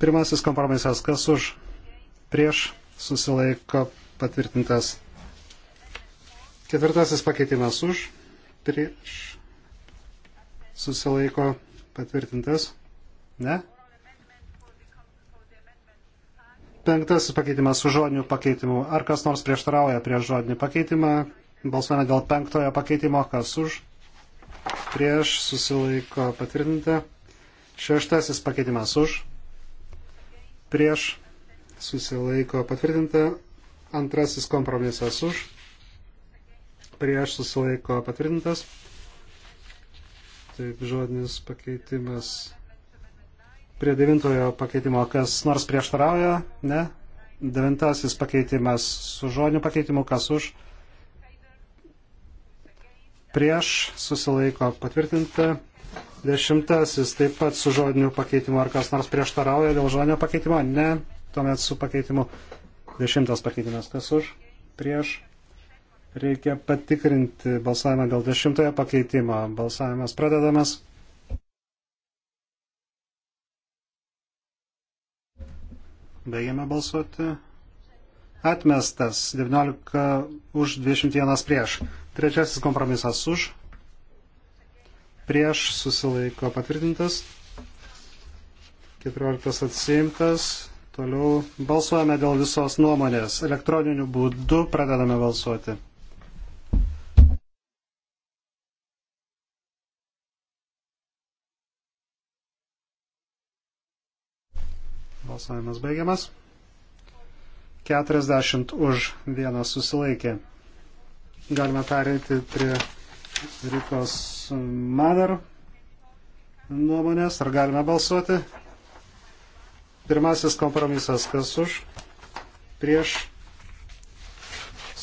Pirmasis kompromisas, kas už prieš susilaiko patvirtintas. Ketvirtasis pakeitimas už prieš susilaiko patvirtintas. Ne? Penktasis pakeitimas su žodiniu pakeitimu. Ar kas nors prieštarauja prieš žodinį pakeitimą? Balsuojame dėl penktojo pakeitimo. Kas už? Prieš susilaiko patvirtinta. Šeštasis pakeitimas už. Prieš susilaiko patvirtinta. Antrasis kompromisas už prieš susilaiko patvirtintas. Taip, žodinis pakeitimas. Prie devintojo pakeitimo kas nors prieštarauja? Ne. Devintasis pakeitimas su žodiniu pakeitimu kas už? Prieš susilaiko patvirtinta. Dešimtasis taip pat su žodiniu pakeitimu ar kas nors prieštarauja dėl žodinio pakeitimo? Ne. Tuomet su pakeitimu. Dešimtas pakeitimas kas už? Prieš Reikia patikrinti balsavimą dėl dešimtojo pakeitimo. Balsavimas pradedamas. Baigiame balsuoti. Atmestas 19 už 21 prieš. Trečiasis kompromisas už. Prieš susilaiko patvirtintas. 14 atsiimtas. Toliau balsuojame dėl visos nuomonės. Elektroniniu būdu pradedame balsuoti. Balsavimas baigiamas. 40 už vieną susilaikė. Galime perėti prie Rikos Madar nuomonės. Ar galime balsuoti? Pirmasis kompromisas, kas už, prieš,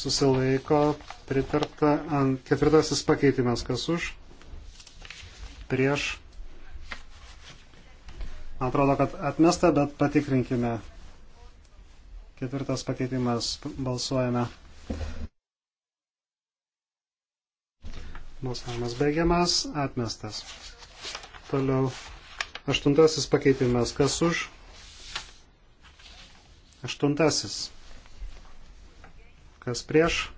susilaiko, pritarta, ant, ketvirtasis pakeitimas, kas už, prieš, Man atrodo, kad atmesta, bet patikrinkime. Ketvirtas pakeitimas balsuojame. Balsavimas baigiamas, atmestas. Toliau aštuntasis pakeitimas. Kas už? Aštuntasis. Kas prieš?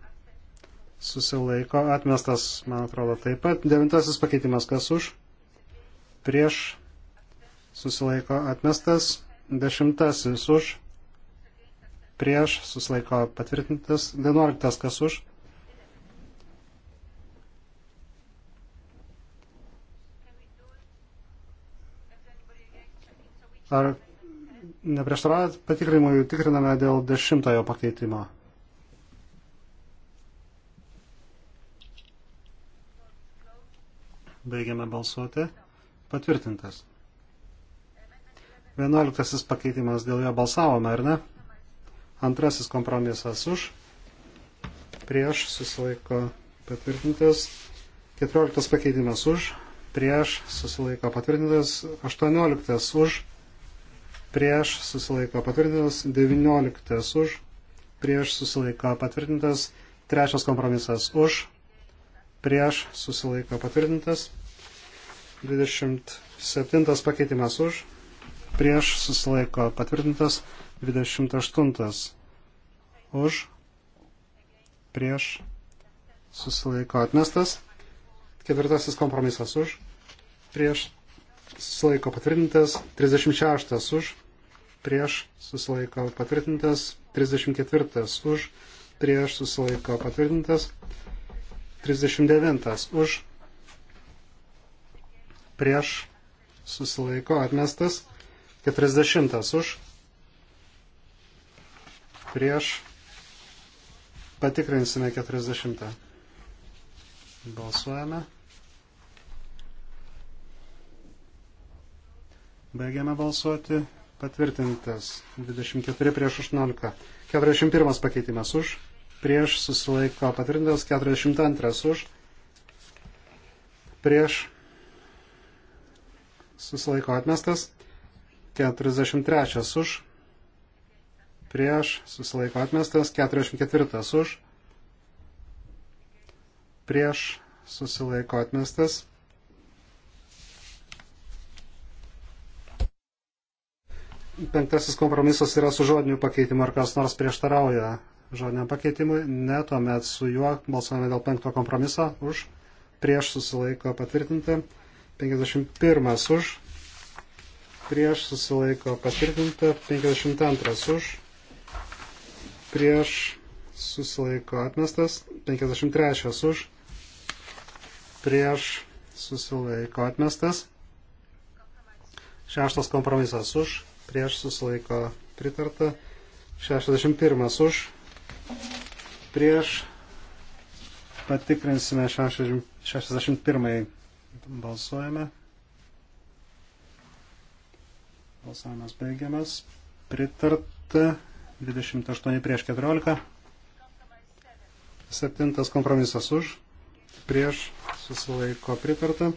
Susilaiko. Atmestas, man atrodo, taip pat. Devintasis pakeitimas. Kas už? Prieš susilaiko atmestas, dešimtasis už, prieš susilaiko patvirtintas, vienuoliktas kas už. Ar neprieštaraujat patikrinimui, tikriname dėl dešimtojo pakeitimo. Baigiame balsuoti. Patvirtintas. Vienuoliktasis pakeitimas, dėl jo balsavome, ar ne? Antrasis kompromisas už, prieš susilaiko patvirtintas. Keturioliktas pakeitimas už, prieš susilaiko patvirtintas. Aštuonioliktas už, prieš susilaiko patvirtintas. Devinioliktas už, prieš susilaiko patvirtintas. Trečias kompromisas už, prieš susilaiko patvirtintas. 27 pakeitimas už, prieš susilaiko patvirtintas 28 už prieš susilaiko atmestas ketvirtasis kompromisas už prieš susilaiko patvirtintas 36 už prieš susilaiko patvirtintas 34 už prieš susilaiko patvirtintas 39 už prieš susilaiko atmestas 40 už. Prieš. Patikrinsime 40. Balsuojame. Baigiame balsuoti. Patvirtintas 24 prieš 18. 41 pakeitimas už. Prieš susilaiko patvirtintas 42 už. Prieš susilaiko atmestas 43 už, prieš, susilaiko atmestas, 44 už, prieš, susilaiko atmestas. Penktasis kompromisas yra su žodiniu pakeitimu, ar kas nors prieštarauja žodiniam pakeitimui, ne, tuomet su juo balsuojame dėl penkto kompromiso už, prieš susilaiko patvirtinti, 51 už, prieš susilaiko patvirtinta, 52 už, prieš susilaiko atmestas, 53 už, prieš susilaiko atmestas, 6 kompromisas už, prieš susilaiko pritarta, 61 už, prieš patikrinsime 61 balsuojame. Balsavimas baigiamas. Pritarta 28 prieš 14. Septintas kompromisas už. Prieš susilaiko pritarta.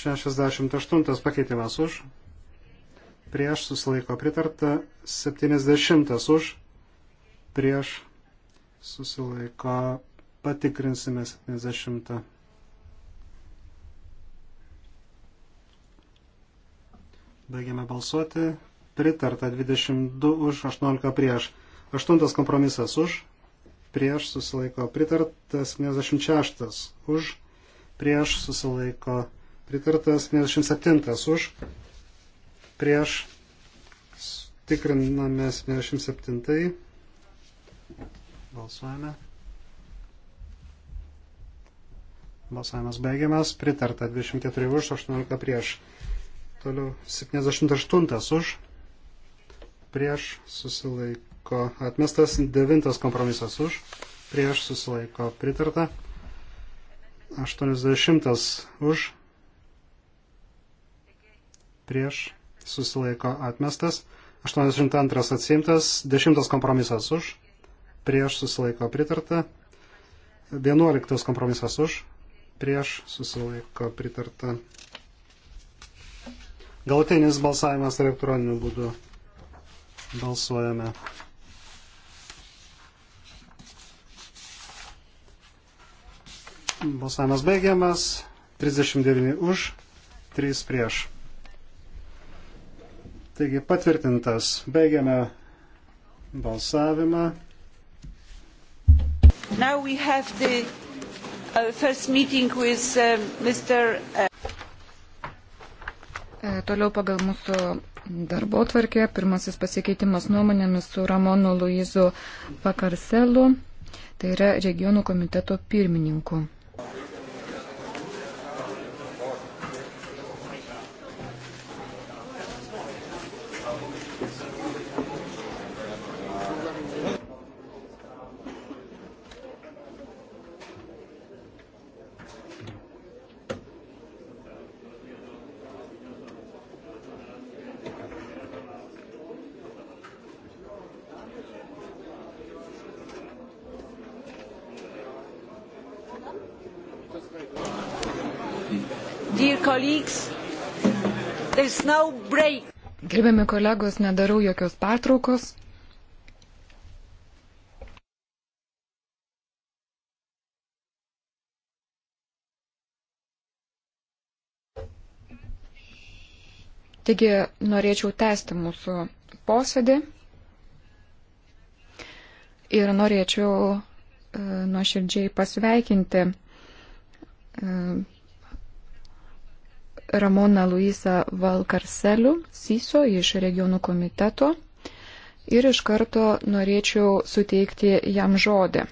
Šešiasdešimt aštuntas pakeitimas už. Prieš susilaiko pritarta. Septyniasdešimtas už. Prieš susilaiko patikrinsime 70. Baigiame balsuoti. Pritarta 22 už, 18 prieš. 8 kompromisas už, prieš susilaiko pritarta 76 už, prieš susilaiko pritarta 77 už, prieš tikriname 77. -ai. Balsuojame. Balsavimas baigiamas. Pritarta 24 už, 18 prieš. Toliau 78 už, prieš susilaiko atmestas, 9 kompromisas už, prieš susilaiko pritarta, 80 už, prieš susilaiko atmestas, 82 atsimtas, 10 kompromisas už, prieš susilaiko pritarta, 11 kompromisas už, prieš susilaiko pritarta, Galtinis balsavimas elektroniniu būdu. Balsuojame. Balsavimas baigiamas. 39 už, 3 prieš. Taigi patvirtintas. Baigiame balsavimą. Now we have the uh, first meeting with uh, Mr. Uh, E, toliau pagal mūsų darbo tvarkė, pirmasis pasikeitimas nuomonėmis su Ramonu Luizu Pakarselu, tai yra regionų komiteto pirmininku. kolegos, nedarau jokios patraukos. Taigi norėčiau tęsti mūsų posėdį ir norėčiau e, nuoširdžiai pasveikinti e, Ramoną Luisą Valkarselių, Siso iš regionų komiteto ir iš karto norėčiau suteikti jam žodį.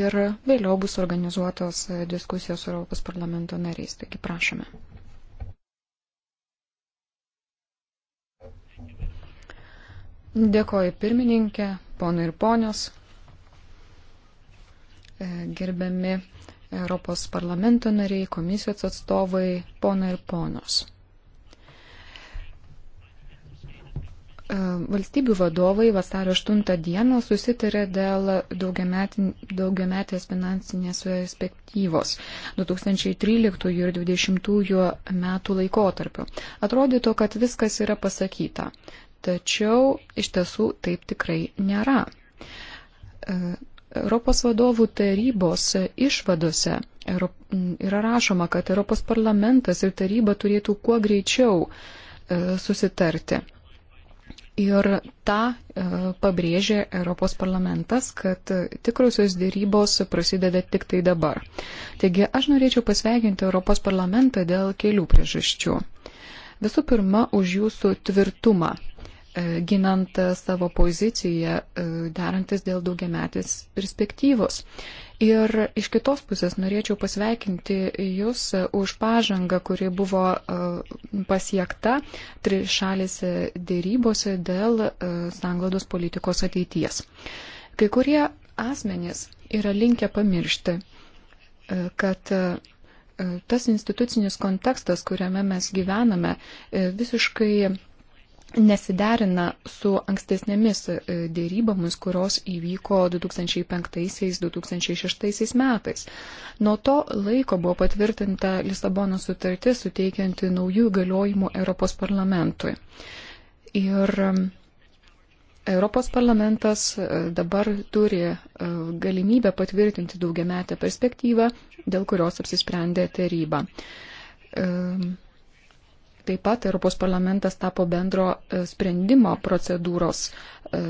Ir vėliau bus organizuotos diskusijos su Europos parlamento nariais. Taigi prašome. Dėkoju pirmininkė, ponai ir ponios, gerbiami Europos parlamento nariai, komisijos atstovai, ponai ir ponos. E, valstybių vadovai vasario 8 dieną susitarė dėl daugiametės finansinės perspektyvos 2013 ir 2020 metų laikotarpiu. Atrodytų, kad viskas yra pasakyta, tačiau iš tiesų taip tikrai nėra e, Europos vadovų tarybos išvadose yra rašoma, kad Europos parlamentas ir taryba turėtų kuo greičiau e, susitarti. Ir tą e, pabrėžė Europos parlamentas, kad tikrusios dėrybos prasideda tik tai dabar. Taigi aš norėčiau pasveikinti Europos parlamentą dėl kelių priežasčių. Visų pirma, už jūsų tvirtumą E, ginant savo poziciją, e, darantis dėl daugiametės perspektyvos. Ir iš kitos pusės norėčiau pasveikinti Jūs už pažangą, kuri buvo e, pasiekta trišalėse dėrybose dėl sanglados politikos ateities. Kai kurie asmenys yra linkę pamiršti, kad tas institucinis kontekstas, kuriame mes gyvename, visiškai nesiderina su ankstesnėmis e, dėrybomis, kurios įvyko 2005-2006 metais. Nuo to laiko buvo patvirtinta Lisabono sutartis suteikianti naujų galiojimų Europos parlamentui. Ir e, Europos parlamentas e, dabar turi galimybę patvirtinti daugiametę perspektyvą, dėl kurios apsisprendė taryba. Um Taip pat Europos parlamentas tapo bendro e, sprendimo procedūros e,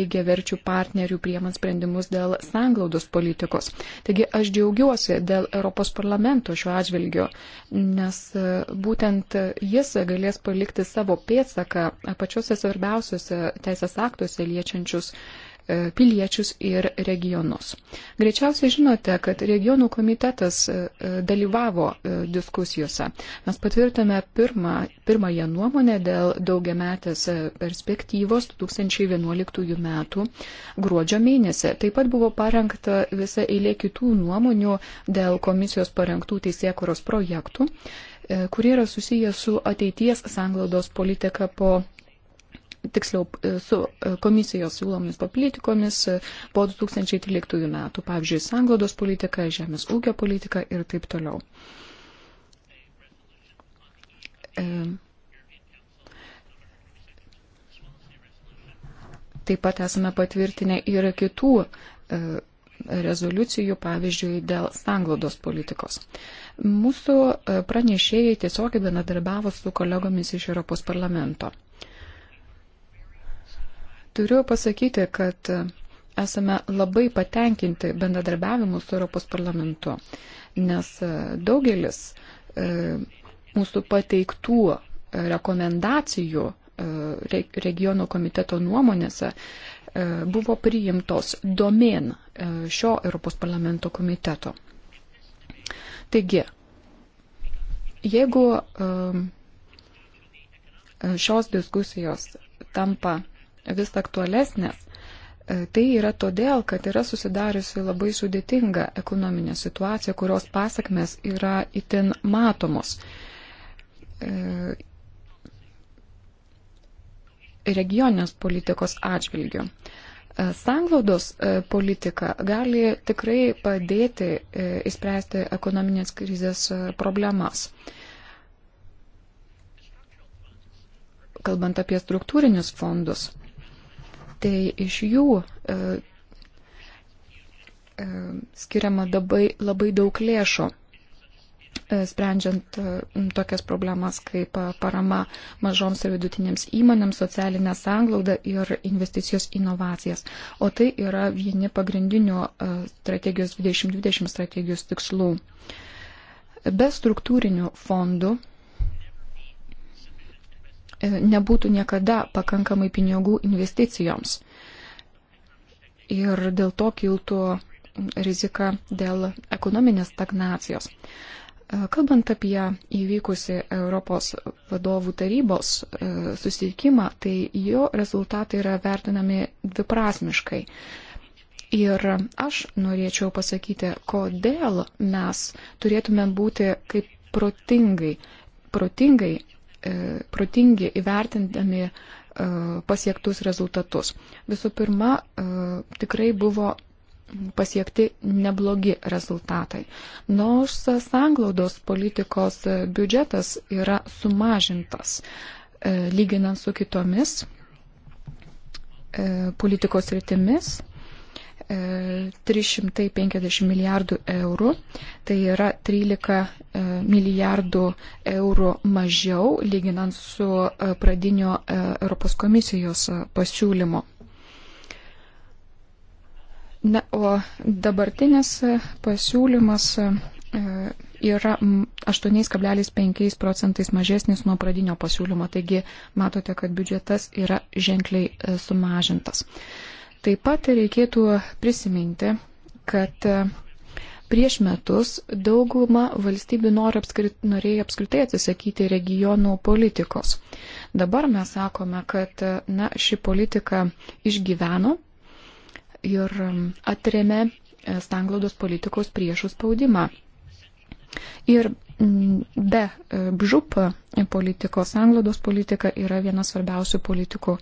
lygiai verčių partnerių priemant sprendimus dėl sanglaudos politikos. Taigi aš džiaugiuosi dėl Europos parlamento šiuo atžvilgiu, nes e, būtent jis galės palikti savo pėtsaką pačiuose svarbiausiuose teisės aktuose liečiančius uh, E, piliečius ir regionus. Greičiausiai žinote, kad regionų komitetas e, e, dalyvavo diskusijose. Mes patvirtame pirmą, pirmąją nuomonę dėl daugiametės perspektyvos 2011 metų gruodžio mėnesį. Taip pat buvo parengta visa eilė kitų nuomonių dėl komisijos parengtų teisėkuros projektų kurie yra susiję su ateities sanglaudos politika po tiksliau e, su e, komisijos siūlomis politikomis e, po 2013 metų, pavyzdžiui, sanglodos politika, žemės ūkio politika ir taip toliau. Taip pat esame patvirtinę ir kitų rezoliucijų, pavyzdžiui, dėl sanglodos politikos. Mūsų pranešėjai tiesiog bendradarbiavo su kolegomis iš Europos parlamento. Turiu pasakyti, kad esame labai patenkinti bendradarbiavimu su Europos parlamentu, nes daugelis e, mūsų pateiktų rekomendacijų e, regiono komiteto nuomonėse e, buvo priimtos domen šio Europos parlamento komiteto. Taigi, jeigu šios diskusijos tampa vis aktualesnės. E, tai yra todėl, kad yra susidariusi labai sudėtinga ekonominė situacija, kurios pasakmes yra itin matomos. E, regioninės politikos atžvilgių. E, sanglaudos politika gali tikrai padėti įspręsti ekonominės krizės problemas. Kalbant apie struktūrinius fondus, tai iš jų e, e, skiriama dabai, labai daug lėšų e, sprendžiant e, tokias problemas kaip e, parama mažoms ir vidutinėms įmonėms, socialinė sanglauda ir investicijos inovacijas. O tai yra vieni pagrindinių strategijos 2020 strategijos tikslų. Be struktūrinių fondų E, nebūtų niekada pakankamai pinigų investicijoms. Ir dėl to kiltų rizika dėl ekonominės stagnacijos. E, kalbant apie įvykusi Europos vadovų tarybos e, susitikimą, tai jo rezultatai yra vertinami dviprasmiškai. Ir aš norėčiau pasakyti, kodėl mes turėtume būti kaip protingai, protingai E, protingi įvertindami e, pasiektus rezultatus. Visų pirma, e, tikrai buvo pasiekti neblogi rezultatai. Nors sanglaudos politikos biudžetas yra sumažintas lyginant su kitomis politikos rytimis, 350 e, milijardų eurų, tai yra 13 e, milijardų eurų mažiau lyginant su e, pradinio Europos komisijos pasiūlymu. Na, o dabartinis pasiūlymas yra 8,5 procentais mažesnis nuo pradinio pasiūlymo, taigi matote, kad biudžetas yra ženkliai sumažintas. Taip pat reikėtų prisiminti, kad e, prieš metus dauguma valstybių apskrit, norėjo apskritai atsisakyti regionų politikos. Dabar mes sakome, kad e, na, ši politika išgyveno ir atremė e, stanglaudos politikos priešų spaudimą. Ir be BŽUP politikos, anglodos politika yra vienas svarbiausių politikų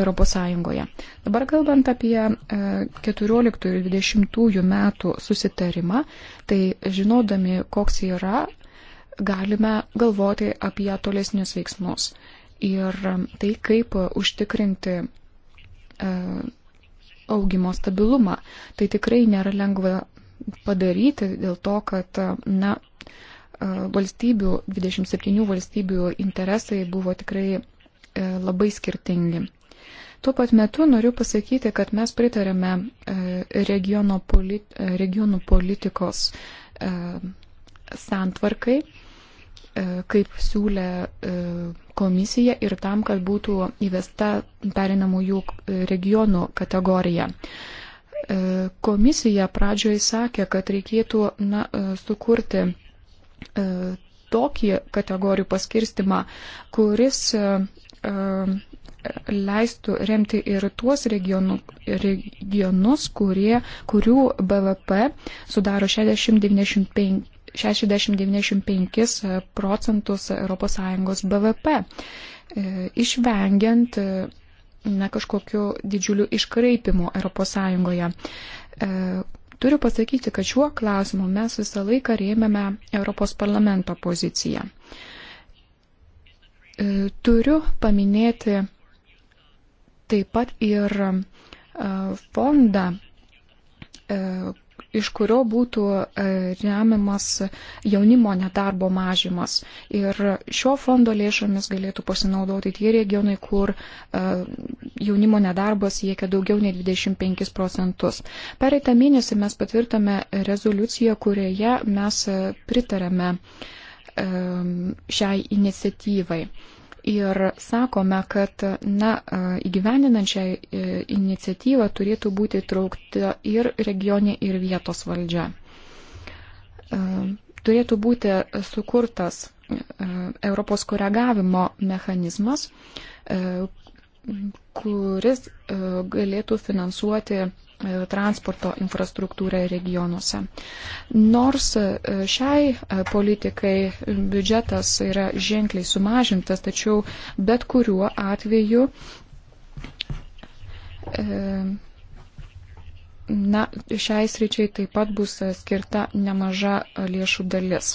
ES. Dabar kalbant apie 14 e, ir 20 metų susitarimą, tai žinodami, koks yra, galime galvoti apie tolesnius veiksmus ir e, tai, kaip užtikrinti e, augimo stabilumą. Tai tikrai nėra lengva padaryti dėl to, kad, na, valstybių, 27 valstybių interesai buvo tikrai labai skirtingi. Tuo pat metu noriu pasakyti, kad mes pritarėme e, politi e, regionų politikos e, santvarkai, kaip siūlė komisija ir tam, kad būtų įvesta perinamųjų regionų kategorija. Komisija pradžioje sakė, kad reikėtų na, sukurti tokį kategorijų paskirstimą, kuris leistų remti ir tuos regionu, regionus, kurie, kurių BVP sudaro 60-95 e, procentus ES BVP, e, išvengiant e, na, kažkokiu didžiuliu iškraipimu ES. Turiu pasakyti, kad šiuo klausimu mes visą laiką rėmėme Europos parlamento poziciją. Turiu paminėti taip pat ir e, fondą, e, iš kurio būtų e, remiamas jaunimo nedarbo mažymas. Ir šio fondo lėšomis galėtų pasinaudoti tie regionai, kur jaunimo nedarbas siekia daugiau nei 25 procentus. Pereitą mėnesį mes patvirtame rezoliuciją, kurioje mes pritarėme šiai iniciatyvai ir sakome, kad na, e, įgyveninančią e, iniciatyvą turėtų būti traukta ir regionė, ir vietos valdžia. E, turėtų būti sukurtas Europos koregavimo mechanizmas, kuris galėtų finansuoti E, transporto infrastruktūrą regionuose. Nors e, šiai e, politikai biudžetas yra ženkliai sumažintas, tačiau bet kuriuo atveju na, šiai sričiai taip pat bus skirta nemaža lėšų dalis.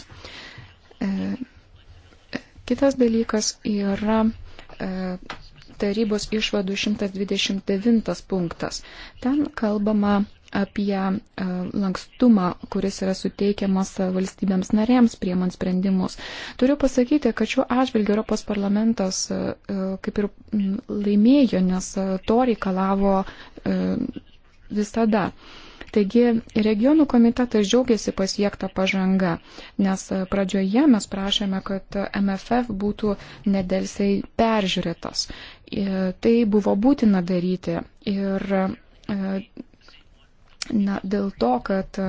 Kitas dalykas yra tarybos išvadų 129 punktas. Ten kalbama apie e, lankstumą, kuris yra suteikiamas valstybėms narėms priemant sprendimus. Turiu pasakyti, kad šiuo atžvilgiu Europos parlamentas e, e, kaip ir laimėjo, nes to reikalavo visada. Taigi regionų komitetas džiaugiasi pasiektą pažangą, nes pradžioje mes prašėme, kad MFF būtų nedelsiai peržiūrėtas. E, tai buvo būtina daryti. Ir e, na, dėl to, kad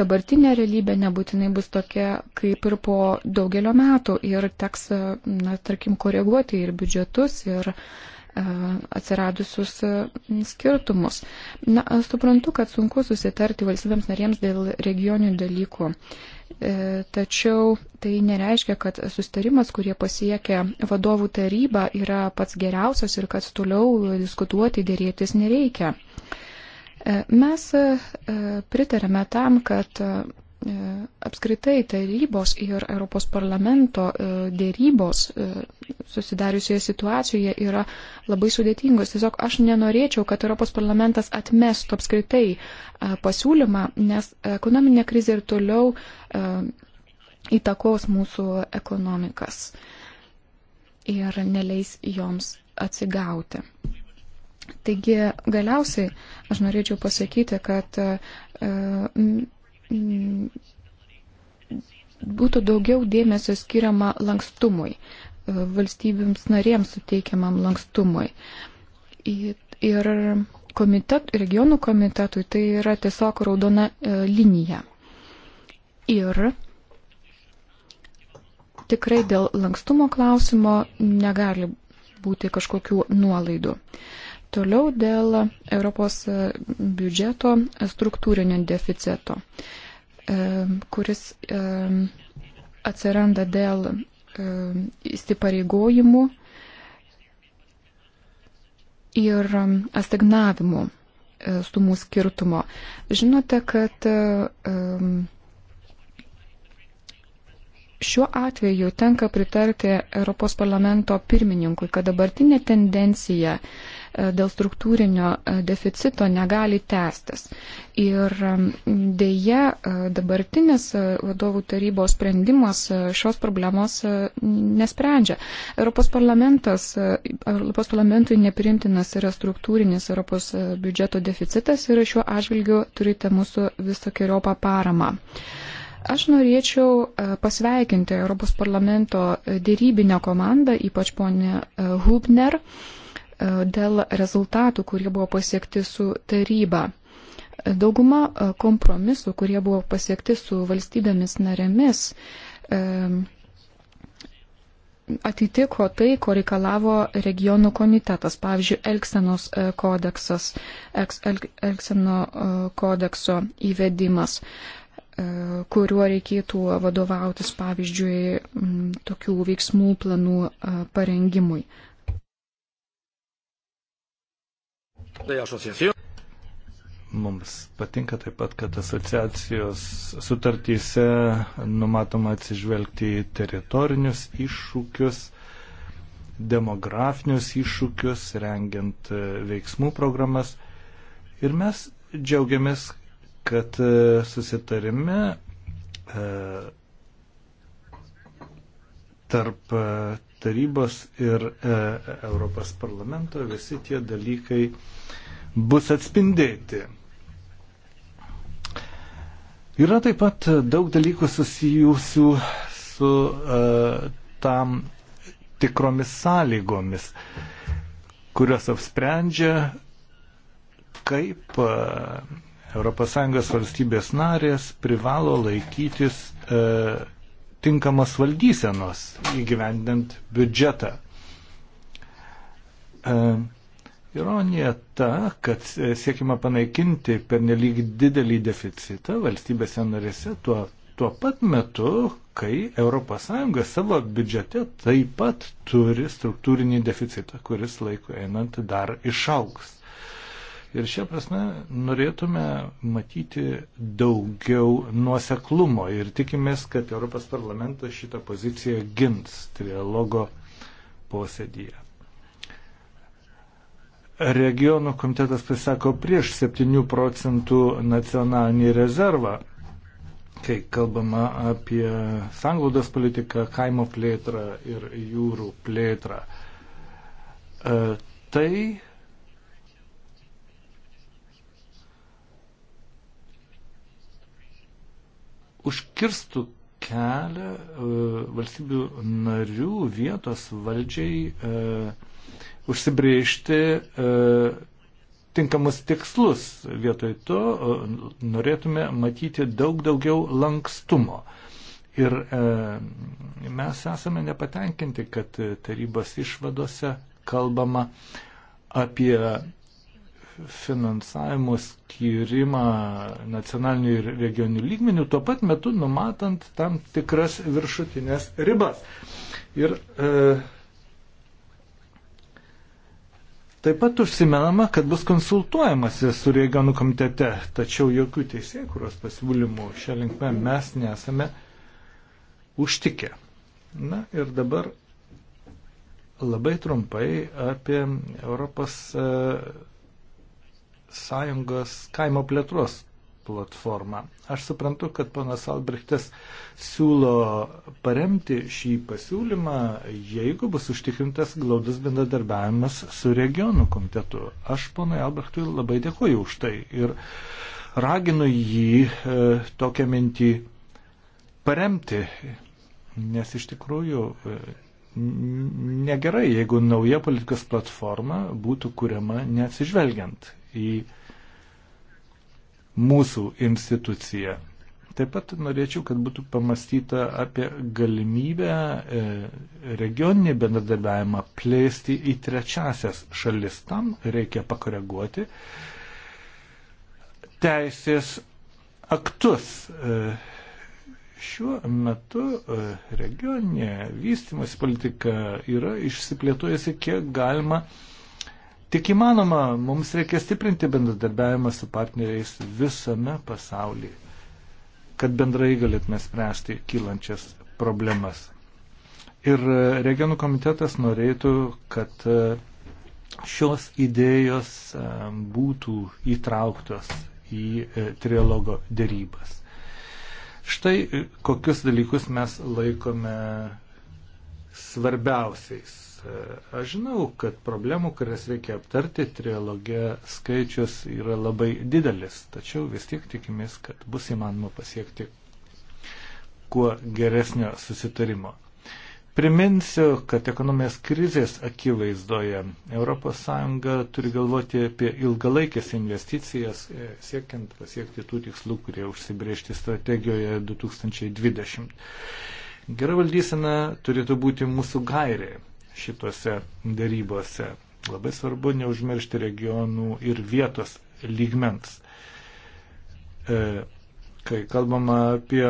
dabartinė realybė nebūtinai bus tokia kaip ir po daugelio metų ir teks, na, tarkim, koreguoti ir biudžetus, ir e, atsiradusius skirtumus. Na, suprantu, kad sunku susitarti valstybėms narėms dėl regioninių dalykų. Uh, E, tačiau tai nereiškia, kad sustarimas, kurie pasiekė vadovų taryba, yra pats geriausias ir kad toliau diskutuoti dėrėtis nereikia. E, mes e, pritarėme tam, kad E, apskritai tarybos ir Europos parlamento e, dėrybos e, susidariusioje situacijoje yra labai sudėtingos. Tiesiog aš nenorėčiau, kad Europos parlamentas atmestų apskritai pasiūlymą, nes ekonominė krizė ir toliau įtakos mūsų ekonomikas ir neleis joms atsigauti. Taigi galiausiai aš norėčiau pasakyti, kad Mm, būtų daugiau dėmesio skiriama lankstumui, e, valstybėms narėms suteikiamam lankstumui. Ir komitet, regionų komitetui tai yra tiesiog raudona e, linija. Ir tikrai dėl lankstumo klausimo negali būti kažkokių nuolaidų. Uh, Toliau dėl Europos biudžeto struktūrinio deficito, e, kuris e, atsiranda dėl e, įsipareigojimų ir asignavimų sumų skirtumo. Žinote, kad Šiuo atveju tenka pritarti Europos parlamento pirmininkui, kad dabartinė tendencija uh, E, dėl struktūrinio e, deficito negali tęstis. Ir dėje dabartinis e, vadovų tarybos sprendimas šios problemos nesprendžia. Europos, Europos parlamentui neprimtinas yra struktūrinis Europos biudžeto deficitas ir šiuo atžvilgiu turite mūsų visokiojopą paramą. Aš norėčiau pasveikinti Europos parlamento dėrybinę komandą, ypač ponę Hubner. Uh, dėl rezultatų, kurie buvo pasiekti su taryba. Dauguma e, kompromisų, kurie buvo pasiekti su valstybėmis narėmis, e, atitiko tai, ko reikalavo regionų komitetas, pavyzdžiui, Elksenos e, kodeksas, Elkseno kodekso įvedimas kuriuo reikėtų vadovautis, pavyzdžiui, tokių veiksmų planų parengimui Mums patinka taip pat, kad asociacijos sutartyse numatoma atsižvelgti į teritorinius iššūkius, demografinius iššūkius, rengiant e, veiksmų programas. Ir mes džiaugiamės, kad e, susitarime e, tarp tarybos ir e, Europos parlamento, visi tie dalykai bus atspindėti. Yra taip pat daug dalykų susijusių su e, tam tikromis sąlygomis, kurios apsprendžia, kaip ES valstybės narės privalo laikytis e, tinkamos valdysenos įgyvendant biudžetą. E, ironija ta, kad siekima panaikinti pernelyg didelį deficitą valstybėse narėse tuo, tuo pat metu, kai ES savo biudžete taip pat turi struktūrinį deficitą, kuris laiko einant dar išauks. Ir šią prasme norėtume matyti daugiau nuoseklumo ir tikimės, kad Europos parlamentas šitą poziciją gins trialogo posėdyje. Regionų komitetas pasisako prieš 7 procentų nacionalinį rezervą, kai kalbama apie sanglaudos politiką, kaimo plėtrą ir jūrų plėtrą. E, tai užkirstų kelią e, valstybių narių vietos valdžiai e, užsibriežti e, tinkamus tikslus. Vietoj to norėtume matyti daug daugiau lankstumo. Ir e, mes esame nepatenkinti, kad tarybos išvadose kalbama apie finansavimo skirimą nacionalinių ir regionių lygmenių, tuo pat metu numatant tam tikras viršutinės ribas. Ir e, taip pat užsimenama, kad bus konsultuojamasi su regionų komitete, tačiau jokių teisėkuros pasiūlymų šią linkmę mes nesame užtikę. Na ir dabar labai trumpai apie Europos e, sąjungos kaimo plėtros platformą. Aš suprantu, kad ponas Albrechtas siūlo paremti šį pasiūlymą, jeigu bus užtikrintas glaudus bendradarbiavimas su regionų komitetu. Aš ponui Albrechtui labai dėkoju už tai ir raginu jį e, tokią mintį paremti, nes iš tikrųjų e, negerai, jeigu nauja politikos platforma būtų kuriama neatsižvelgiant į mūsų instituciją. Taip pat norėčiau, kad būtų pamastyta apie galimybę e, regioninį bendradarbiavimą plėsti į trečiasias šalis. Tam reikia pakoreguoti teisės aktus. E, šiuo metu e, regioninė vystimas politika yra išsiplėtojusi kiek galima uh, tik įmanoma, mums reikia stiprinti bendradarbiavimą su partneriais visame pasaulyje, kad bendrai galėtume spręsti kylančias problemas. Ir e, regionų komitetas norėtų, kad e, šios idėjos e, būtų įtrauktos į trilogo dėrybas. Štai kokius dalykus mes laikome svarbiausiais E, aš žinau, kad problemų, kurias reikia aptarti trialoge, skaičius yra labai didelis, tačiau vis tiek tikimės, kad bus įmanoma pasiekti kuo geresnio susitarimo. Priminsiu, kad ekonomijos krizės akivaizdoje ES turi galvoti apie ilgalaikės investicijas, e, siekiant pasiekti tų tikslų, kurie užsibriežti strategijoje 2020. Gera valdysena turėtų būti mūsų gairė šitose darybose. Labai svarbu neužmiršti regionų ir vietos lygmens. E, kai kalbama apie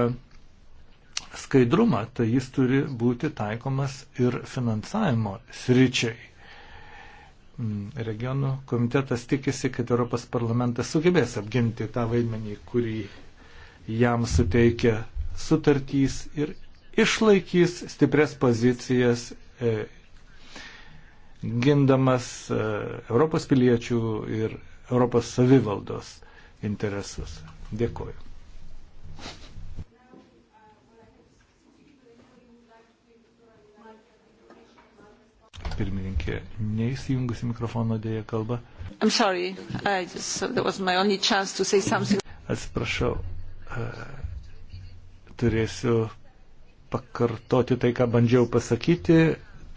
skaidrumą, tai jis turi būti taikomas ir finansavimo sričiai. Mm, regionų komitetas tikisi, kad Europos parlamentas sugebės apginti tą vaidmenį, kurį jam suteikia sutartys ir išlaikys stipres pozicijas e, gindamas e, Europos piliečių ir Europos savivaldos interesus. Dėkuoju. Pirmininkė, neįsijungusi mikrofono dėja kalba. Atsiprašau, e, turėsiu pakartoti tai, ką bandžiau pasakyti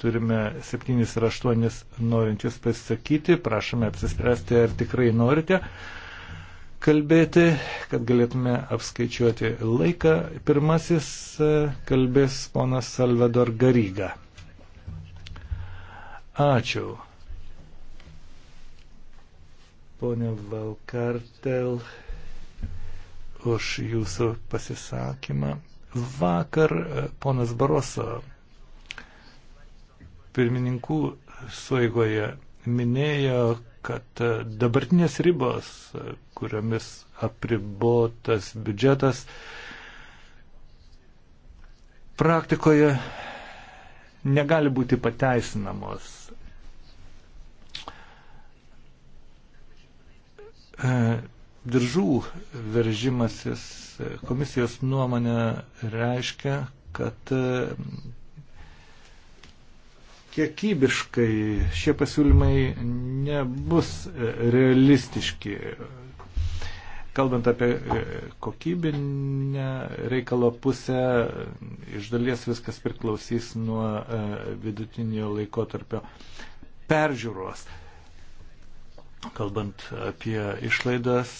Turime septynis ir aštuonis norinčius pasisakyti. Prašome apsispręsti, ar tikrai norite kalbėti, kad galėtume apskaičiuoti laiką. Pirmasis e, kalbės ponas Salvador Garyga. Ačiū. Pone Valkartel, už jūsų pasisakymą. Vakar e, ponas Baroso pirmininkų suėgoje minėjo, kad dabartinės ribos, kuriomis apribotas biudžetas, praktikoje negali būti pateisinamos. E, diržų veržimasis komisijos nuomonė reiškia, kad kiekybiškai šie pasiūlymai nebus e, realistiški. Kalbant apie e, kokybinę reikalo pusę, iš dalies viskas priklausys nuo e, vidutinio laikotarpio peržiūros. Kalbant apie išlaidas,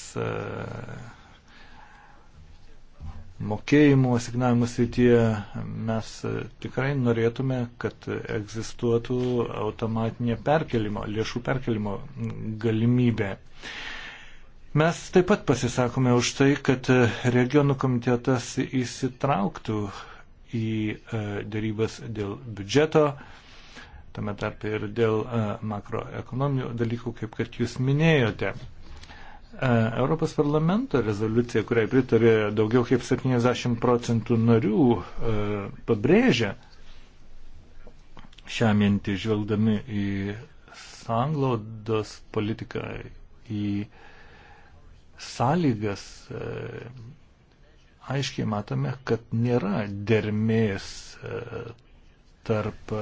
mokėjimų asignavimų srityje mes e, tikrai norėtume, kad egzistuotų automatinė perkelimo, lėšų perkelimo galimybė. Mes taip pat pasisakome už tai, kad e, regionų komitetas įsitrauktų į e, dėrybas dėl biudžeto, tame tarp ir dėl makroekonominių dalykų, kaip kad jūs minėjote. E, Europos parlamento rezoliucija, kuriai pritarė daugiau kaip 70 procentų narių, e, pabrėžia šią mintį žvelgdami į sanglaudos politiką, į sąlygas. E, aiškiai matome, kad nėra dermės tarp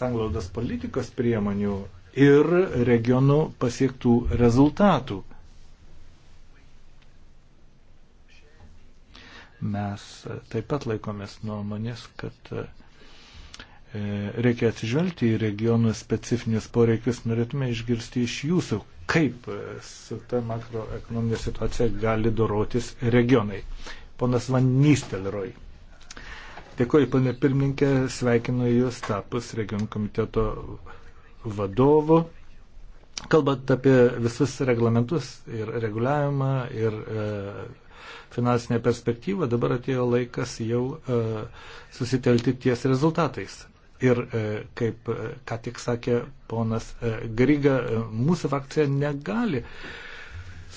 sanglaudos politikos priemonių ir regionų pasiektų rezultatų. Mes taip pat laikomės nuomonės, kad e, reikia atsižvelgti į regionų specifinius poreikius, norėtume išgirsti iš jūsų, kaip e, su ta makroekonominė situacija gali dorotis regionai. Ponas Van Nistelroj. Dėkuoju, ponė pirmininkė, sveikinu Jūs tapus regionų komiteto vadovu. Kalbant apie visus reglamentus ir reguliavimą ir e, finansinę perspektyvą, dabar atėjo laikas jau e, susitelti ties rezultatais. Ir e, kaip e, ką tik sakė ponas e, Gryga, e, mūsų frakcija negali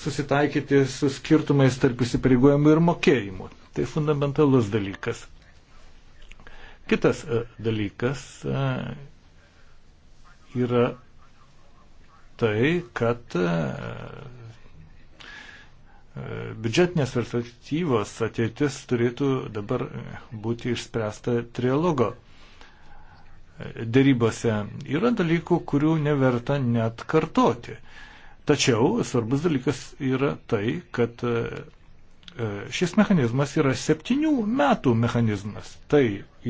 susitaikyti su skirtumais tarp įsipareigojimų ir mokėjimų. Tai fundamentalus dalykas. Kitas e, dalykas e, yra tai, kad e, e, biudžetinės perspektyvos ateitis turėtų dabar būti išspręsta trialogo e, dėrybose. Yra dalykų, kurių neverta net kartoti. Tačiau svarbus dalykas yra tai, kad šis mechanizmas yra septynių metų mechanizmas. Tai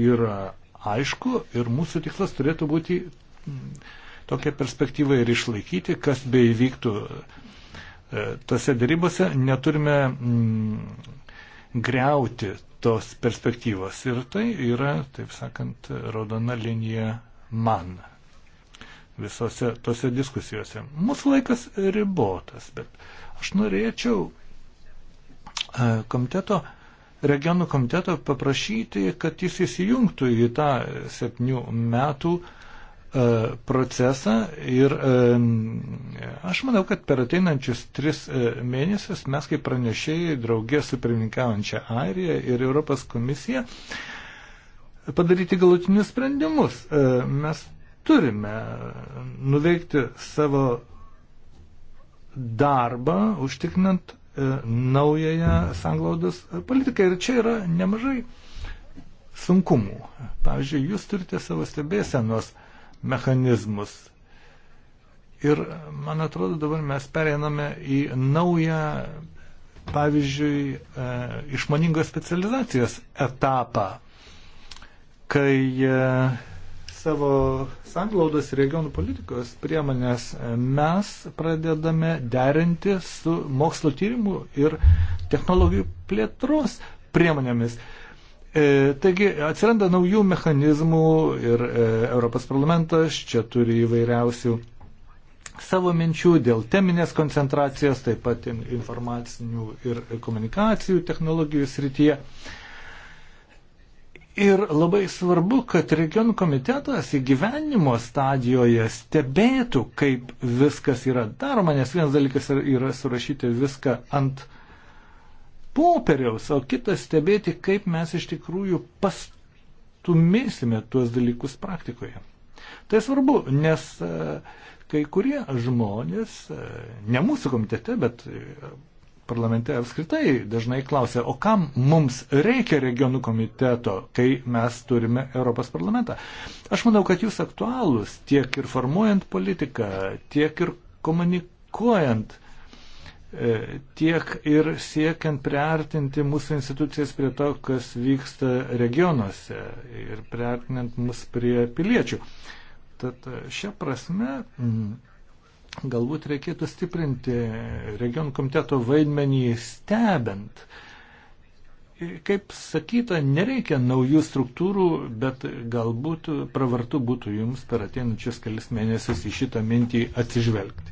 yra aišku ir mūsų tikslas turėtų būti tokią perspektyvą ir išlaikyti, kas beivyktų e, tose darybose, neturime mm, greuti tos perspektyvos. Ir tai yra, taip sakant, raudona linija man visose tose diskusijose. Mūsų laikas ribotas, bet aš norėčiau e, komiteto, regionų komiteto paprašyti, kad jis įsijungtų į tą septynių metų uh, E, procesą ir e, aš manau, kad per ateinančius tris e, mėnesius mes kaip pranešėjai draugė su pirmininkaujančia Airija ir Europos komisija padaryti galutinius sprendimus. Mes turime nuveikti savo darbą, užtikrinant naująją sanglaudos politiką. Ir čia yra nemažai sunkumų. Pavyzdžiui, jūs turite savo stebėsenos uh, mechanizmus. Ir man atrodo, dabar mes pereiname į naują, pavyzdžiui, e, išmaningos specializacijos etapą, kai e, savo sanglaudos regionų politikos priemonės e, mes pradedame derinti su mokslo tyrimų ir technologijų plėtros priemonėmis. E, taigi atsiranda naujų mechanizmų ir e, Europos parlamentas čia turi įvairiausių savo minčių dėl teminės koncentracijos, taip pat informacinių ir komunikacijų technologijų srityje. Ir labai svarbu, kad regionų komitetas įgyvenimo stadijoje stebėtų, kaip viskas yra daroma, nes vienas dalykas yra surašyti viską ant uh, popieriaus, o kitas stebėti, kaip mes iš tikrųjų pastumėsime tuos dalykus praktikoje. Tai svarbu, nes e, kai kurie žmonės, e, ne mūsų komitete, bet e, parlamente apskritai dažnai klausia, o kam mums reikia regionų komiteto, kai mes turime Europos parlamentą. Aš manau, kad jūs aktualūs tiek ir formuojant politiką, tiek ir komunikuojant uh, E, tiek ir siekiant priartinti mūsų institucijas prie to, kas vyksta regionuose ir priartinant mus prie piliečių. Tad e, šią prasme galbūt reikėtų stiprinti regionų komiteto vaidmenį stebint. E, kaip sakyta, nereikia naujų struktūrų, bet galbūt pravartu būtų jums per ateinančius kelias mėnesius į šitą mintį atsižvelgti.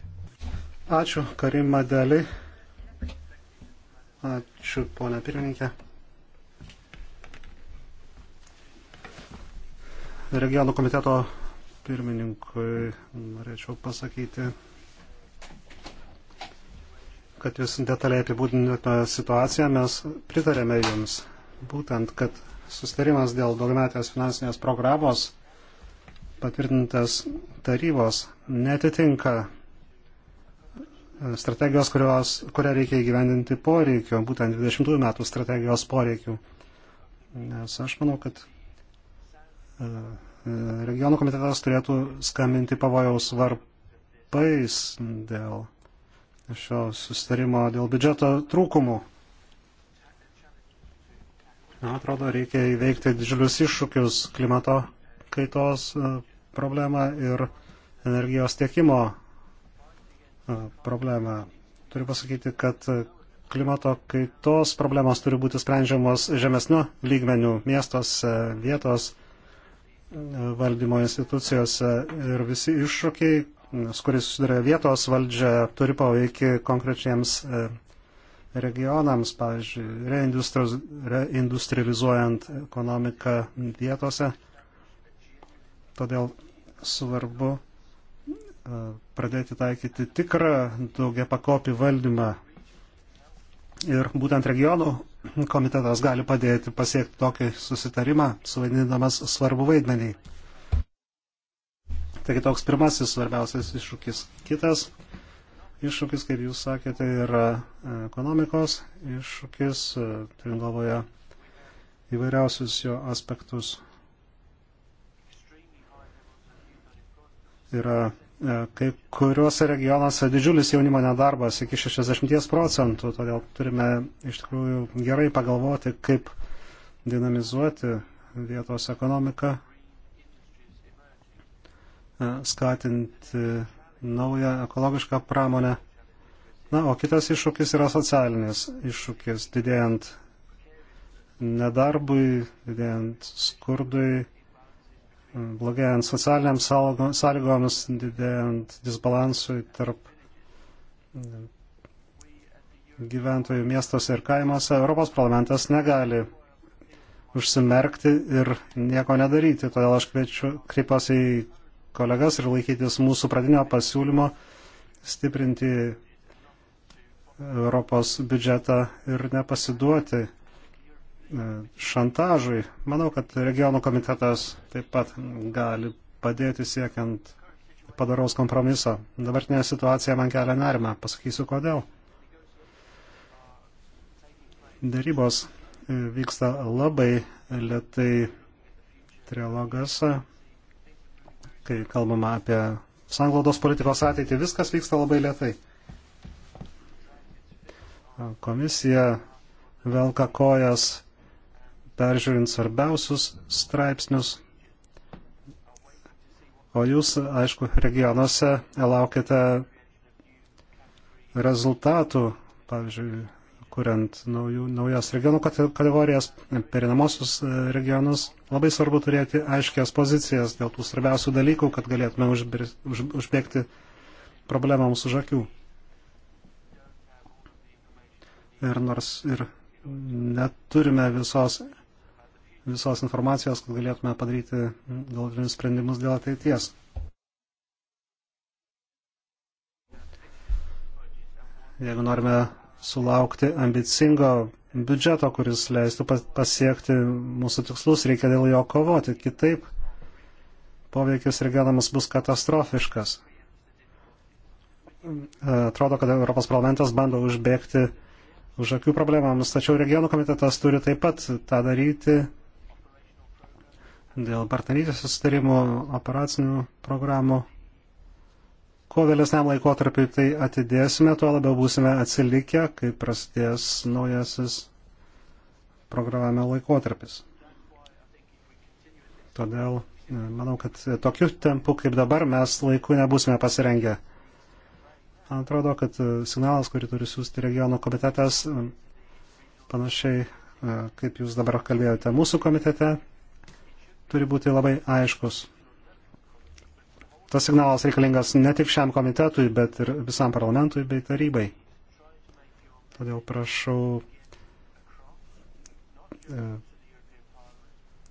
Ačiū, Karim Madeli. Ačiū, ponia pirmininkė. Regionų komiteto pirmininkui norėčiau pasakyti, kad jūs detaliai apibūdinote situaciją, mes pritarėme jums. Būtent, kad sustarimas dėl daugiametės finansinės programos patvirtintas tarybos netitinka E, strategijos, kurios, kurią reikia įgyvendinti poreikio, būtent 20 metų strategijos poreikių. Nes aš manau, kad e, e, regionų komitetas turėtų skambinti pavojaus varpais dėl šio sustarimo, dėl biudžeto trūkumų. Man atrodo, reikia įveikti didžiulius iššūkius klimato kaitos problemą ir energijos tiekimo E, problemą. Turiu pasakyti, kad klimato kaitos problemos turi būti sprendžiamos žemesnių lygmenių miestos, vietos e, valdymo institucijose ir visi iššūkiai, su kuriais susiduria vietos valdžia, turi poveikį konkrečiems e, regionams, pavyzdžiui, reindustrializuojant ekonomiką vietose. Todėl svarbu E, pradėti taikyti tikrą daugia pakopį valdymą. Ir būtent regionų komitetas gali padėti pasiekti tokį susitarimą, suvaidinamas svarbu vaidmenį. Taigi toks pirmasis svarbiausias iššūkis. Kitas iššūkis, kaip jūs sakėte, yra ekonomikos iššūkis, e, turint galvoje įvairiausius jo aspektus. Yra E, kai kuriuose regionuose didžiulis jaunimo nedarbas iki 60 procentų, todėl turime iš tikrųjų gerai pagalvoti, kaip dinamizuoti vietos ekonomiką, e, skatinti naują ekologišką pramonę. Na, o kitas iššūkis yra socialinis iššūkis, didėjant nedarbui, didėjant skurdui blogėjant socialiniams sąlygoms, didėjant disbalansui tarp mm, gyventojų miestuose ir kaimuose, Europos parlamentas negali užsimerkti ir nieko nedaryti. Todėl aš kviečiu, kreipiuosi į kolegas ir laikytis mūsų pradinio pasiūlymo stiprinti Europos biudžetą ir nepasiduoti E, šantažui. Manau, kad regionų komitetas taip pat gali padėti siekiant padaraus kompromiso. Dabartinė situacija man kelia nerimą. Pasakysiu kodėl. Darybos e, vyksta labai lietai trilogas, kai kalbama apie sanglaudos politikos ateitį, viskas vyksta labai lietai. Komisija velka kojas peržiūrint svarbiausius straipsnius. O jūs, aišku, regionuose laukite rezultatų, pavyzdžiui, kuriant naujų, naujas regionų kategorijas, perinamosius e, regionus. Labai svarbu turėti aiškias pozicijas dėl tų svarbiausių dalykų, kad galėtume užbir, už, užbėgti problemams už akių. Ir nors ir neturime visos visos informacijos, kad galėtume padaryti galutinius sprendimus dėl ateities. Jeigu norime sulaukti ambicingo biudžeto, kuris leistų pasiekti mūsų tikslus, reikia dėl jo kovoti. Kitaip poveikis regionams bus katastrofiškas. Atrodo, kad Europos parlamentas bando užbėgti už akių problemams, tačiau regionų komitetas turi taip pat tą daryti dėl partnerystės susitarimų, operacinių programų. Kuo vėlesniam laikotarpiu tai atidėsime, tuo labiau būsime atsilikę, kai prasidės naujasis programavimo laikotarpis. Todėl e, manau, kad tokiu tempu kaip dabar mes laiku nebūsime pasirengę. Man atrodo, kad e, signalas, kurį turi siūsti regionų komitetas, e, panašiai kaip jūs dabar kalbėjote mūsų komitete, turi būti labai aiškus. Tas signalas reikalingas ne tik šiam komitetui, bet ir visam parlamentui bei tarybai. Todėl prašau e,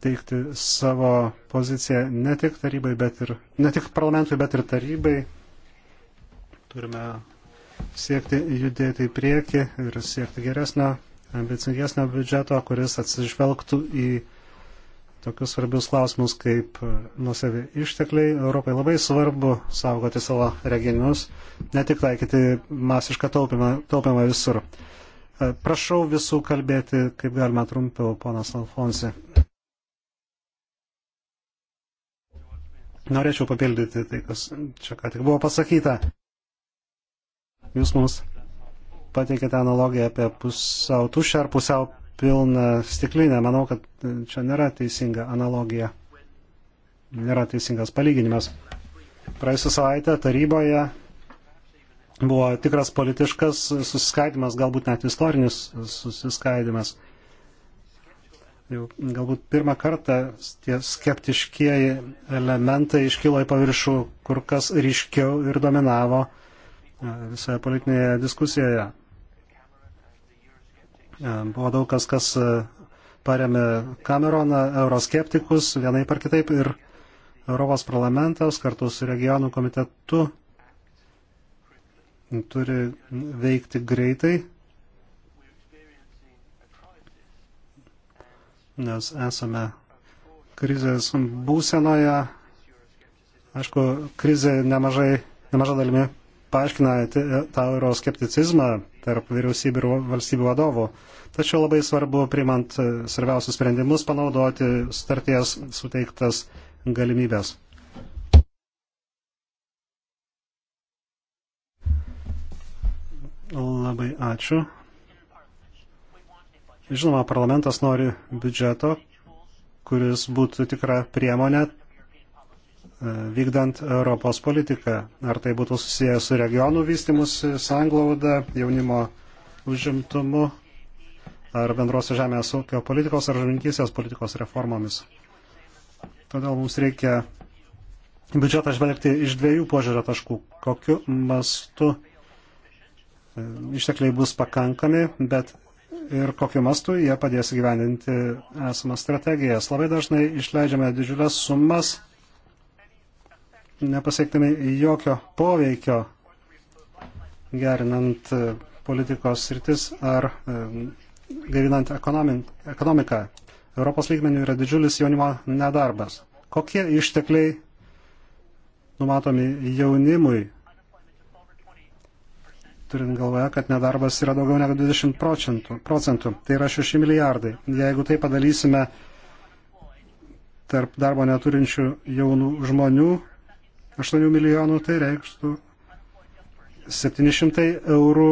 teikti savo poziciją ne tik tarybai, bet ir ne tik parlamentui, bet ir tarybai. Turime siekti judėti į priekį ir siekti geresnio, ambicingesnio biudžeto, kuris atsižvelgtų į tokius svarbius klausimus kaip e, nusavi ištekliai. Europai labai svarbu saugoti savo regionus, ne tik taikyti masišką taupimą, taupimą visur. E, prašau visų kalbėti, kaip galima trumpiau, ponas Alfonsi. Norėčiau papildyti tai, kas čia ką tik buvo pasakyta. Jūs mums pateikėte analogiją apie pusiau tušę ar pusiau pilną stiklinę. Manau, kad čia nėra teisinga analogija, nėra teisingas palyginimas. Praėjusią savaitę taryboje buvo tikras politiškas susiskaidimas, galbūt net istorinis susiskaidimas. Jau galbūt pirmą kartą tie skeptiškieji elementai iškilo į paviršų kur kas ryškiau ir dominavo e, visoje politinėje diskusijoje. E, buvo daug kas, kas e, paremė Cameroną, euroskeptikus vienai par kitaip ir Europos parlamentas kartu su regionų komitetu turi veikti greitai, nes esame krizės būsenoje. Aišku, krizė nemažai, nemaža dalimi paaiškina tą euroskepticizmą tarp vyriausybių ir valstybių vadovų. Tačiau labai svarbu, primant svarbiausius sprendimus, panaudoti sutarties suteiktas galimybės. Labai ačiū. Žinoma, parlamentas nori biudžeto, kuris būtų tikra priemonė vykdant Europos politiką. Ar tai būtų susijęs su regionų vystimus, sanglauda, jaunimo užimtumu, ar bendrosios žemės ūkio politikos, ar žuvininkysės politikos reformomis. Todėl mums reikia biudžetą žvelgti iš dviejų požiūrio taškų. Kokiu mastu e, ištekliai bus pakankami, bet ir kokiu mastu jie padės gyveninti esamas strategijas. Labai dažnai išleidžiame didžiulės sumas nepasiektume jokio poveikio gerinant e, politikos sritis ar e, gaivinant ekonomiką. Europos lygmenių yra didžiulis jaunimo nedarbas. Kokie ištekliai numatomi jaunimui, turint galvoje, kad nedarbas yra daugiau negu 20 procentų, procentų. Tai yra 6 milijardai. Jeigu tai padalysime tarp darbo neturinčių jaunų žmonių, 8 milijonų, tai reikštų 700 eurų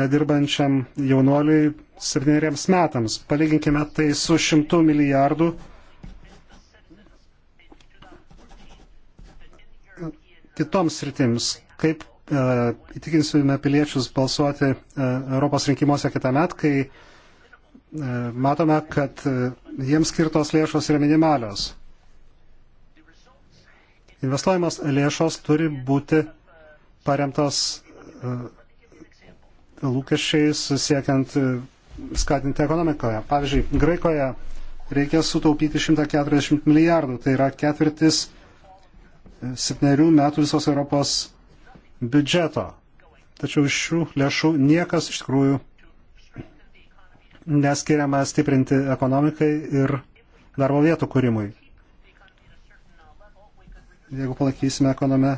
nedirbančiam jaunoliui septyneriems metams. Palyginkime tai su 100 milijardų. Kitoms sritims, kaip e, įtikinsime piliečius balsuoti e, Europos rinkimuose kitą metą, kai e, matome, kad e, jiems skirtos lėšos yra minimalios. Investuojamos lėšos turi būti paremtos e, lūkesčiais siekiant e, skatinti ekonomikoje. Pavyzdžiui, Graikoje reikia sutaupyti 140 milijardų, tai yra ketvirtis e, septynerių metų visos Europos biudžeto. Tačiau iš šių lėšų niekas iš tikrųjų neskiriama stiprinti ekonomikai ir darbo vietų kūrimui jeigu palaikysime ekonomę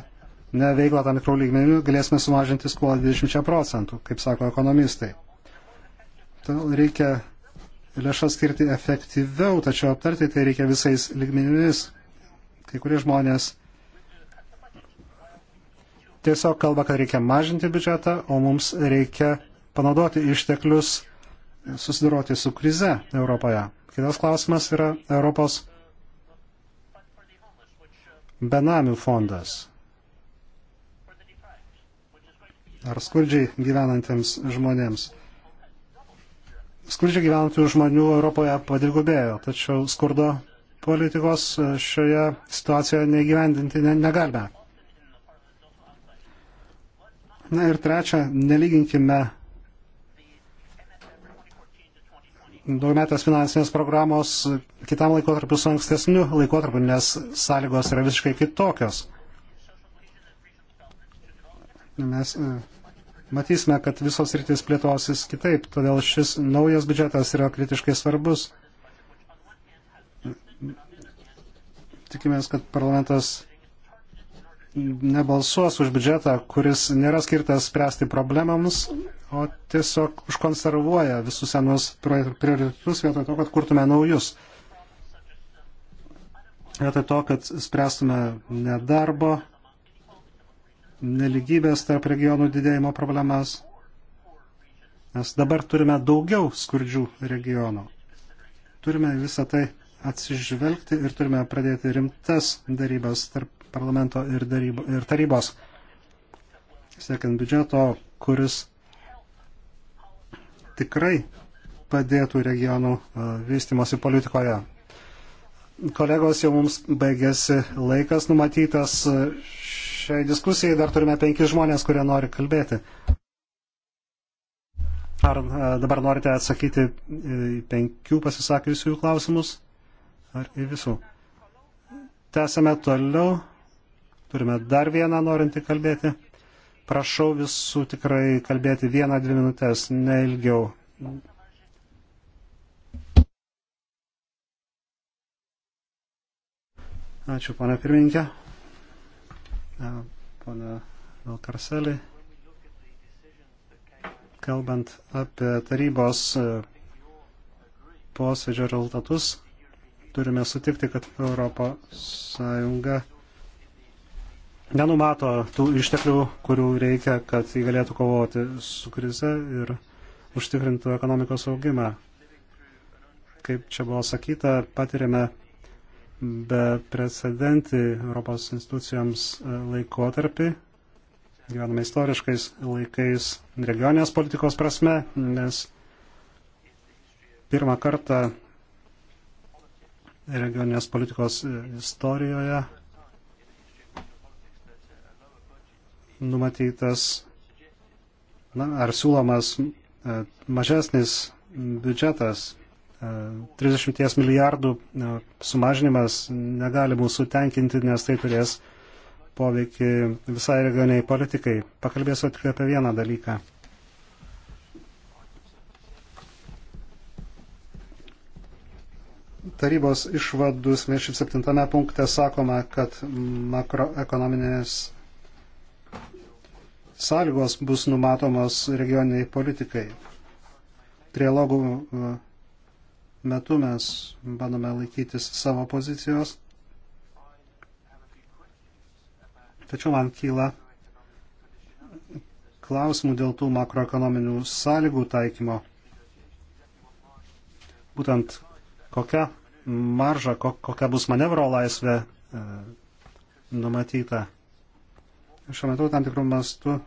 neveiklą tam tikrų lygmenių, galėsime sumažinti skolą 20 procentų, kaip sako ekonomistai. Todėl reikia lėšas skirti efektyviau, tačiau aptarti tai reikia visais lygmenimis. Kai kurie žmonės tiesiog kalba, kad reikia mažinti biudžetą, o mums reikia panaudoti išteklius susidoroti su krize Europoje. Kitas klausimas yra Europos benamių fondas. Ar skurdžiai gyvenantiems žmonėms. Skurdžiai gyvenančių žmonių Europoje padvigubėjo, tačiau skurdo politikos e, šioje situacijoje neįgyvendinti ne, negalime. Na ir trečia, nelyginkime daugiametės finansinės programos kitam laikotarpiu su ankstesniu laikotarpiu, nes sąlygos yra visiškai kitokios. Mes e, matysime, kad visos rytis plėtosis kitaip, todėl šis naujas biudžetas yra kritiškai svarbus. Tikimės, kad parlamentas nebalsuos už biudžetą, kuris nėra skirtas spręsti problemams, o tiesiog užkonservuoja visus senus prioritetus vietoj to, kad kurtume naujus. Vietoj to, kad spręstume nedarbo, neligybės tarp regionų didėjimo problemas, nes dabar turime daugiau skurdžių regionų. Turime visą tai atsižvelgti ir turime pradėti rimtas darybas tarp parlamento ir, darybo, ir tarybos, siekiant biudžeto, kuris tikrai padėtų regionų e, vystimosi politikoje. Kolegos, jau mums baigėsi laikas numatytas e, šiai diskusijai, dar turime penkis žmonės, kurie nori kalbėti. Ar e, dabar norite atsakyti į penkių pasisakiusių klausimus? Ar į visų? Tęsame toliau. Turime dar vieną norintį kalbėti. Prašau visų tikrai kalbėti vieną, dvi minutės, neilgiau. Ačiū, pana pirmininkė. Pana Vilkarselį. Kalbant apie tarybos e, posėdžio rezultatus, turime sutikti, kad Europos Sąjunga nenumato tų išteklių, kurių reikia, kad jį galėtų kovoti su krize ir užtikrintų ekonomikos augimą. Kaip čia buvo sakyta, patirėme be precedentį Europos institucijoms e, laikotarpį, gyvename istoriškais laikais regioninės politikos prasme, nes pirmą kartą regioninės politikos e, istorijoje numatytas na, ar siūlomas e, mažesnis biudžetas 30 e, milijardų e, sumažinimas negali mūsų tenkinti, nes tai turės poveikį visai regioniai politikai. Pakalbėsiu tik apie vieną dalyką. Tarybos išvadus 27 punkte sakoma, kad makroekonominės sąlygos bus numatomos regioniniai politikai. Trialogų e, metu mes bandome laikytis savo pozicijos. Tačiau man kyla klausimų dėl tų makroekonominių sąlygų taikymo. Būtent kokia marža, kokia bus manevro laisvė e, numatyta šiuo metu tam tikrų mastų e,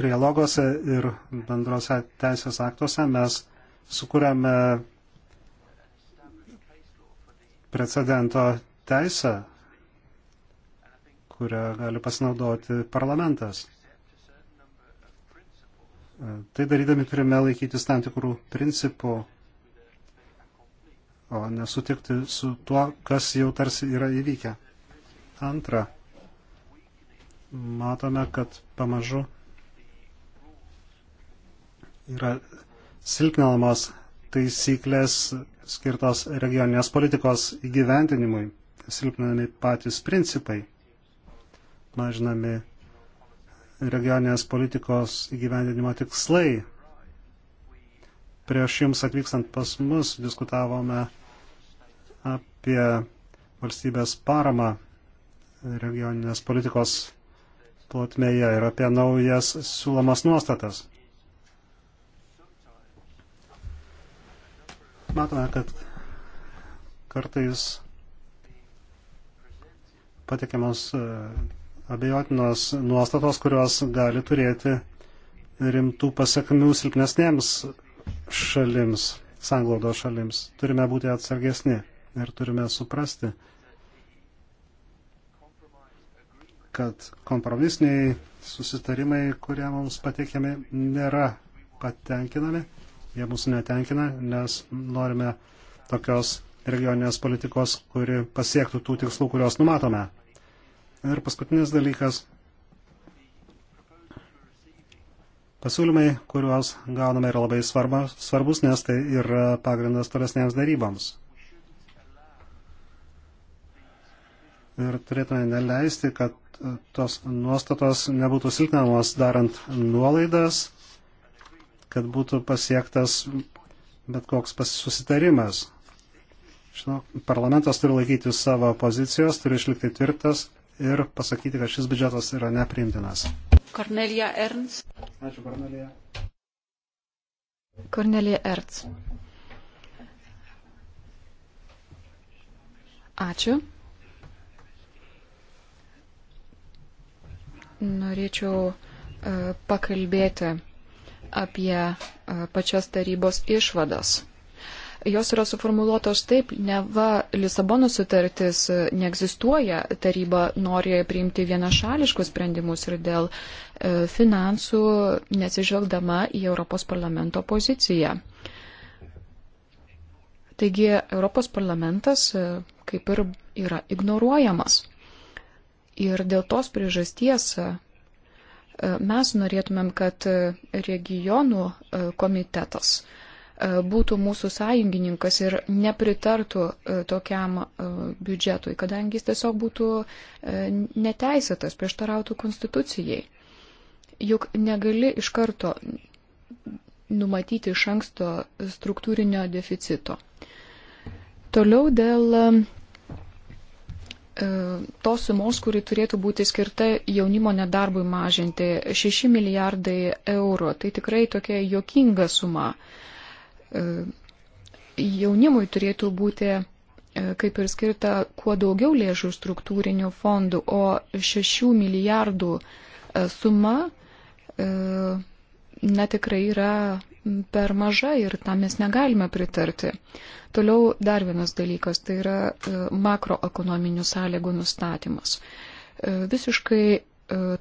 trialogose ir bendrose teisės aktuose mes sukūrėme precedento teisę, kurią gali pasinaudoti parlamentas. E, tai darydami turime laikytis tam tikrų principų, o nesutikti su tuo, kas jau tarsi yra įvykę. Antra, matome, kad pamažu yra silpninamos taisyklės skirtos regioninės politikos įgyventinimui, silpninami patys principai, mažinami regioninės politikos įgyvendinimo tikslai. Prieš jums atvykstant pas mus diskutavome apie valstybės paramą regioninės politikos plotmėje ir apie naujas siūlomas nuostatas. Matome, kad kartais patikiamos e, abejotinos nuostatos, kurios gali turėti rimtų pasiekmių silpnesnėms šalims, sanglaudo šalims. Turime būti atsargesni ir turime suprasti, kad kompromisiniai susitarimai, kurie mums pateikiami, nėra patenkinami, jie mūsų netenkina, nes norime tokios regioninės politikos, kuri pasiektų tų tikslų, kuriuos numatome. Ir paskutinis dalykas. Pasiūlymai, kuriuos gauname, yra labai svarbus, svarbus nes tai yra pagrindas tolesnėms daryboms. ir turėtume neleisti, kad tos nuostatos nebūtų silpnamos darant nuolaidas, kad būtų pasiektas bet koks susitarimas. Žinau, parlamentas turi laikyti savo pozicijos, turi išlikti tvirtas ir pasakyti, kad šis biudžetas yra nepriimtinas. Kornelija Ernst. Ačiū, Kornelija. Kornelija Ernst. Ačiū. norėčiau e, pakalbėti apie e, pačias tarybos išvadas. Jos yra suformuoluotos taip, ne va Lisabono sutartis e, neegzistuoja, taryba nori priimti vienašališkus sprendimus ir dėl finansų nesižvelgdama į Europos parlamento poziciją. Taigi Europos parlamentas kaip ir yra ignoruojamas. Ir dėl tos priežasties e, mes norėtumėm, kad e, regionų e, komitetas būtų mūsų sąjungininkas ir nepritartų tokiam biudžetui, kadangi jis tiesiog būtų neteisėtas, prieštarautų konstitucijai. Juk negali iš karto numatyti iš anksto struktūrinio deficito. Toliau dėl E, tos sumos, kuri turėtų būti skirta jaunimo nedarbui mažinti - 6 milijardai eurų. Tai tikrai tokia jokinga suma. E, jaunimui turėtų būti e, kaip ir skirta kuo daugiau lėšų struktūrinių fondų, o 6 milijardų suma na tikrai yra per maža ir tam mes negalime pritarti. Toliau dar vienas dalykas - tai yra e, makroekonominių sąlygų nustatymas. E, visiškai e,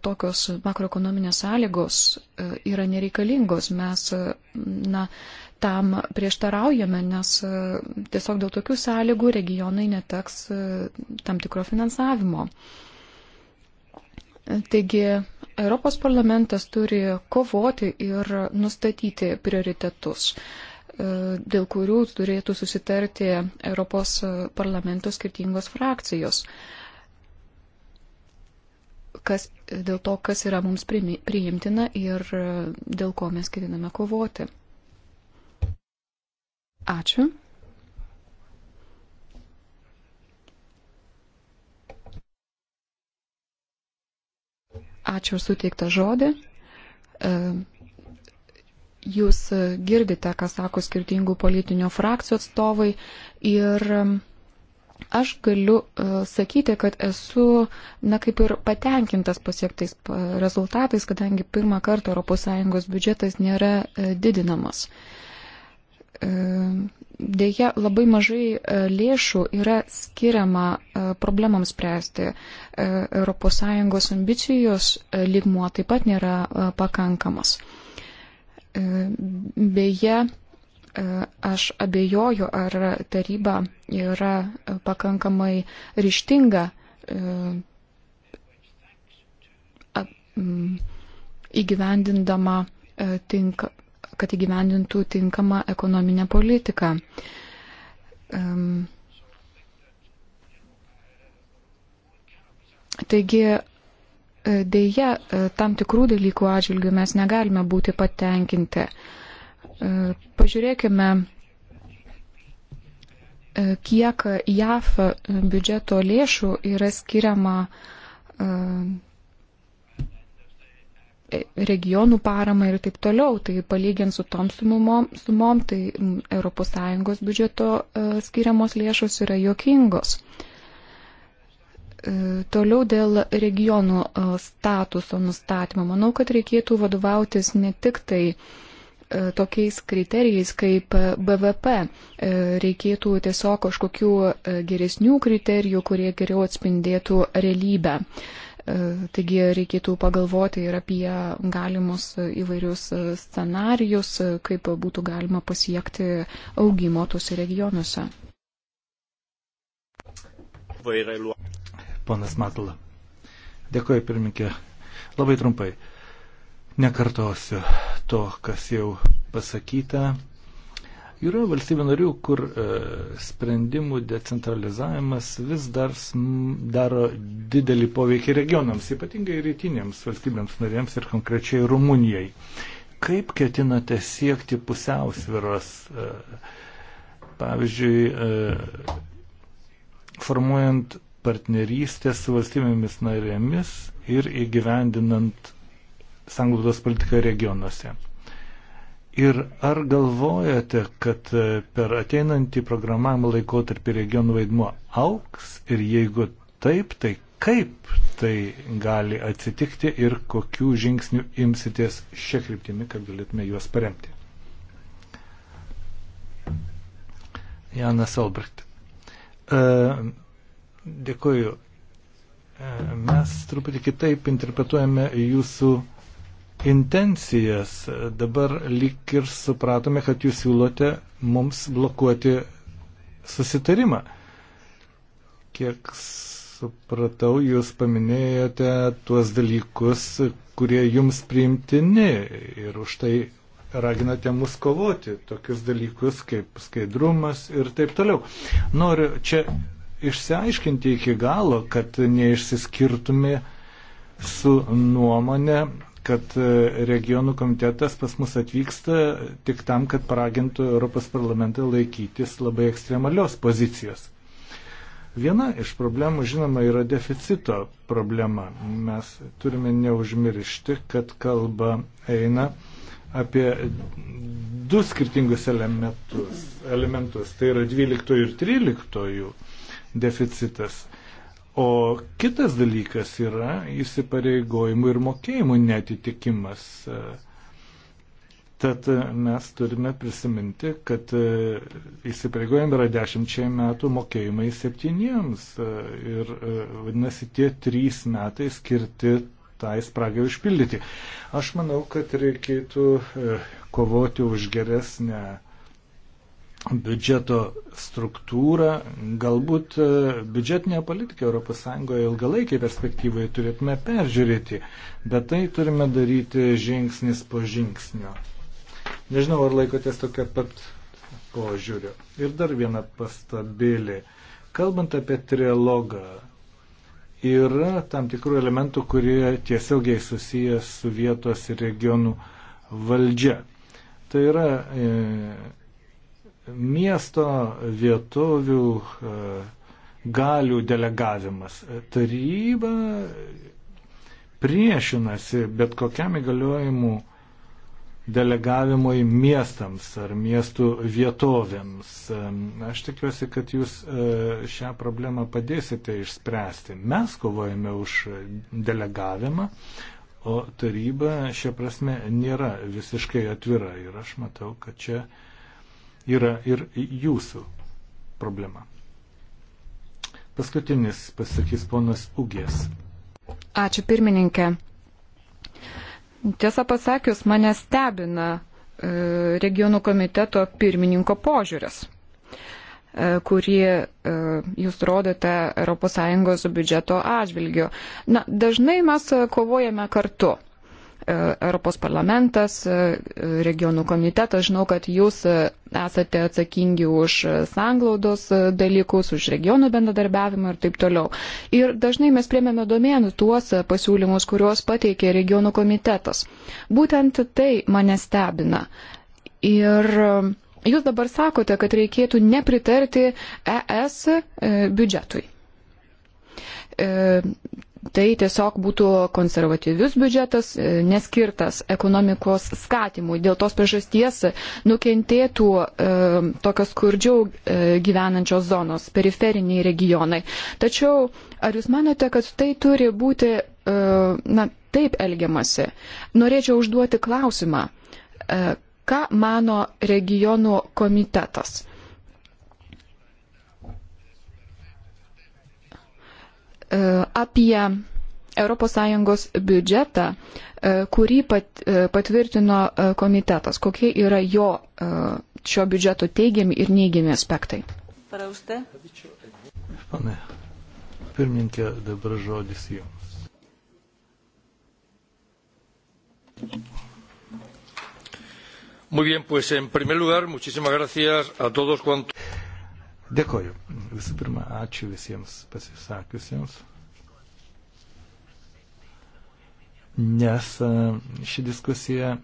tokios makroekonominės sąlygos yra nereikalingos. Mes na, tam prieštaraujame, nes tiesiog dėl tokių sąlygų regionai neteks tam tikro finansavimo. Taigi Europos parlamentas turi kovoti ir nustatyti prioritetus e, dėl kurių turėtų susitarti Europos parlamento skirtingos frakcijos. Kas, dėl to, kas yra mums priimtina ir e, dėl ko mes ketiname kovoti. Ačiū. Ačiū už suteiktą žodį. E, jūs girdite, ką sako skirtingų politinių frakcijų atstovai ir e, aš galiu e, sakyti, kad esu, na kaip ir patenkintas pasiektais rezultatais, kadangi pirmą kartą ES biudžetas nėra didinamas. Deja, labai mažai lėšų yra skiriama problemams spręsti. ES ambicijos e, lygmuo taip pat nėra e, pakankamas. E, beje, aš abejoju, ar taryba yra pakankamai ryštinga įgyvendindama tinka, kad įgyvendintų tinkamą ekonominę politiką. Um, Taigi e, dėja, e, tam tikrų dalykų atžvilgių mes negalime būti patenkinti. E, pažiūrėkime, kiek JAF biudžeto lėšų yra skiriama regionų paramą ir taip toliau. Tai palyginti su tom sumom, sumom tai ES biudžeto skiriamos lėšos yra jokingos. Uh, E, toliau dėl regionų e, statuso nustatymo. Manau, kad reikėtų vadovautis ne tik tai e, tokiais kriterijais kaip BVP. Reikėtų tiesiog kažkokių geresnių kriterijų, kurie geriau atspindėtų realybę. Taigi reikėtų pagalvoti ir apie galimus įvairius scenarius, kaip būtų galima pasiekti augimo tuose regionuose ponas Matala. Dėkuoju, pirminkė. Labai trumpai. Nekartosiu to, kas jau pasakyta. Yra valstybė narių, kur e, sprendimų decentralizavimas vis dar daro didelį poveikį regionams, ypatingai rytinėms valstybėms narėms ir konkrečiai Rumunijai. Kaip ketinate siekti pusiausviros, e, pavyzdžiui, e, formuojant partnerystę su valstybėmis narėmis ir įgyvendinant sanglaudos politiką regionuose. Ir ar galvojate, kad per ateinantį programavimo laikotarpį regionų vaidmuo auks ir jeigu taip, tai kaip tai gali atsitikti ir kokių žingsnių imsitės šia kryptimi, kad galėtume juos paremti? Janas Albrecht. E, Dėkuoju. E, mes truputį kitaip interpretuojame jūsų intencijas. Dabar lyg ir supratome, kad jūs siūlote mums blokuoti susitarimą. Kiek supratau, jūs paminėjote tuos dalykus, kurie jums priimtini ir už tai raginate mus kovoti, tokius dalykus kaip skaidrumas ir taip toliau. Noriu čia išsiaiškinti iki galo, kad neišsiskirtume su nuomonė, kad e, regionų komitetas pas mus atvyksta tik tam, kad paragintų Europos parlamentą laikytis labai ekstremalios pozicijos. Viena iš problemų, žinoma, yra deficito problema. Mes turime neužmiršti, kad kalba eina apie du skirtingus elementus. elementus. Tai yra 12 ir 13 deficitas. O kitas dalykas yra įsipareigojimų ir mokėjimų netitikimas. Tad mes turime prisiminti, kad įsipareigojimai yra dešimčiai metų, mokėjimai septyniems. Ir vadinasi, tie trys metai skirti tai spragai užpildyti. Aš manau, kad reikėtų e, kovoti už geresnę biudžeto struktūrą, galbūt e, biudžetinę politiką ES ilgalaikiai perspektyvoje turėtume peržiūrėti, bet tai turime daryti žingsnis po žingsnio. Nežinau, ar laikotės tokia pat požiūrio. Ir dar viena pastabėlė. Kalbant apie trilogą, yra tam tikrų elementų, kurie tiesiogiai susijęs su vietos ir regionų valdžia. Tai yra e, miesto vietovių e, galių delegavimas. Taryba priešinasi bet kokiam įgaliojimu delegavimui miestams ar miestų vietovėms. E, aš tikiuosi, kad jūs e, šią problemą padėsite išspręsti. Mes kovojame už delegavimą, o taryba šia prasme nėra visiškai atvira ir aš matau, kad čia uh, yra ir jūsų problema. Paskutinis pasakys ponas Ugės. Ačiū pirmininkė. Tiesą pasakius, mane stebina e, regionų komiteto pirmininko požiūris e, kurį e, jūs rodote ES biudžeto atžvilgiu. Na, dažnai mes kovojame kartu. E, Europos parlamentas, e, regionų komitetas. Žinau, kad jūs e, esate atsakingi už sanglaudos dalykus, už regionų bendradarbiavimą ir taip toliau. Ir dažnai mes priemėme domėnų tuos pasiūlymus, kuriuos pateikė regionų komitetas. Būtent tai mane stebina. Ir jūs dabar sakote, kad reikėtų nepritarti ES biudžetui tai tiesiog būtų konservatyvius biudžetas, e, neskirtas ekonomikos skatimui. Dėl tos priežasties nukentėtų e, tokios skurdžiau e, gyvenančios zonos, periferiniai regionai. Tačiau ar jūs manote, kad tai turi būti, e, na, taip elgiamasi? Norėčiau užduoti klausimą. E, ką mano regionų komitetas? E, apie ES biudžetą, e, kurį pat, e, patvirtino komitetas. Kokie yra jo šio biudžeto teigiami ir neigiami aspektai? Parauste. Pane, pirmininkė, dabar žodis jums. Muy bien, pues en primer lugar, muchísimas gracias a todos cuantos. Dėkoju. Visų pirma, ačiū visiems pasisakiusiems, nes e, ši diskusija e,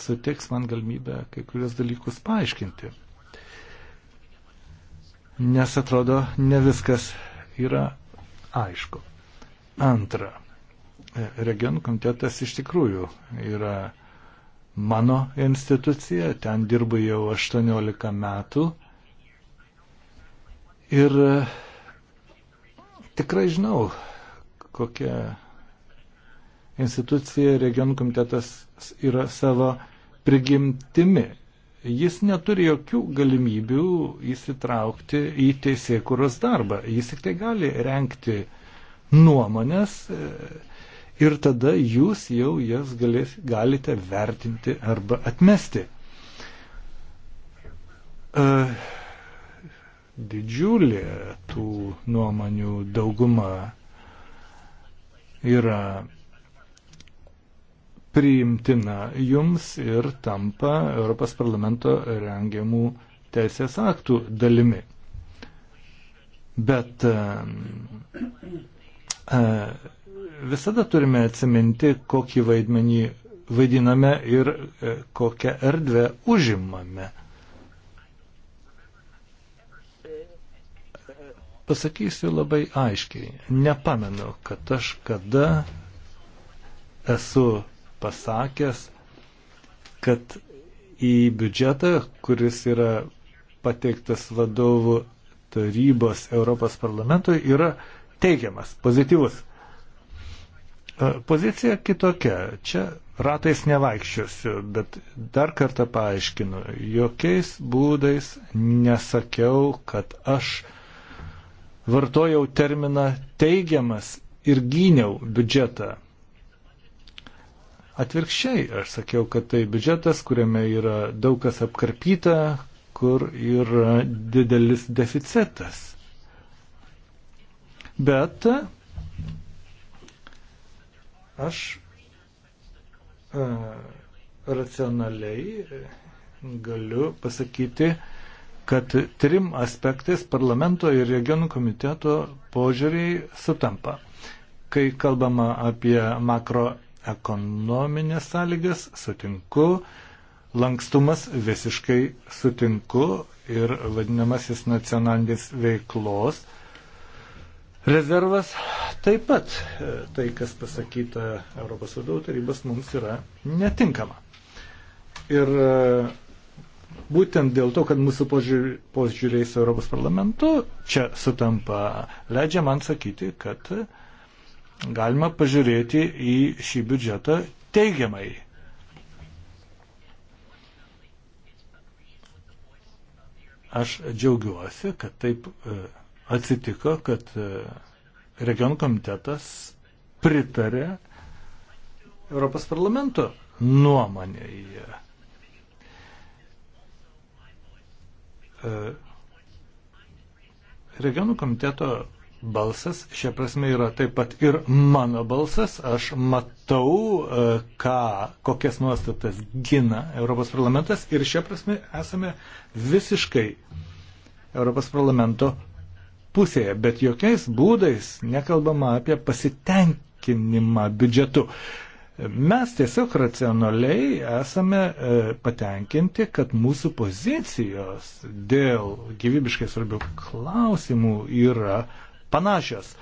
suteiks man galimybę kai kurios dalykus paaiškinti. Nes atrodo, ne viskas yra aišku. Antra, e, regionų komitetas iš tikrųjų yra mano institucija, ten dirbu jau 18 metų Ir e, tikrai žinau, kokia institucija regionų komitetas yra savo prigimtimi. Jis neturi jokių galimybių įsitraukti į teisėkuros darbą. Jis tik tai gali renkti nuomonės e, ir tada jūs jau jas galės, galite vertinti arba atmesti. Uh, didžiulė tų nuomonių dauguma yra priimtina jums ir tampa Europos parlamento rengiamų teisės aktų dalimi. Bet e, e, visada turime atsiminti, kokį vaidmenį vaidiname ir e, kokią erdvę užimame. Pasakysiu labai aiškiai, nepamenu, kad aš kada esu pasakęs, kad į biudžetą, kuris yra pateiktas vadovų tarybos Europos parlamentui, yra teigiamas, pozityvus. E, pozicija kitokia. Čia ratais nevaikščiosiu, bet dar kartą paaiškinu, jokiais būdais nesakiau, kad aš uh, vartojau terminą teigiamas ir gyniau biudžetą. Atvirkščiai aš sakiau, kad tai biudžetas, kuriame yra daug kas apkarpyta, kur yra didelis deficitas. Bet aš a, e, racionaliai galiu pasakyti, a, kad trim aspektais parlamento ir regionų komiteto požiūriai sutampa. Kai kalbama apie makroekonominės sąlygas, sutinku, lankstumas visiškai sutinku ir vadinamasis nacionalinis veiklos Rezervas taip pat, e, tai kas pasakyta Europos vadovų tarybos, mums yra netinkama. Ir e, Būtent dėl to, kad mūsų požiūriai, požiūriai su Europos parlamentu čia sutampa, leidžia man sakyti, kad galima pažiūrėti į šį biudžetą teigiamai. Aš džiaugiuosi, kad taip e, atsitiko, kad e, regionų komitetas pritarė Europos parlamento nuomonėje. E, regionų komiteto balsas, šia prasme yra taip pat ir mano balsas, aš matau, e, ką, kokias nuostatas gina Europos parlamentas ir šia prasme esame visiškai Europos parlamento pusėje, bet jokiais būdais nekalbama apie pasitenkinimą biudžetu. Uh, Mes tiesiog racionaliai esame e, patenkinti, kad mūsų pozicijos dėl gyvybiškai svarbių klausimų yra panašios. E,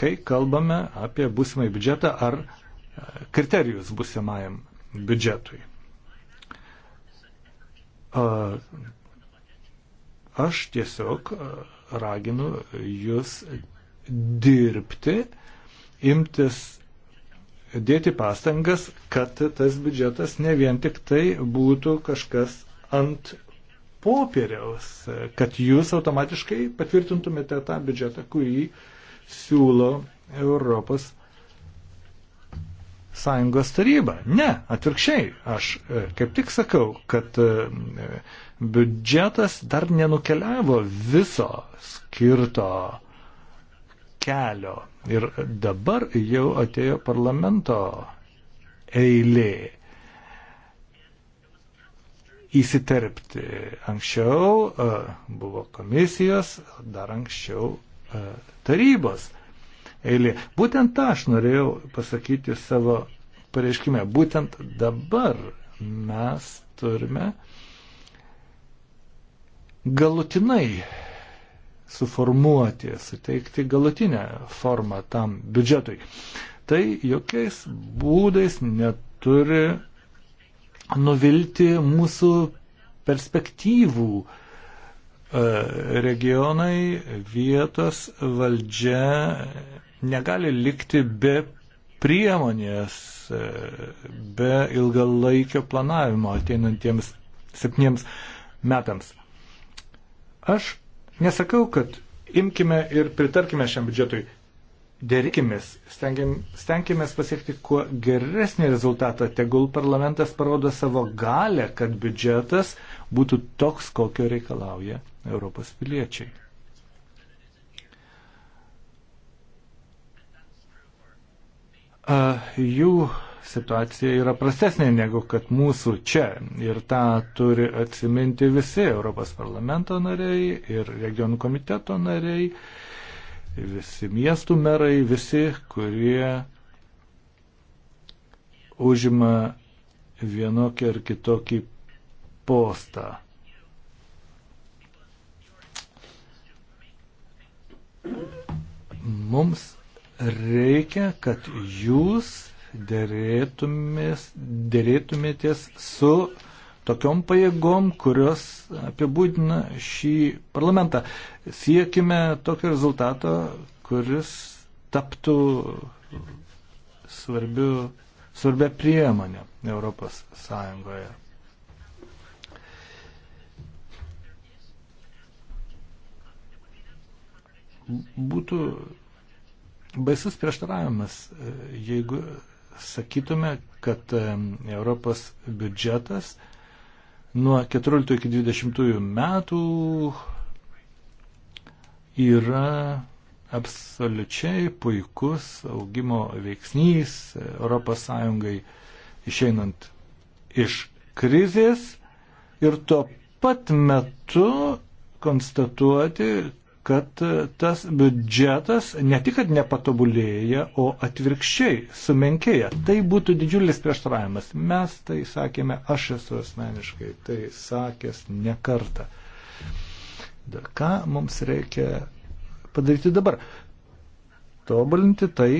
kai kalbame apie būsimąjį biudžetą ar e, kriterijus būsimajam biudžetui. Aš tiesiog raginu jūs dirbti imtis dėti pastangas, kad tas biudžetas ne vien tik tai būtų kažkas ant popieriaus, kad jūs automatiškai patvirtintumėte tą biudžetą, kurį siūlo Europos Sąjungos taryba. Ne, atvirkščiai, aš e, kaip tik sakau, kad e, biudžetas dar nenukeliavo viso skirto kelio Ir dabar jau atėjo parlamento eilė įsiterpti. Anksčiau e, buvo komisijos, dar anksčiau e, tarybos eilė. Būtent tą aš norėjau pasakyti savo pareiškime. Būtent dabar mes turime galutinai suformuoti, suteikti galutinę formą tam biudžetui. Tai jokiais būdais neturi nuvilti mūsų perspektyvų. E, regionai, vietos valdžia negali likti be priemonės, e, be ilgalaikio planavimo ateinantiems septyniems metams. Aš Nesakau, kad imkime ir pritarkime šiam biudžetui. Dėrikimės, stenkimės pasiekti kuo geresnį rezultatą, tegul parlamentas parodo savo galę, kad biudžetas būtų toks, kokio reikalauja Europos piliečiai. Uh, jų situacija yra prastesnė negu kad mūsų čia. Ir tą turi atsiminti visi Europos parlamento nariai ir regionų komiteto nariai, visi miestų merai, visi, kurie užima vienokį ar kitokį postą. Mums reikia, kad jūs dėrėtumėtės su tokiom pajėgom, kurios apibūdina šį parlamentą. Siekime tokio rezultato, kuris taptų svarbiu, svarbia priemonė Europos Sąjungoje. Būtų baisus prieštaravimas, jeigu sakytume, kad Europos biudžetas nuo 14 iki 20 metų yra absoliučiai puikus augimo veiksnys ES išeinant iš krizės ir tuo pat metu konstatuoti, kad tas biudžetas ne tik, kad nepatobulėja, o atvirkščiai sumenkėja. Tai būtų didžiulis prieštaravimas. Mes tai sakėme, aš esu asmeniškai tai sakęs ne kartą. Dar ką mums reikia padaryti dabar? Tobulinti tai,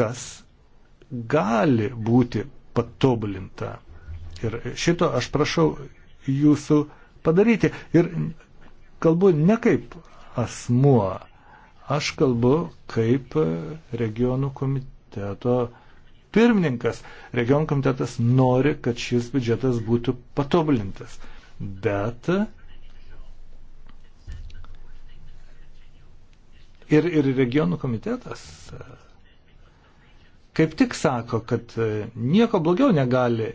kas gali būti patobulinta. Ir šito aš prašau jūsų padaryti. Ir kalbu ne kaip asmuo. Aš kalbu kaip regionų komiteto pirmininkas. Regionų komitetas nori, kad šis biudžetas būtų patobulintas. Bet ir, ir regionų komitetas e, kaip tik sako, kad e, nieko blogiau negali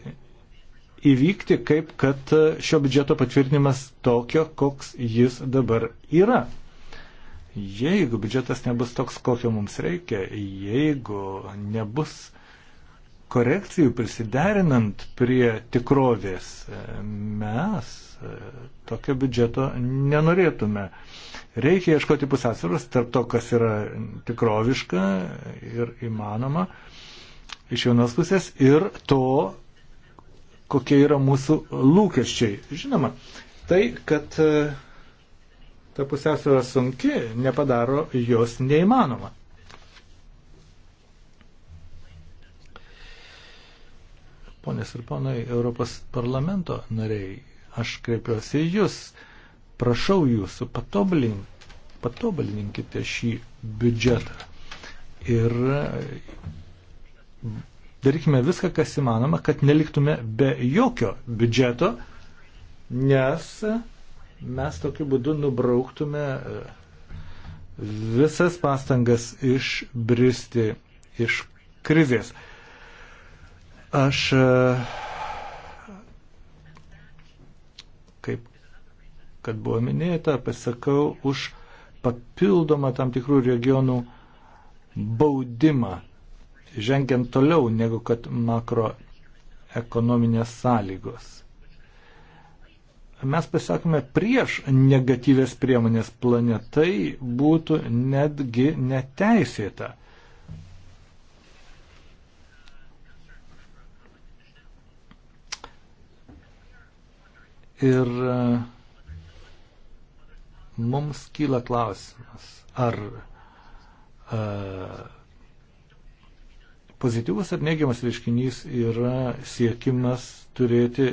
įvykti, kaip kad e, šio biudžeto patvirtinimas tokio, koks jis dabar yra. Jeigu biudžetas nebus toks, kokio mums reikia, jeigu nebus korekcijų prisiderinant prie tikrovės, e, mes e, tokio biudžeto nenorėtume. Reikia ieškoti pusiausvėros tarp to, kas yra tikroviška ir įmanoma iš vienos pusės ir to, kokie yra mūsų lūkesčiai. Žinoma, tai, kad e, ta pusiausvėra sunki, nepadaro jos neįmanoma. Ponės ir ponai, Europos parlamento nariai, aš kreipiuosi į jūs, prašau jūsų, patobulink, patobulininkite šį biudžetą. Ir darykime viską, kas įmanoma, kad neliktume be jokio biudžeto, nes mes tokiu būdu nubrauktume e, visas pastangas išbristi iš krizės. Aš e, kaip kad buvo minėta, pasakau už papildomą tam tikrų regionų baudimą, žengiant toliau negu kad makroekonominės sąlygos mes pasakome prieš negatyvės priemonės planetai būtų netgi neteisėta. Ir e, mums kyla klausimas, ar a, e, pozityvus ar neigiamas reiškinys yra siekimas turėti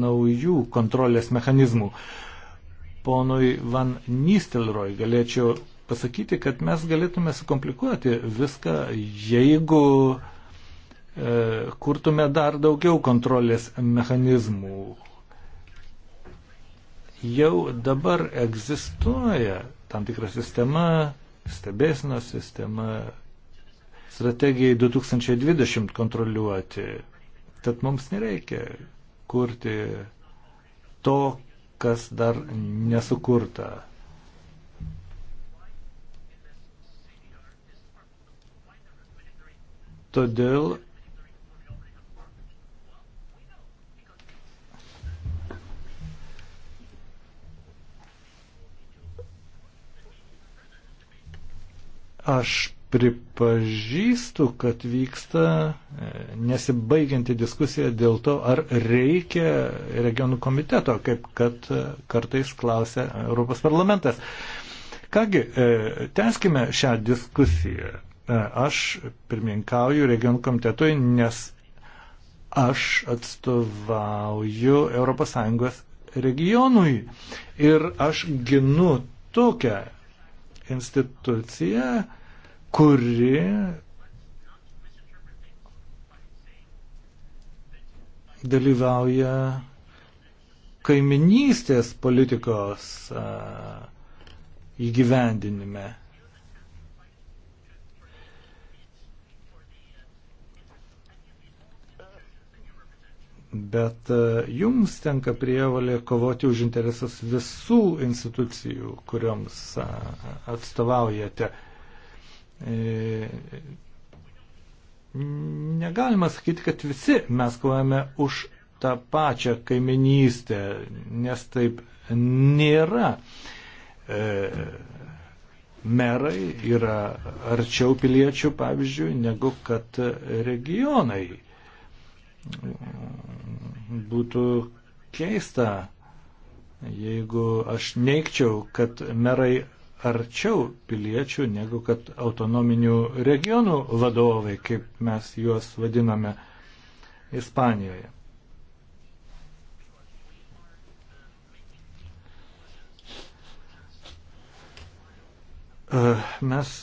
naujų kontrolės mechanizmų. Ponui Van Nistelroj galėčiau pasakyti, kad mes galėtume sukomplikuoti viską, jeigu e, kurtume dar daugiau kontrolės mechanizmų. Jau dabar egzistuoja tam tikra sistema, stebėsino sistema strategijai 2020 kontroliuoti Tad mums nereikia kurti to, kas dar nesukurta. Todėl aš pripažįstu, kad vyksta e, nesibaigianti diskusija dėl to, ar reikia regionų komiteto, kaip kad e, kartais klausia Europos parlamentas. Kągi, e, tęskime šią diskusiją. Aš pirmininkauju regionų komitetui, nes aš atstovauju ES regionui ir aš ginu tokią instituciją, kuri dalyvauja kaiminystės politikos įgyvendinime. Bet jums tenka prievalė kovoti už interesus visų institucijų, kuriams atstovaujate. E, negalima sakyti, kad visi mes kovojame už tą pačią kaiminystę, nes taip nėra. E, merai yra arčiau piliečių, pavyzdžiui, negu kad regionai. Būtų keista, jeigu aš neikčiau, kad merai arčiau piliečių negu kad autonominių regionų vadovai, kaip mes juos vadiname Ispanijoje. E, mes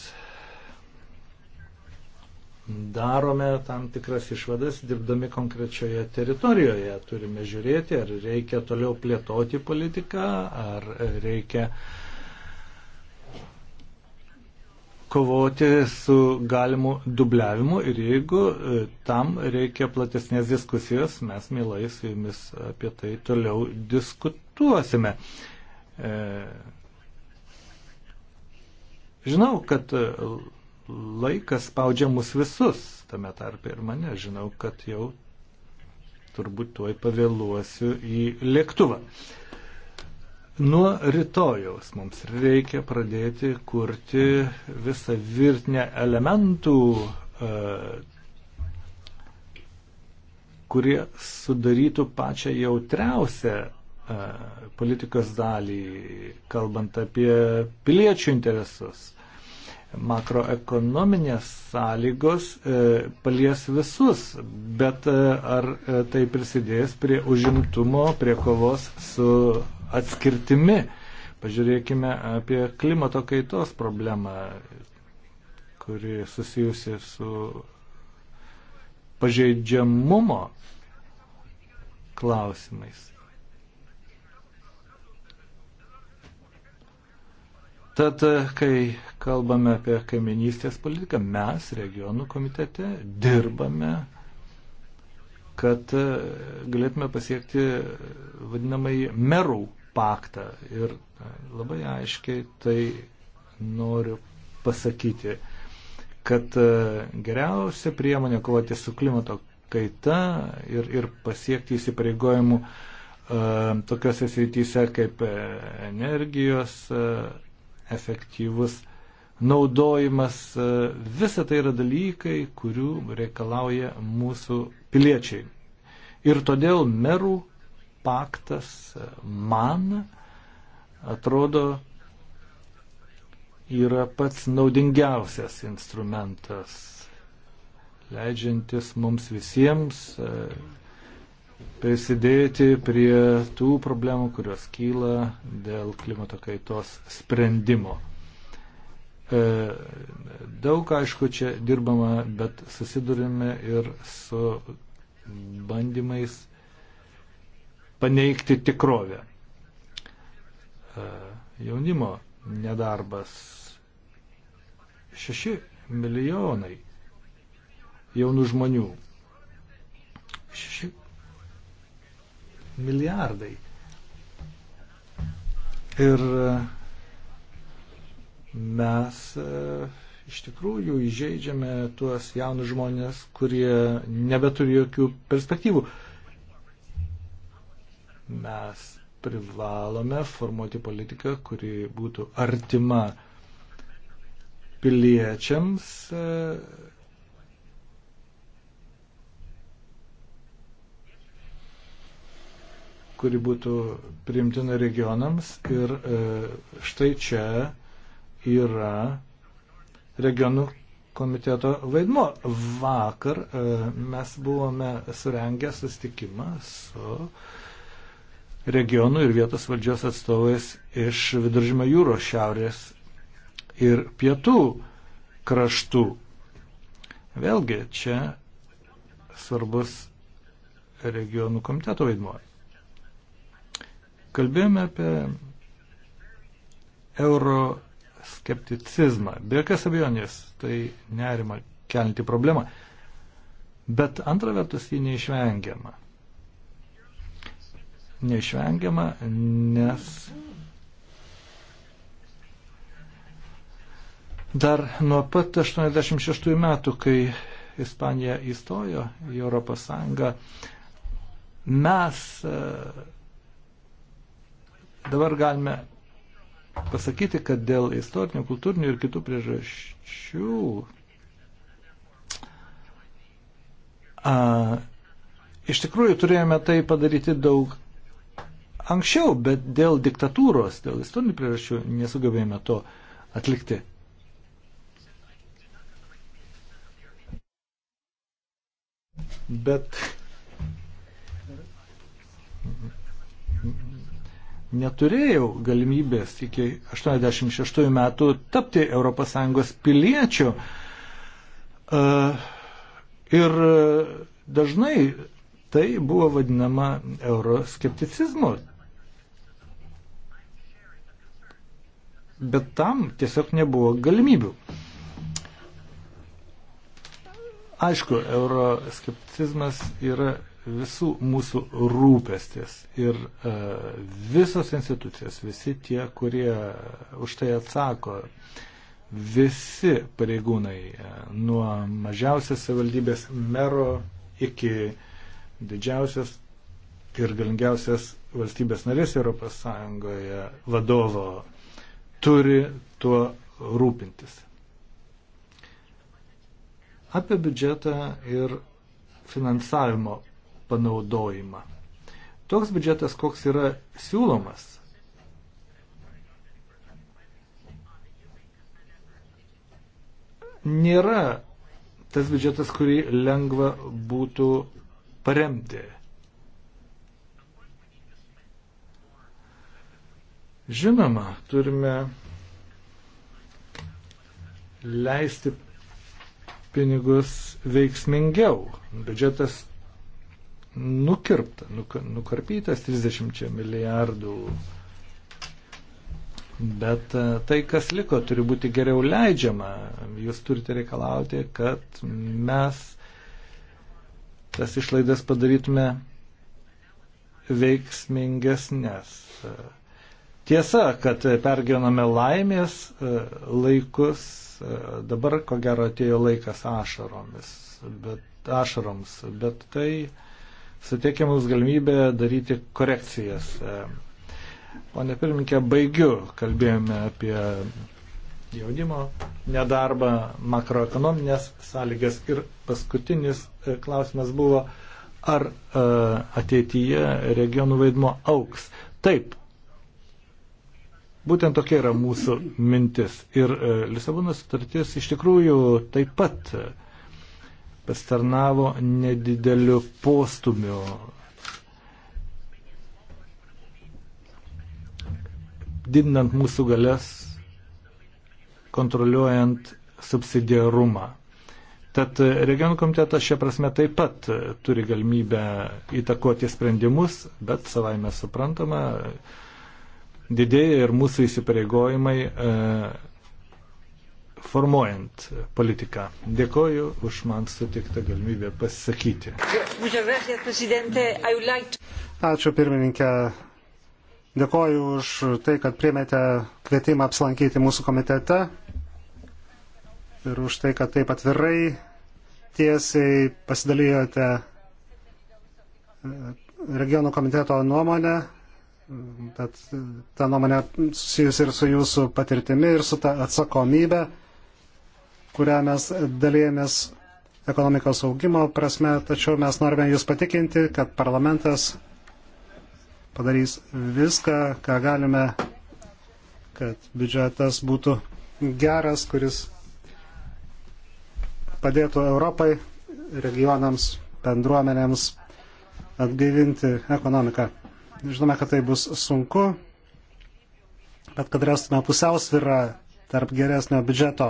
darome tam tikras išvadas, dirbdami konkrečioje teritorijoje. Turime žiūrėti, ar reikia toliau plėtoti politiką, ar reikia uh, kovoti su galimu dubliavimu ir jeigu e, tam reikia platesnės diskusijos, mes mielai su jumis apie tai toliau diskutuosime. E, žinau, kad e, laikas spaudžia mus visus, tame tarpe ir mane. Žinau, kad jau turbūt tuoj pavėluosiu į lėktuvą. Nuo rytojaus mums reikia pradėti kurti visą virtinę elementų, e, kurie sudarytų pačią jautriausią e, politikos dalį, kalbant apie piliečių interesus. Makroekonominės sąlygos e, palies visus, bet ar tai prisidės prie užimtumo, prie kovos su atskirtimi. Pažiūrėkime apie klimato kaitos problemą, kuri susijusi su pažeidžiamumo klausimais. Tad, kai kalbame apie kaiminystės politiką, mes regionų komitete dirbame, kad galėtume pasiekti vadinamai merų paktą. Ir e, labai aiškiai tai noriu pasakyti, kad e, geriausia priemonė kovoti su klimato kaita ir, ir pasiekti įsipareigojimų e, tokiuose srityse kaip energijos efektyvus naudojimas. Visa tai yra dalykai, kurių reikalauja mūsų piliečiai. Ir todėl merų paktas man atrodo yra pats naudingiausias instrumentas, leidžiantis mums visiems e, prisidėti prie tų problemų, kurios kyla dėl klimato kaitos sprendimo. E, daug, aišku, čia dirbama, bet susidurime ir su bandymais paneigti tikrovę. E, jaunimo nedarbas 6 milijonai jaunų žmonių. 6 milijardai. Ir e, mes e, iš tikrųjų įžeidžiame tuos jaunus žmonės, kurie nebeturi jokių perspektyvų. Mes privalome formuoti politiką, kuri būtų artima piliečiams. kuri būtų primtina regionams. Ir e, štai čia yra regionų komiteto vaidmo. Vakar e, mes buvome surengę sustikimą su uh, regionų ir vietos valdžios atstovais iš Viduržymio jūros šiaurės ir pietų kraštų. Vėlgi čia svarbus regionų komiteto vaidmuo. Kalbėjome apie euroskepticizmą. Be jokios abejonės tai nerima kelti problemą. Bet antra vertus jį neišvengiama neišvengiama, nes dar nuo pat 86 metų, kai Ispanija įstojo į Europos Sąjungą, mes e, dabar galime pasakyti, kad dėl istorinių, kultūrinių ir kitų priežasčių a, iš tikrųjų turėjome tai padaryti daug anksčiau, bet dėl diktatūros, dėl istorinių priežasčių nesugebėjome to atlikti. Bet neturėjau galimybės iki 86 metų tapti ES piliečiu. E, ir dažnai tai buvo vadinama euroskepticizmu. bet tam tiesiog nebuvo galimybių. Aišku, euroskepticizmas yra visų mūsų rūpestis ir e, visos institucijos, visi tie, kurie už tai atsako, visi pareigūnai e, nuo mažiausios savivaldybės mero iki didžiausios ir galingiausios valstybės narės Europos Sąjungoje vadovo turi tuo rūpintis. Apie biudžetą ir finansavimo panaudojimą. Toks biudžetas, koks yra siūlomas, nėra tas biudžetas, kurį lengva būtų paremti. Žinoma, turime leisti pinigus veiksmingiau. Biudžetas nukirpta, nukarpytas 30 milijardų. Bet e, tai, kas liko, turi būti geriau leidžiama. Jūs turite reikalauti, kad mes tas išlaidas padarytume veiksmingesnės. Tiesa, kad pergyvename laimės e, laikus, e, dabar ko gero atėjo laikas ašaromis, bet ašaroms, bet tai suteikia mums galimybę daryti korekcijas. E, pone pirminkė, baigiu, kalbėjome apie jaunimo nedarbą, makroekonominės sąlygas ir paskutinis klausimas buvo, ar ateityje regionų vaidmo auks. Taip, Būtent tokia yra mūsų mintis. Ir e, Lisabonos sutartis iš tikrųjų taip pat e, pastarnavo nedideliu postumiu. Didinant mūsų galės, kontroliuojant subsidiarumą. Tad e, regionų komitetas šią prasme taip pat turi galimybę įtakoti sprendimus, bet savaime suprantama, didėja ir mūsų įsipareigojimai e, formuojant politiką. Dėkoju už man sutiktą galimybę pasisakyti. Ačiū pirmininkė. Dėkoju už tai, kad priemėte kvietimą apsilankyti mūsų komitete ir už tai, kad taip atvirai tiesiai pasidalijote e, regionų komiteto nuomonę bet ta nuomonė susijusi ir su jūsų patirtimi, ir su ta atsakomybė, kurią mes dalėjomės ekonomikos augimo prasme, tačiau mes norime jūs patikinti, kad parlamentas padarys viską, ką galime, kad biudžetas būtų geras, kuris padėtų Europai, regionams, bendruomenėms atgaivinti ekonomiką. Žinome, kad tai bus sunku, bet kad rastume pusiausvyrą tarp geresnio biudžeto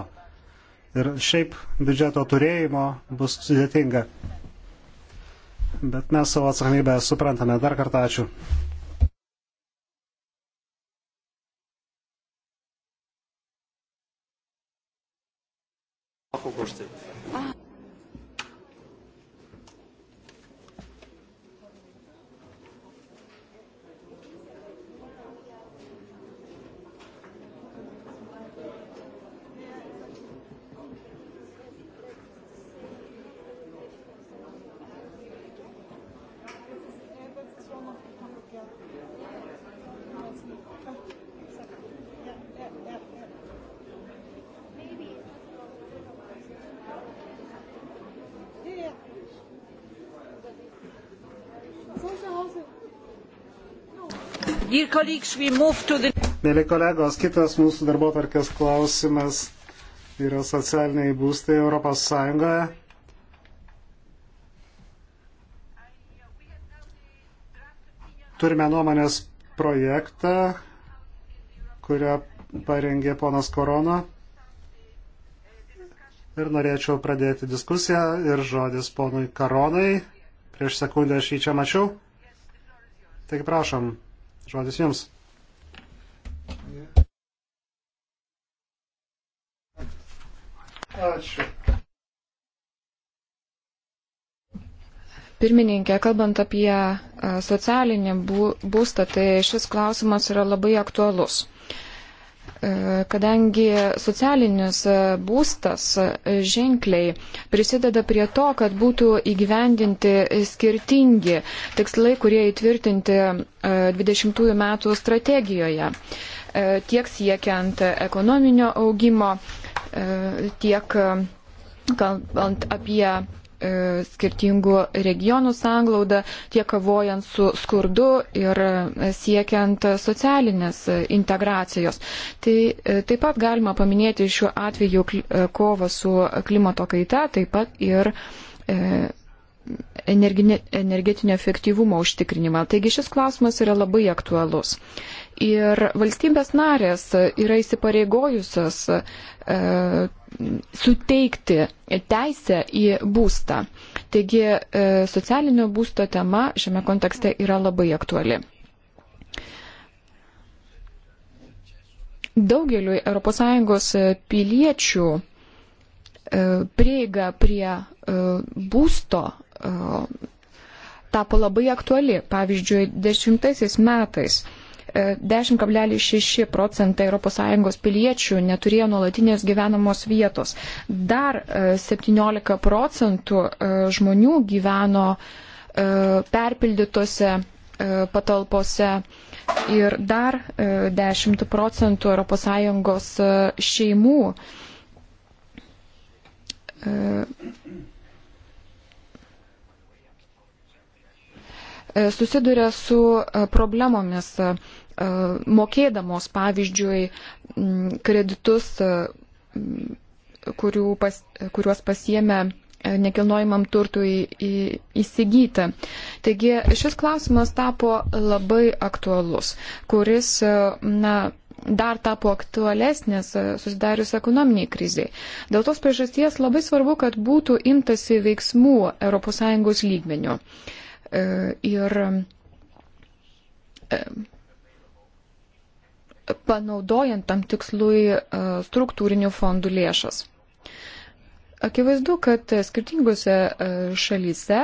ir šiaip biudžeto turėjimo bus sudėtinga. Bet mes savo atsakomybę suprantame. Dar kartą ačiū. Pakukoštai. Mėly kolegos, kitas mūsų darbo tvarkės klausimas yra socialiniai būstai Europos Sąjungoje. Turime nuomonės projektą, kurią parengė ponas Korona. Ir norėčiau pradėti diskusiją ir žodis ponui Karonai. Prieš sekundę aš jį čia mačiau. Taigi prašom, Žodis Jums. Ačiū. Pirmininkė, kalbant apie socialinį būstą, tai šis klausimas yra labai aktualus. E, kadangi socialinis e, būstas e, ženkliai prisideda prie to, kad būtų įgyvendinti skirtingi tikslai, kurie įtvirtinti 20 metų strategijoje, tiek siekiant ekonominio augimo, tiek kalbant apie E, skirtingų regionų sanglaudą, tiek kovojant su skurdu ir e, siekiant socialinės e, integracijos. Tai taip pat galima paminėti šiuo atveju kovą su klimato kaita, taip pat ir energetinio efektyvumo užtikrinimą. Taigi šis klausimas yra labai aktualus. Ir valstybės narės yra įsipareigojusios suteikti teisę į būstą. Taigi e, socialinio būsto tema šiame kontekste yra labai aktuali. Daugeliui ES piliečių e, prieiga prie e, būsto tapo labai aktuali. Pavyzdžiui, dešimtaisiais metais 10,6 procentai ES piliečių neturėjo nuolatinės gyvenamos vietos. Dar 17 e, procentų e, žmonių gyveno e, perpildytose patalpose ir dar 10 procentų ES šeimų E, susiduria su e, problemomis e, mokėdamos, pavyzdžiui, kreditus, pas, kuriuos pasiemė nekilnojimam turtui įsigyti. Taigi šis klausimas tapo labai aktualus, kuris na, dar tapo aktualesnės susidarius ekonominiai kriziai. Dėl tos priežasties labai svarbu, kad būtų imtasi veiksmų ES lygmenių. Uh, E, ir e, panaudojant tam tikslui e, struktūrinių fondų lėšas. Akivaizdu, kad skirtingose šalyse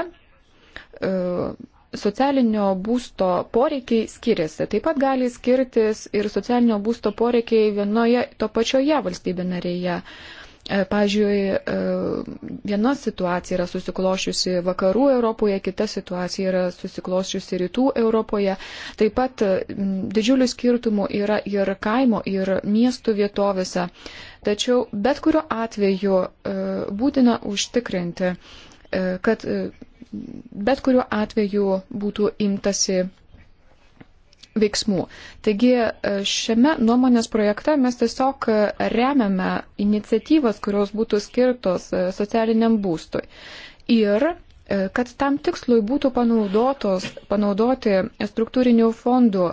socialinio būsto poreikiai skiriasi. Taip pat gali skirtis ir socialinio būsto poreikiai vienoje to pačioje valstybė narėje. E, pavyzdžiui, e, viena situacija yra susiklošiusi vakarų Europoje, kita situacija yra susiklošiusi rytų Europoje. Taip pat e, didžiulių skirtumų yra ir kaimo, ir miestų vietovėse. Tačiau bet kuriuo atveju būtina užtikrinti, kad bet kuriuo atveju būtų imtasi veiksmų. Taigi e, šiame nuomonės projekte mes tiesiog e, remiame iniciatyvas, kurios būtų skirtos e, socialiniam būstui. Ir kad tam tikslui būtų panaudoti struktūrinių fondų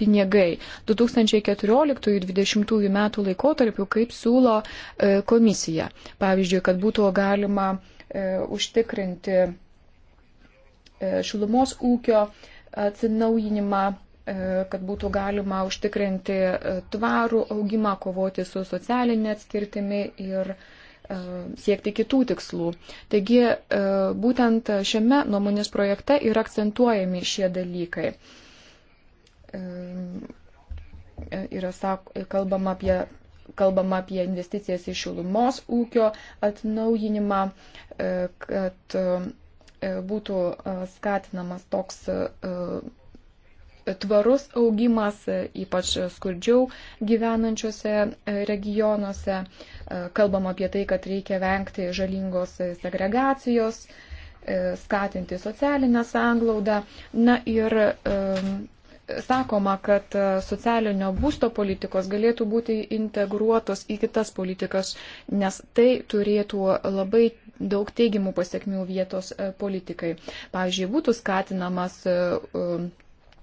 pinigai 2014-2020 metų laikotarpiu, kaip siūlo komisija. Pavyzdžiui, kad būtų galima užtikrinti šilumos ūkio atsinaujinimą E, kad būtų galima užtikrinti e, tvarų augimą, kovoti su socialinė atskirtimi ir e, siekti kitų tikslų. Taigi būtent šiame nuomonės projekte yra akcentuojami šie dalykai. Yra sak, kalbama, apie, kalbama apie investicijas į šilumos ūkio atnaujinimą, kad būtų skatinamas toks tvarus augimas, ypač skurdžiau gyvenančiose e, regionuose. E, kalbam apie tai, kad reikia vengti žalingos segregacijos, e, skatinti socialinę sanglaudą. Na ir sakoma, kad socialinio būsto politikos galėtų būti integruotos į kitas politikas, nes tai turėtų labai daug teigiamų pasiekmių vietos politikai. Pavyzdžiui, būtų skatinamas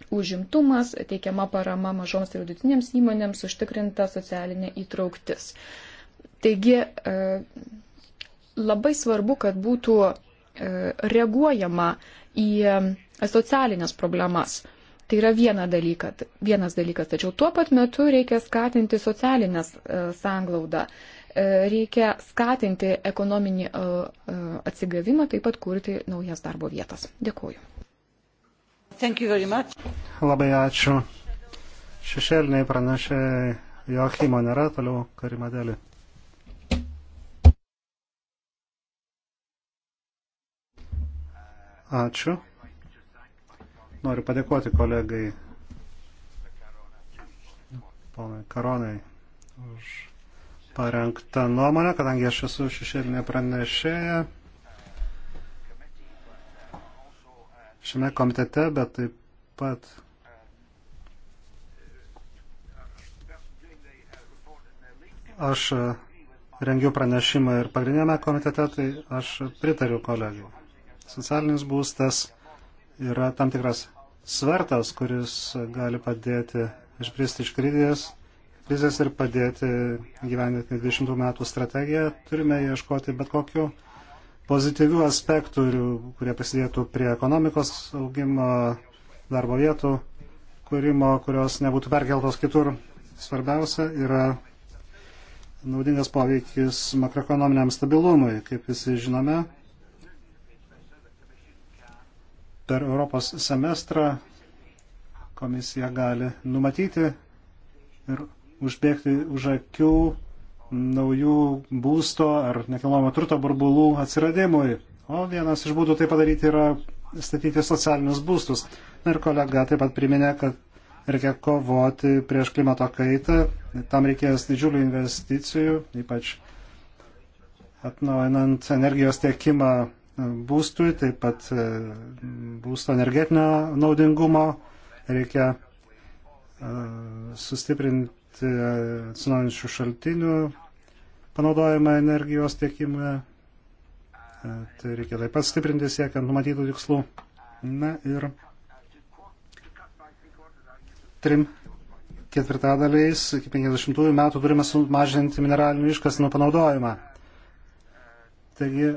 užimtumas, teikiama parama mažoms ir vidutinėms įmonėms, užtikrinta socialinė įtrauktis. Taigi e, labai svarbu, kad būtų e, reaguojama į socialinės problemas. Tai yra viena dalyka, vienas dalykas, tačiau tuo pat metu reikia skatinti socialinę e, sanglaudą, reikia skatinti ekonominį atsigavimą, taip pat kurti naujas darbo vietas. Dėkuoju. Labai ačiū. Šešėliniai pranešė Joachimo nėra, toliau Karimadėlį. Ačiū. Noriu padėkoti kolegai ponai Karonai už parengtą nuomonę, kadangi aš esu šešėlinė pranešėja. šiame komitete, bet taip pat aš rengiu pranešimą ir pagrindinėme komitete, tai aš pritariu kolegijų. Socialinis būstas yra tam tikras svertas, kuris gali padėti išbristi iš krizės, krizės ir padėti gyvendinti 20 metų strategiją. Turime ieškoti bet kokiu pozityvių aspektų, kurie prisidėtų prie ekonomikos augimo, darbo vietų kūrimo, kurios nebūtų perkeltos kitur. Svarbiausia yra naudingas poveikis makroekonominiam stabilumui, kaip visi žinome. Per Europos semestrą komisija gali numatyti ir užbėgti už akių naujų būsto ar nekilnojamo turto burbulų atsiradimui. O vienas iš būdų tai padaryti yra statyti socialinius būstus. Na ir kolega taip pat priminė, kad reikia kovoti prieš klimato kaitą. Tam reikės didžiulių investicijų, ypač atnaujinant energijos tiekimą būstui, taip pat e, būsto energetinio naudingumo. Reikia e, sustiprinti didinti atsinaujančių šaltinių panaudojimą energijos tiekimą. E, tai reikia taip pat stiprinti siekiant numatytų tikslų. Na ir trim ketvirtadaliais iki 50 metų turime sumažinti mineralinių iškasinų panaudojimą. Taigi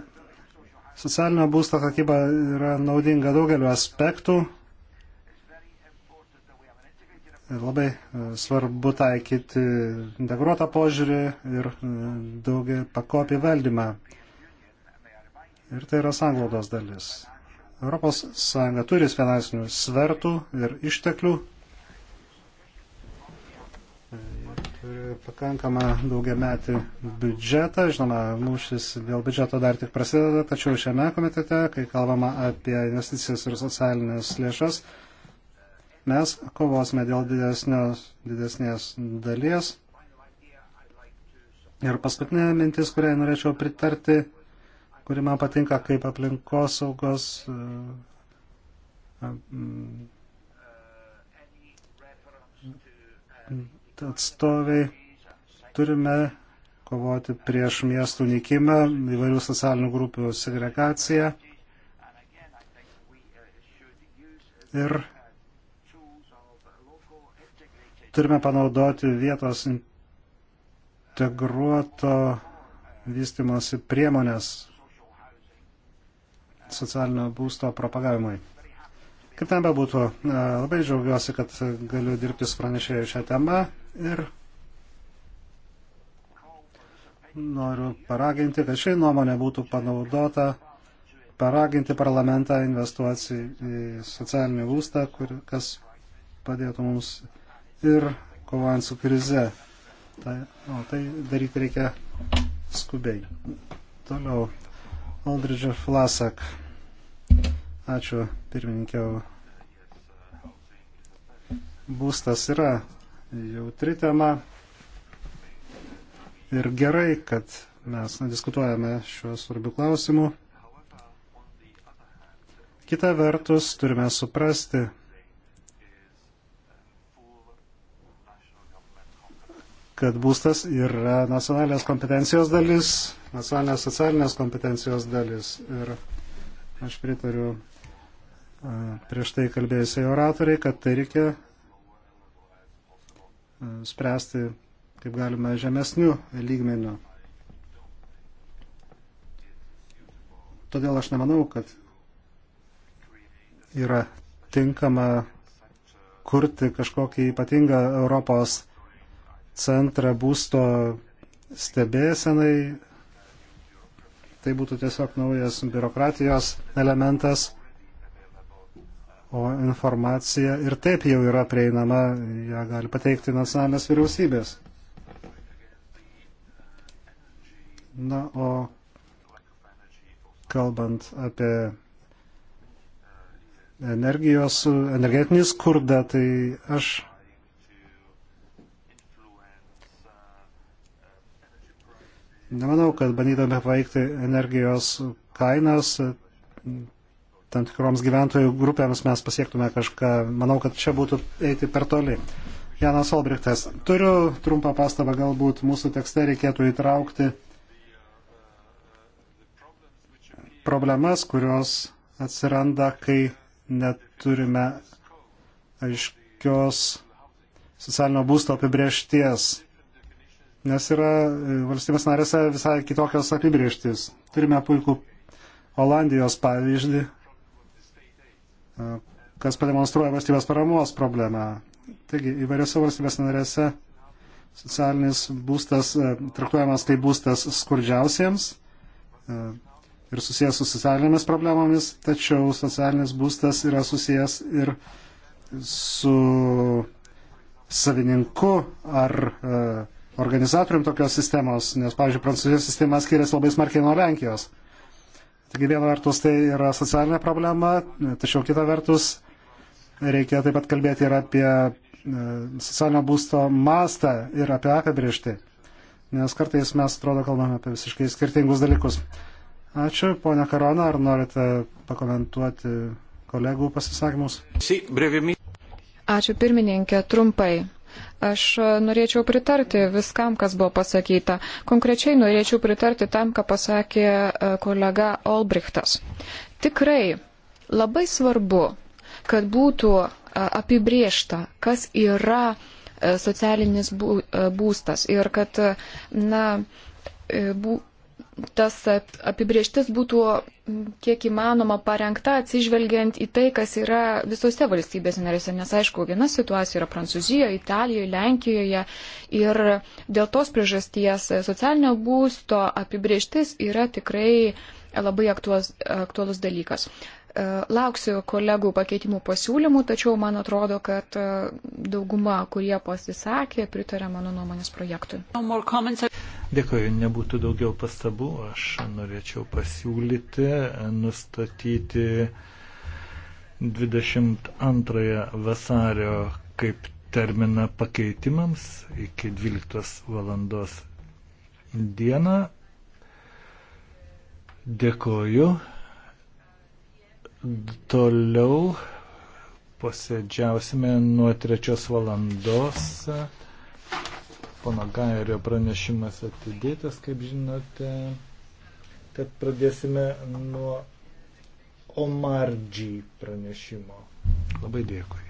socialinio būsto statyba yra naudinga daugeliu aspektų, labai e, svarbu taikyti integruotą požiūrį ir e, daugia pakopį valdymą. Ir tai yra sanglaudos dalis. Europos Sąjunga turi finansinių svertų ir išteklių. Jie turi pakankamą daugiametį biudžetą. Žinoma, mūšis dėl biudžeto dar tik prasideda, tačiau šiame komitete, kai kalbama apie investicijas ir socialinės lėšas, Mes kovosime dėl didesnės, didesnės dalies. Ir paskutinė mintis, kuriai norėčiau pritarti, kuri man patinka kaip aplinkos saugos e, atstoviai, turime kovoti prieš miestų nykimą, įvairių socialinių grupių segregaciją. Ir turime panaudoti vietos integruoto vystimosi priemonės socialinio būsto propagavimui. Kaip ten bebūtų, e, labai džiaugiuosi, kad galiu dirbti su pranešėjai šią temą ir noriu paraginti, kad šiai nuomonė būtų panaudota, paraginti parlamentą investuoti į socialinį būstą, kur, kas padėtų mums ir kovojant su krize. Tai, o, tai daryti reikia skubiai. Toliau. Aldridžio Flasak. Ačiū, pirmininkiau. Būstas yra jautri tema. Ir gerai, kad mes diskutuojame šiuo svarbiu klausimu. Kita vertus, turime suprasti, kad būstas yra nacionalinės kompetencijos dalis, nacionalinės socialinės kompetencijos dalis. Ir aš pritariu prieš tai kalbėjusiai oratoriai, kad tai reikia spręsti kaip galima žemesnių lygmenių. Todėl aš nemanau, kad yra tinkama kurti kažkokį ypatingą Europos centrą būsto stebėsenai. Tai būtų tiesiog naujas biurokratijos elementas, o informacija ir taip jau yra prieinama, ją gali pateikti nacionalinės vyriausybės. Na, o kalbant apie energijos, energetinį skurdą, tai aš Nemanau, kad bandydami paveikti energijos kainas tam tikroms gyventojų grupėms mes pasiektume kažką. Manau, kad čia būtų eiti per toli. Janas Olbrichtas, turiu trumpą pastabą, galbūt mūsų tekste reikėtų įtraukti problemas, kurios atsiranda, kai neturime aiškios socialinio būsto apibriešties nes yra e, valstybės narėse visai kitokios apibrieštis. Turime puikų Olandijos pavyzdį, e, kas pademonstruoja valstybės paramos problemą. Taigi įvairiose valstybės narėse socialinis būstas e, traktuojamas kaip būstas skurdžiausiems ir susijęs su socialinėmis problemomis, tačiau socialinis būstas yra susijęs ir su savininku ar uh, organizatorium tokios sistemos, nes, pavyzdžiui, Prancūzijos sistema skiriasi labai smarkiai nuo Lenkijos. Taigi viena vertus tai yra socialinė problema, tačiau kita vertus reikia taip pat kalbėti ir apie e, socialinio būsto mastą ir apie apibriežtį, nes kartais mes, atrodo, kalbame apie visiškai skirtingus dalykus. Ačiū, ponia Karona, ar norite pakomentuoti kolegų pasisakymus? Ačiū pirmininkė, trumpai. Aš e, norėčiau pritarti viskam, kas buvo pasakyta. Konkrečiai norėčiau pritarti tam, ką pasakė e, kolega Olbrichtas. Tikrai labai svarbu, kad būtų e, apibriešta, kas yra socialinis būstas ir kad na, bū, tas apibrieštis būtų kiek įmanoma parengta atsižvelgiant į tai, kas yra visose valstybėse narėse. Nes aišku, viena situacija yra Prancūzijoje, Italijoje, Lenkijoje ir dėl tos priežasties socialinio būsto apibrieštis yra tikrai labai aktuos, aktuolus dalykas. E, lauksiu kolegų pakeitimų pasiūlymų, tačiau man atrodo, kad e, dauguma, kurie pasisakė, pritarė mano nuomonės projektui. Dėkoju, nebūtų daugiau pastabų. Aš norėčiau pasiūlyti nustatyti 22 vasario kaip terminą pakeitimams iki 12 valandos dieną. Dėkoju. Toliau posėdžiausime nuo trečios valandos. Pono Gairio pranešimas atidėtas, kaip žinote. Tad pradėsime nuo Omardžį pranešimo. Labai dėkui.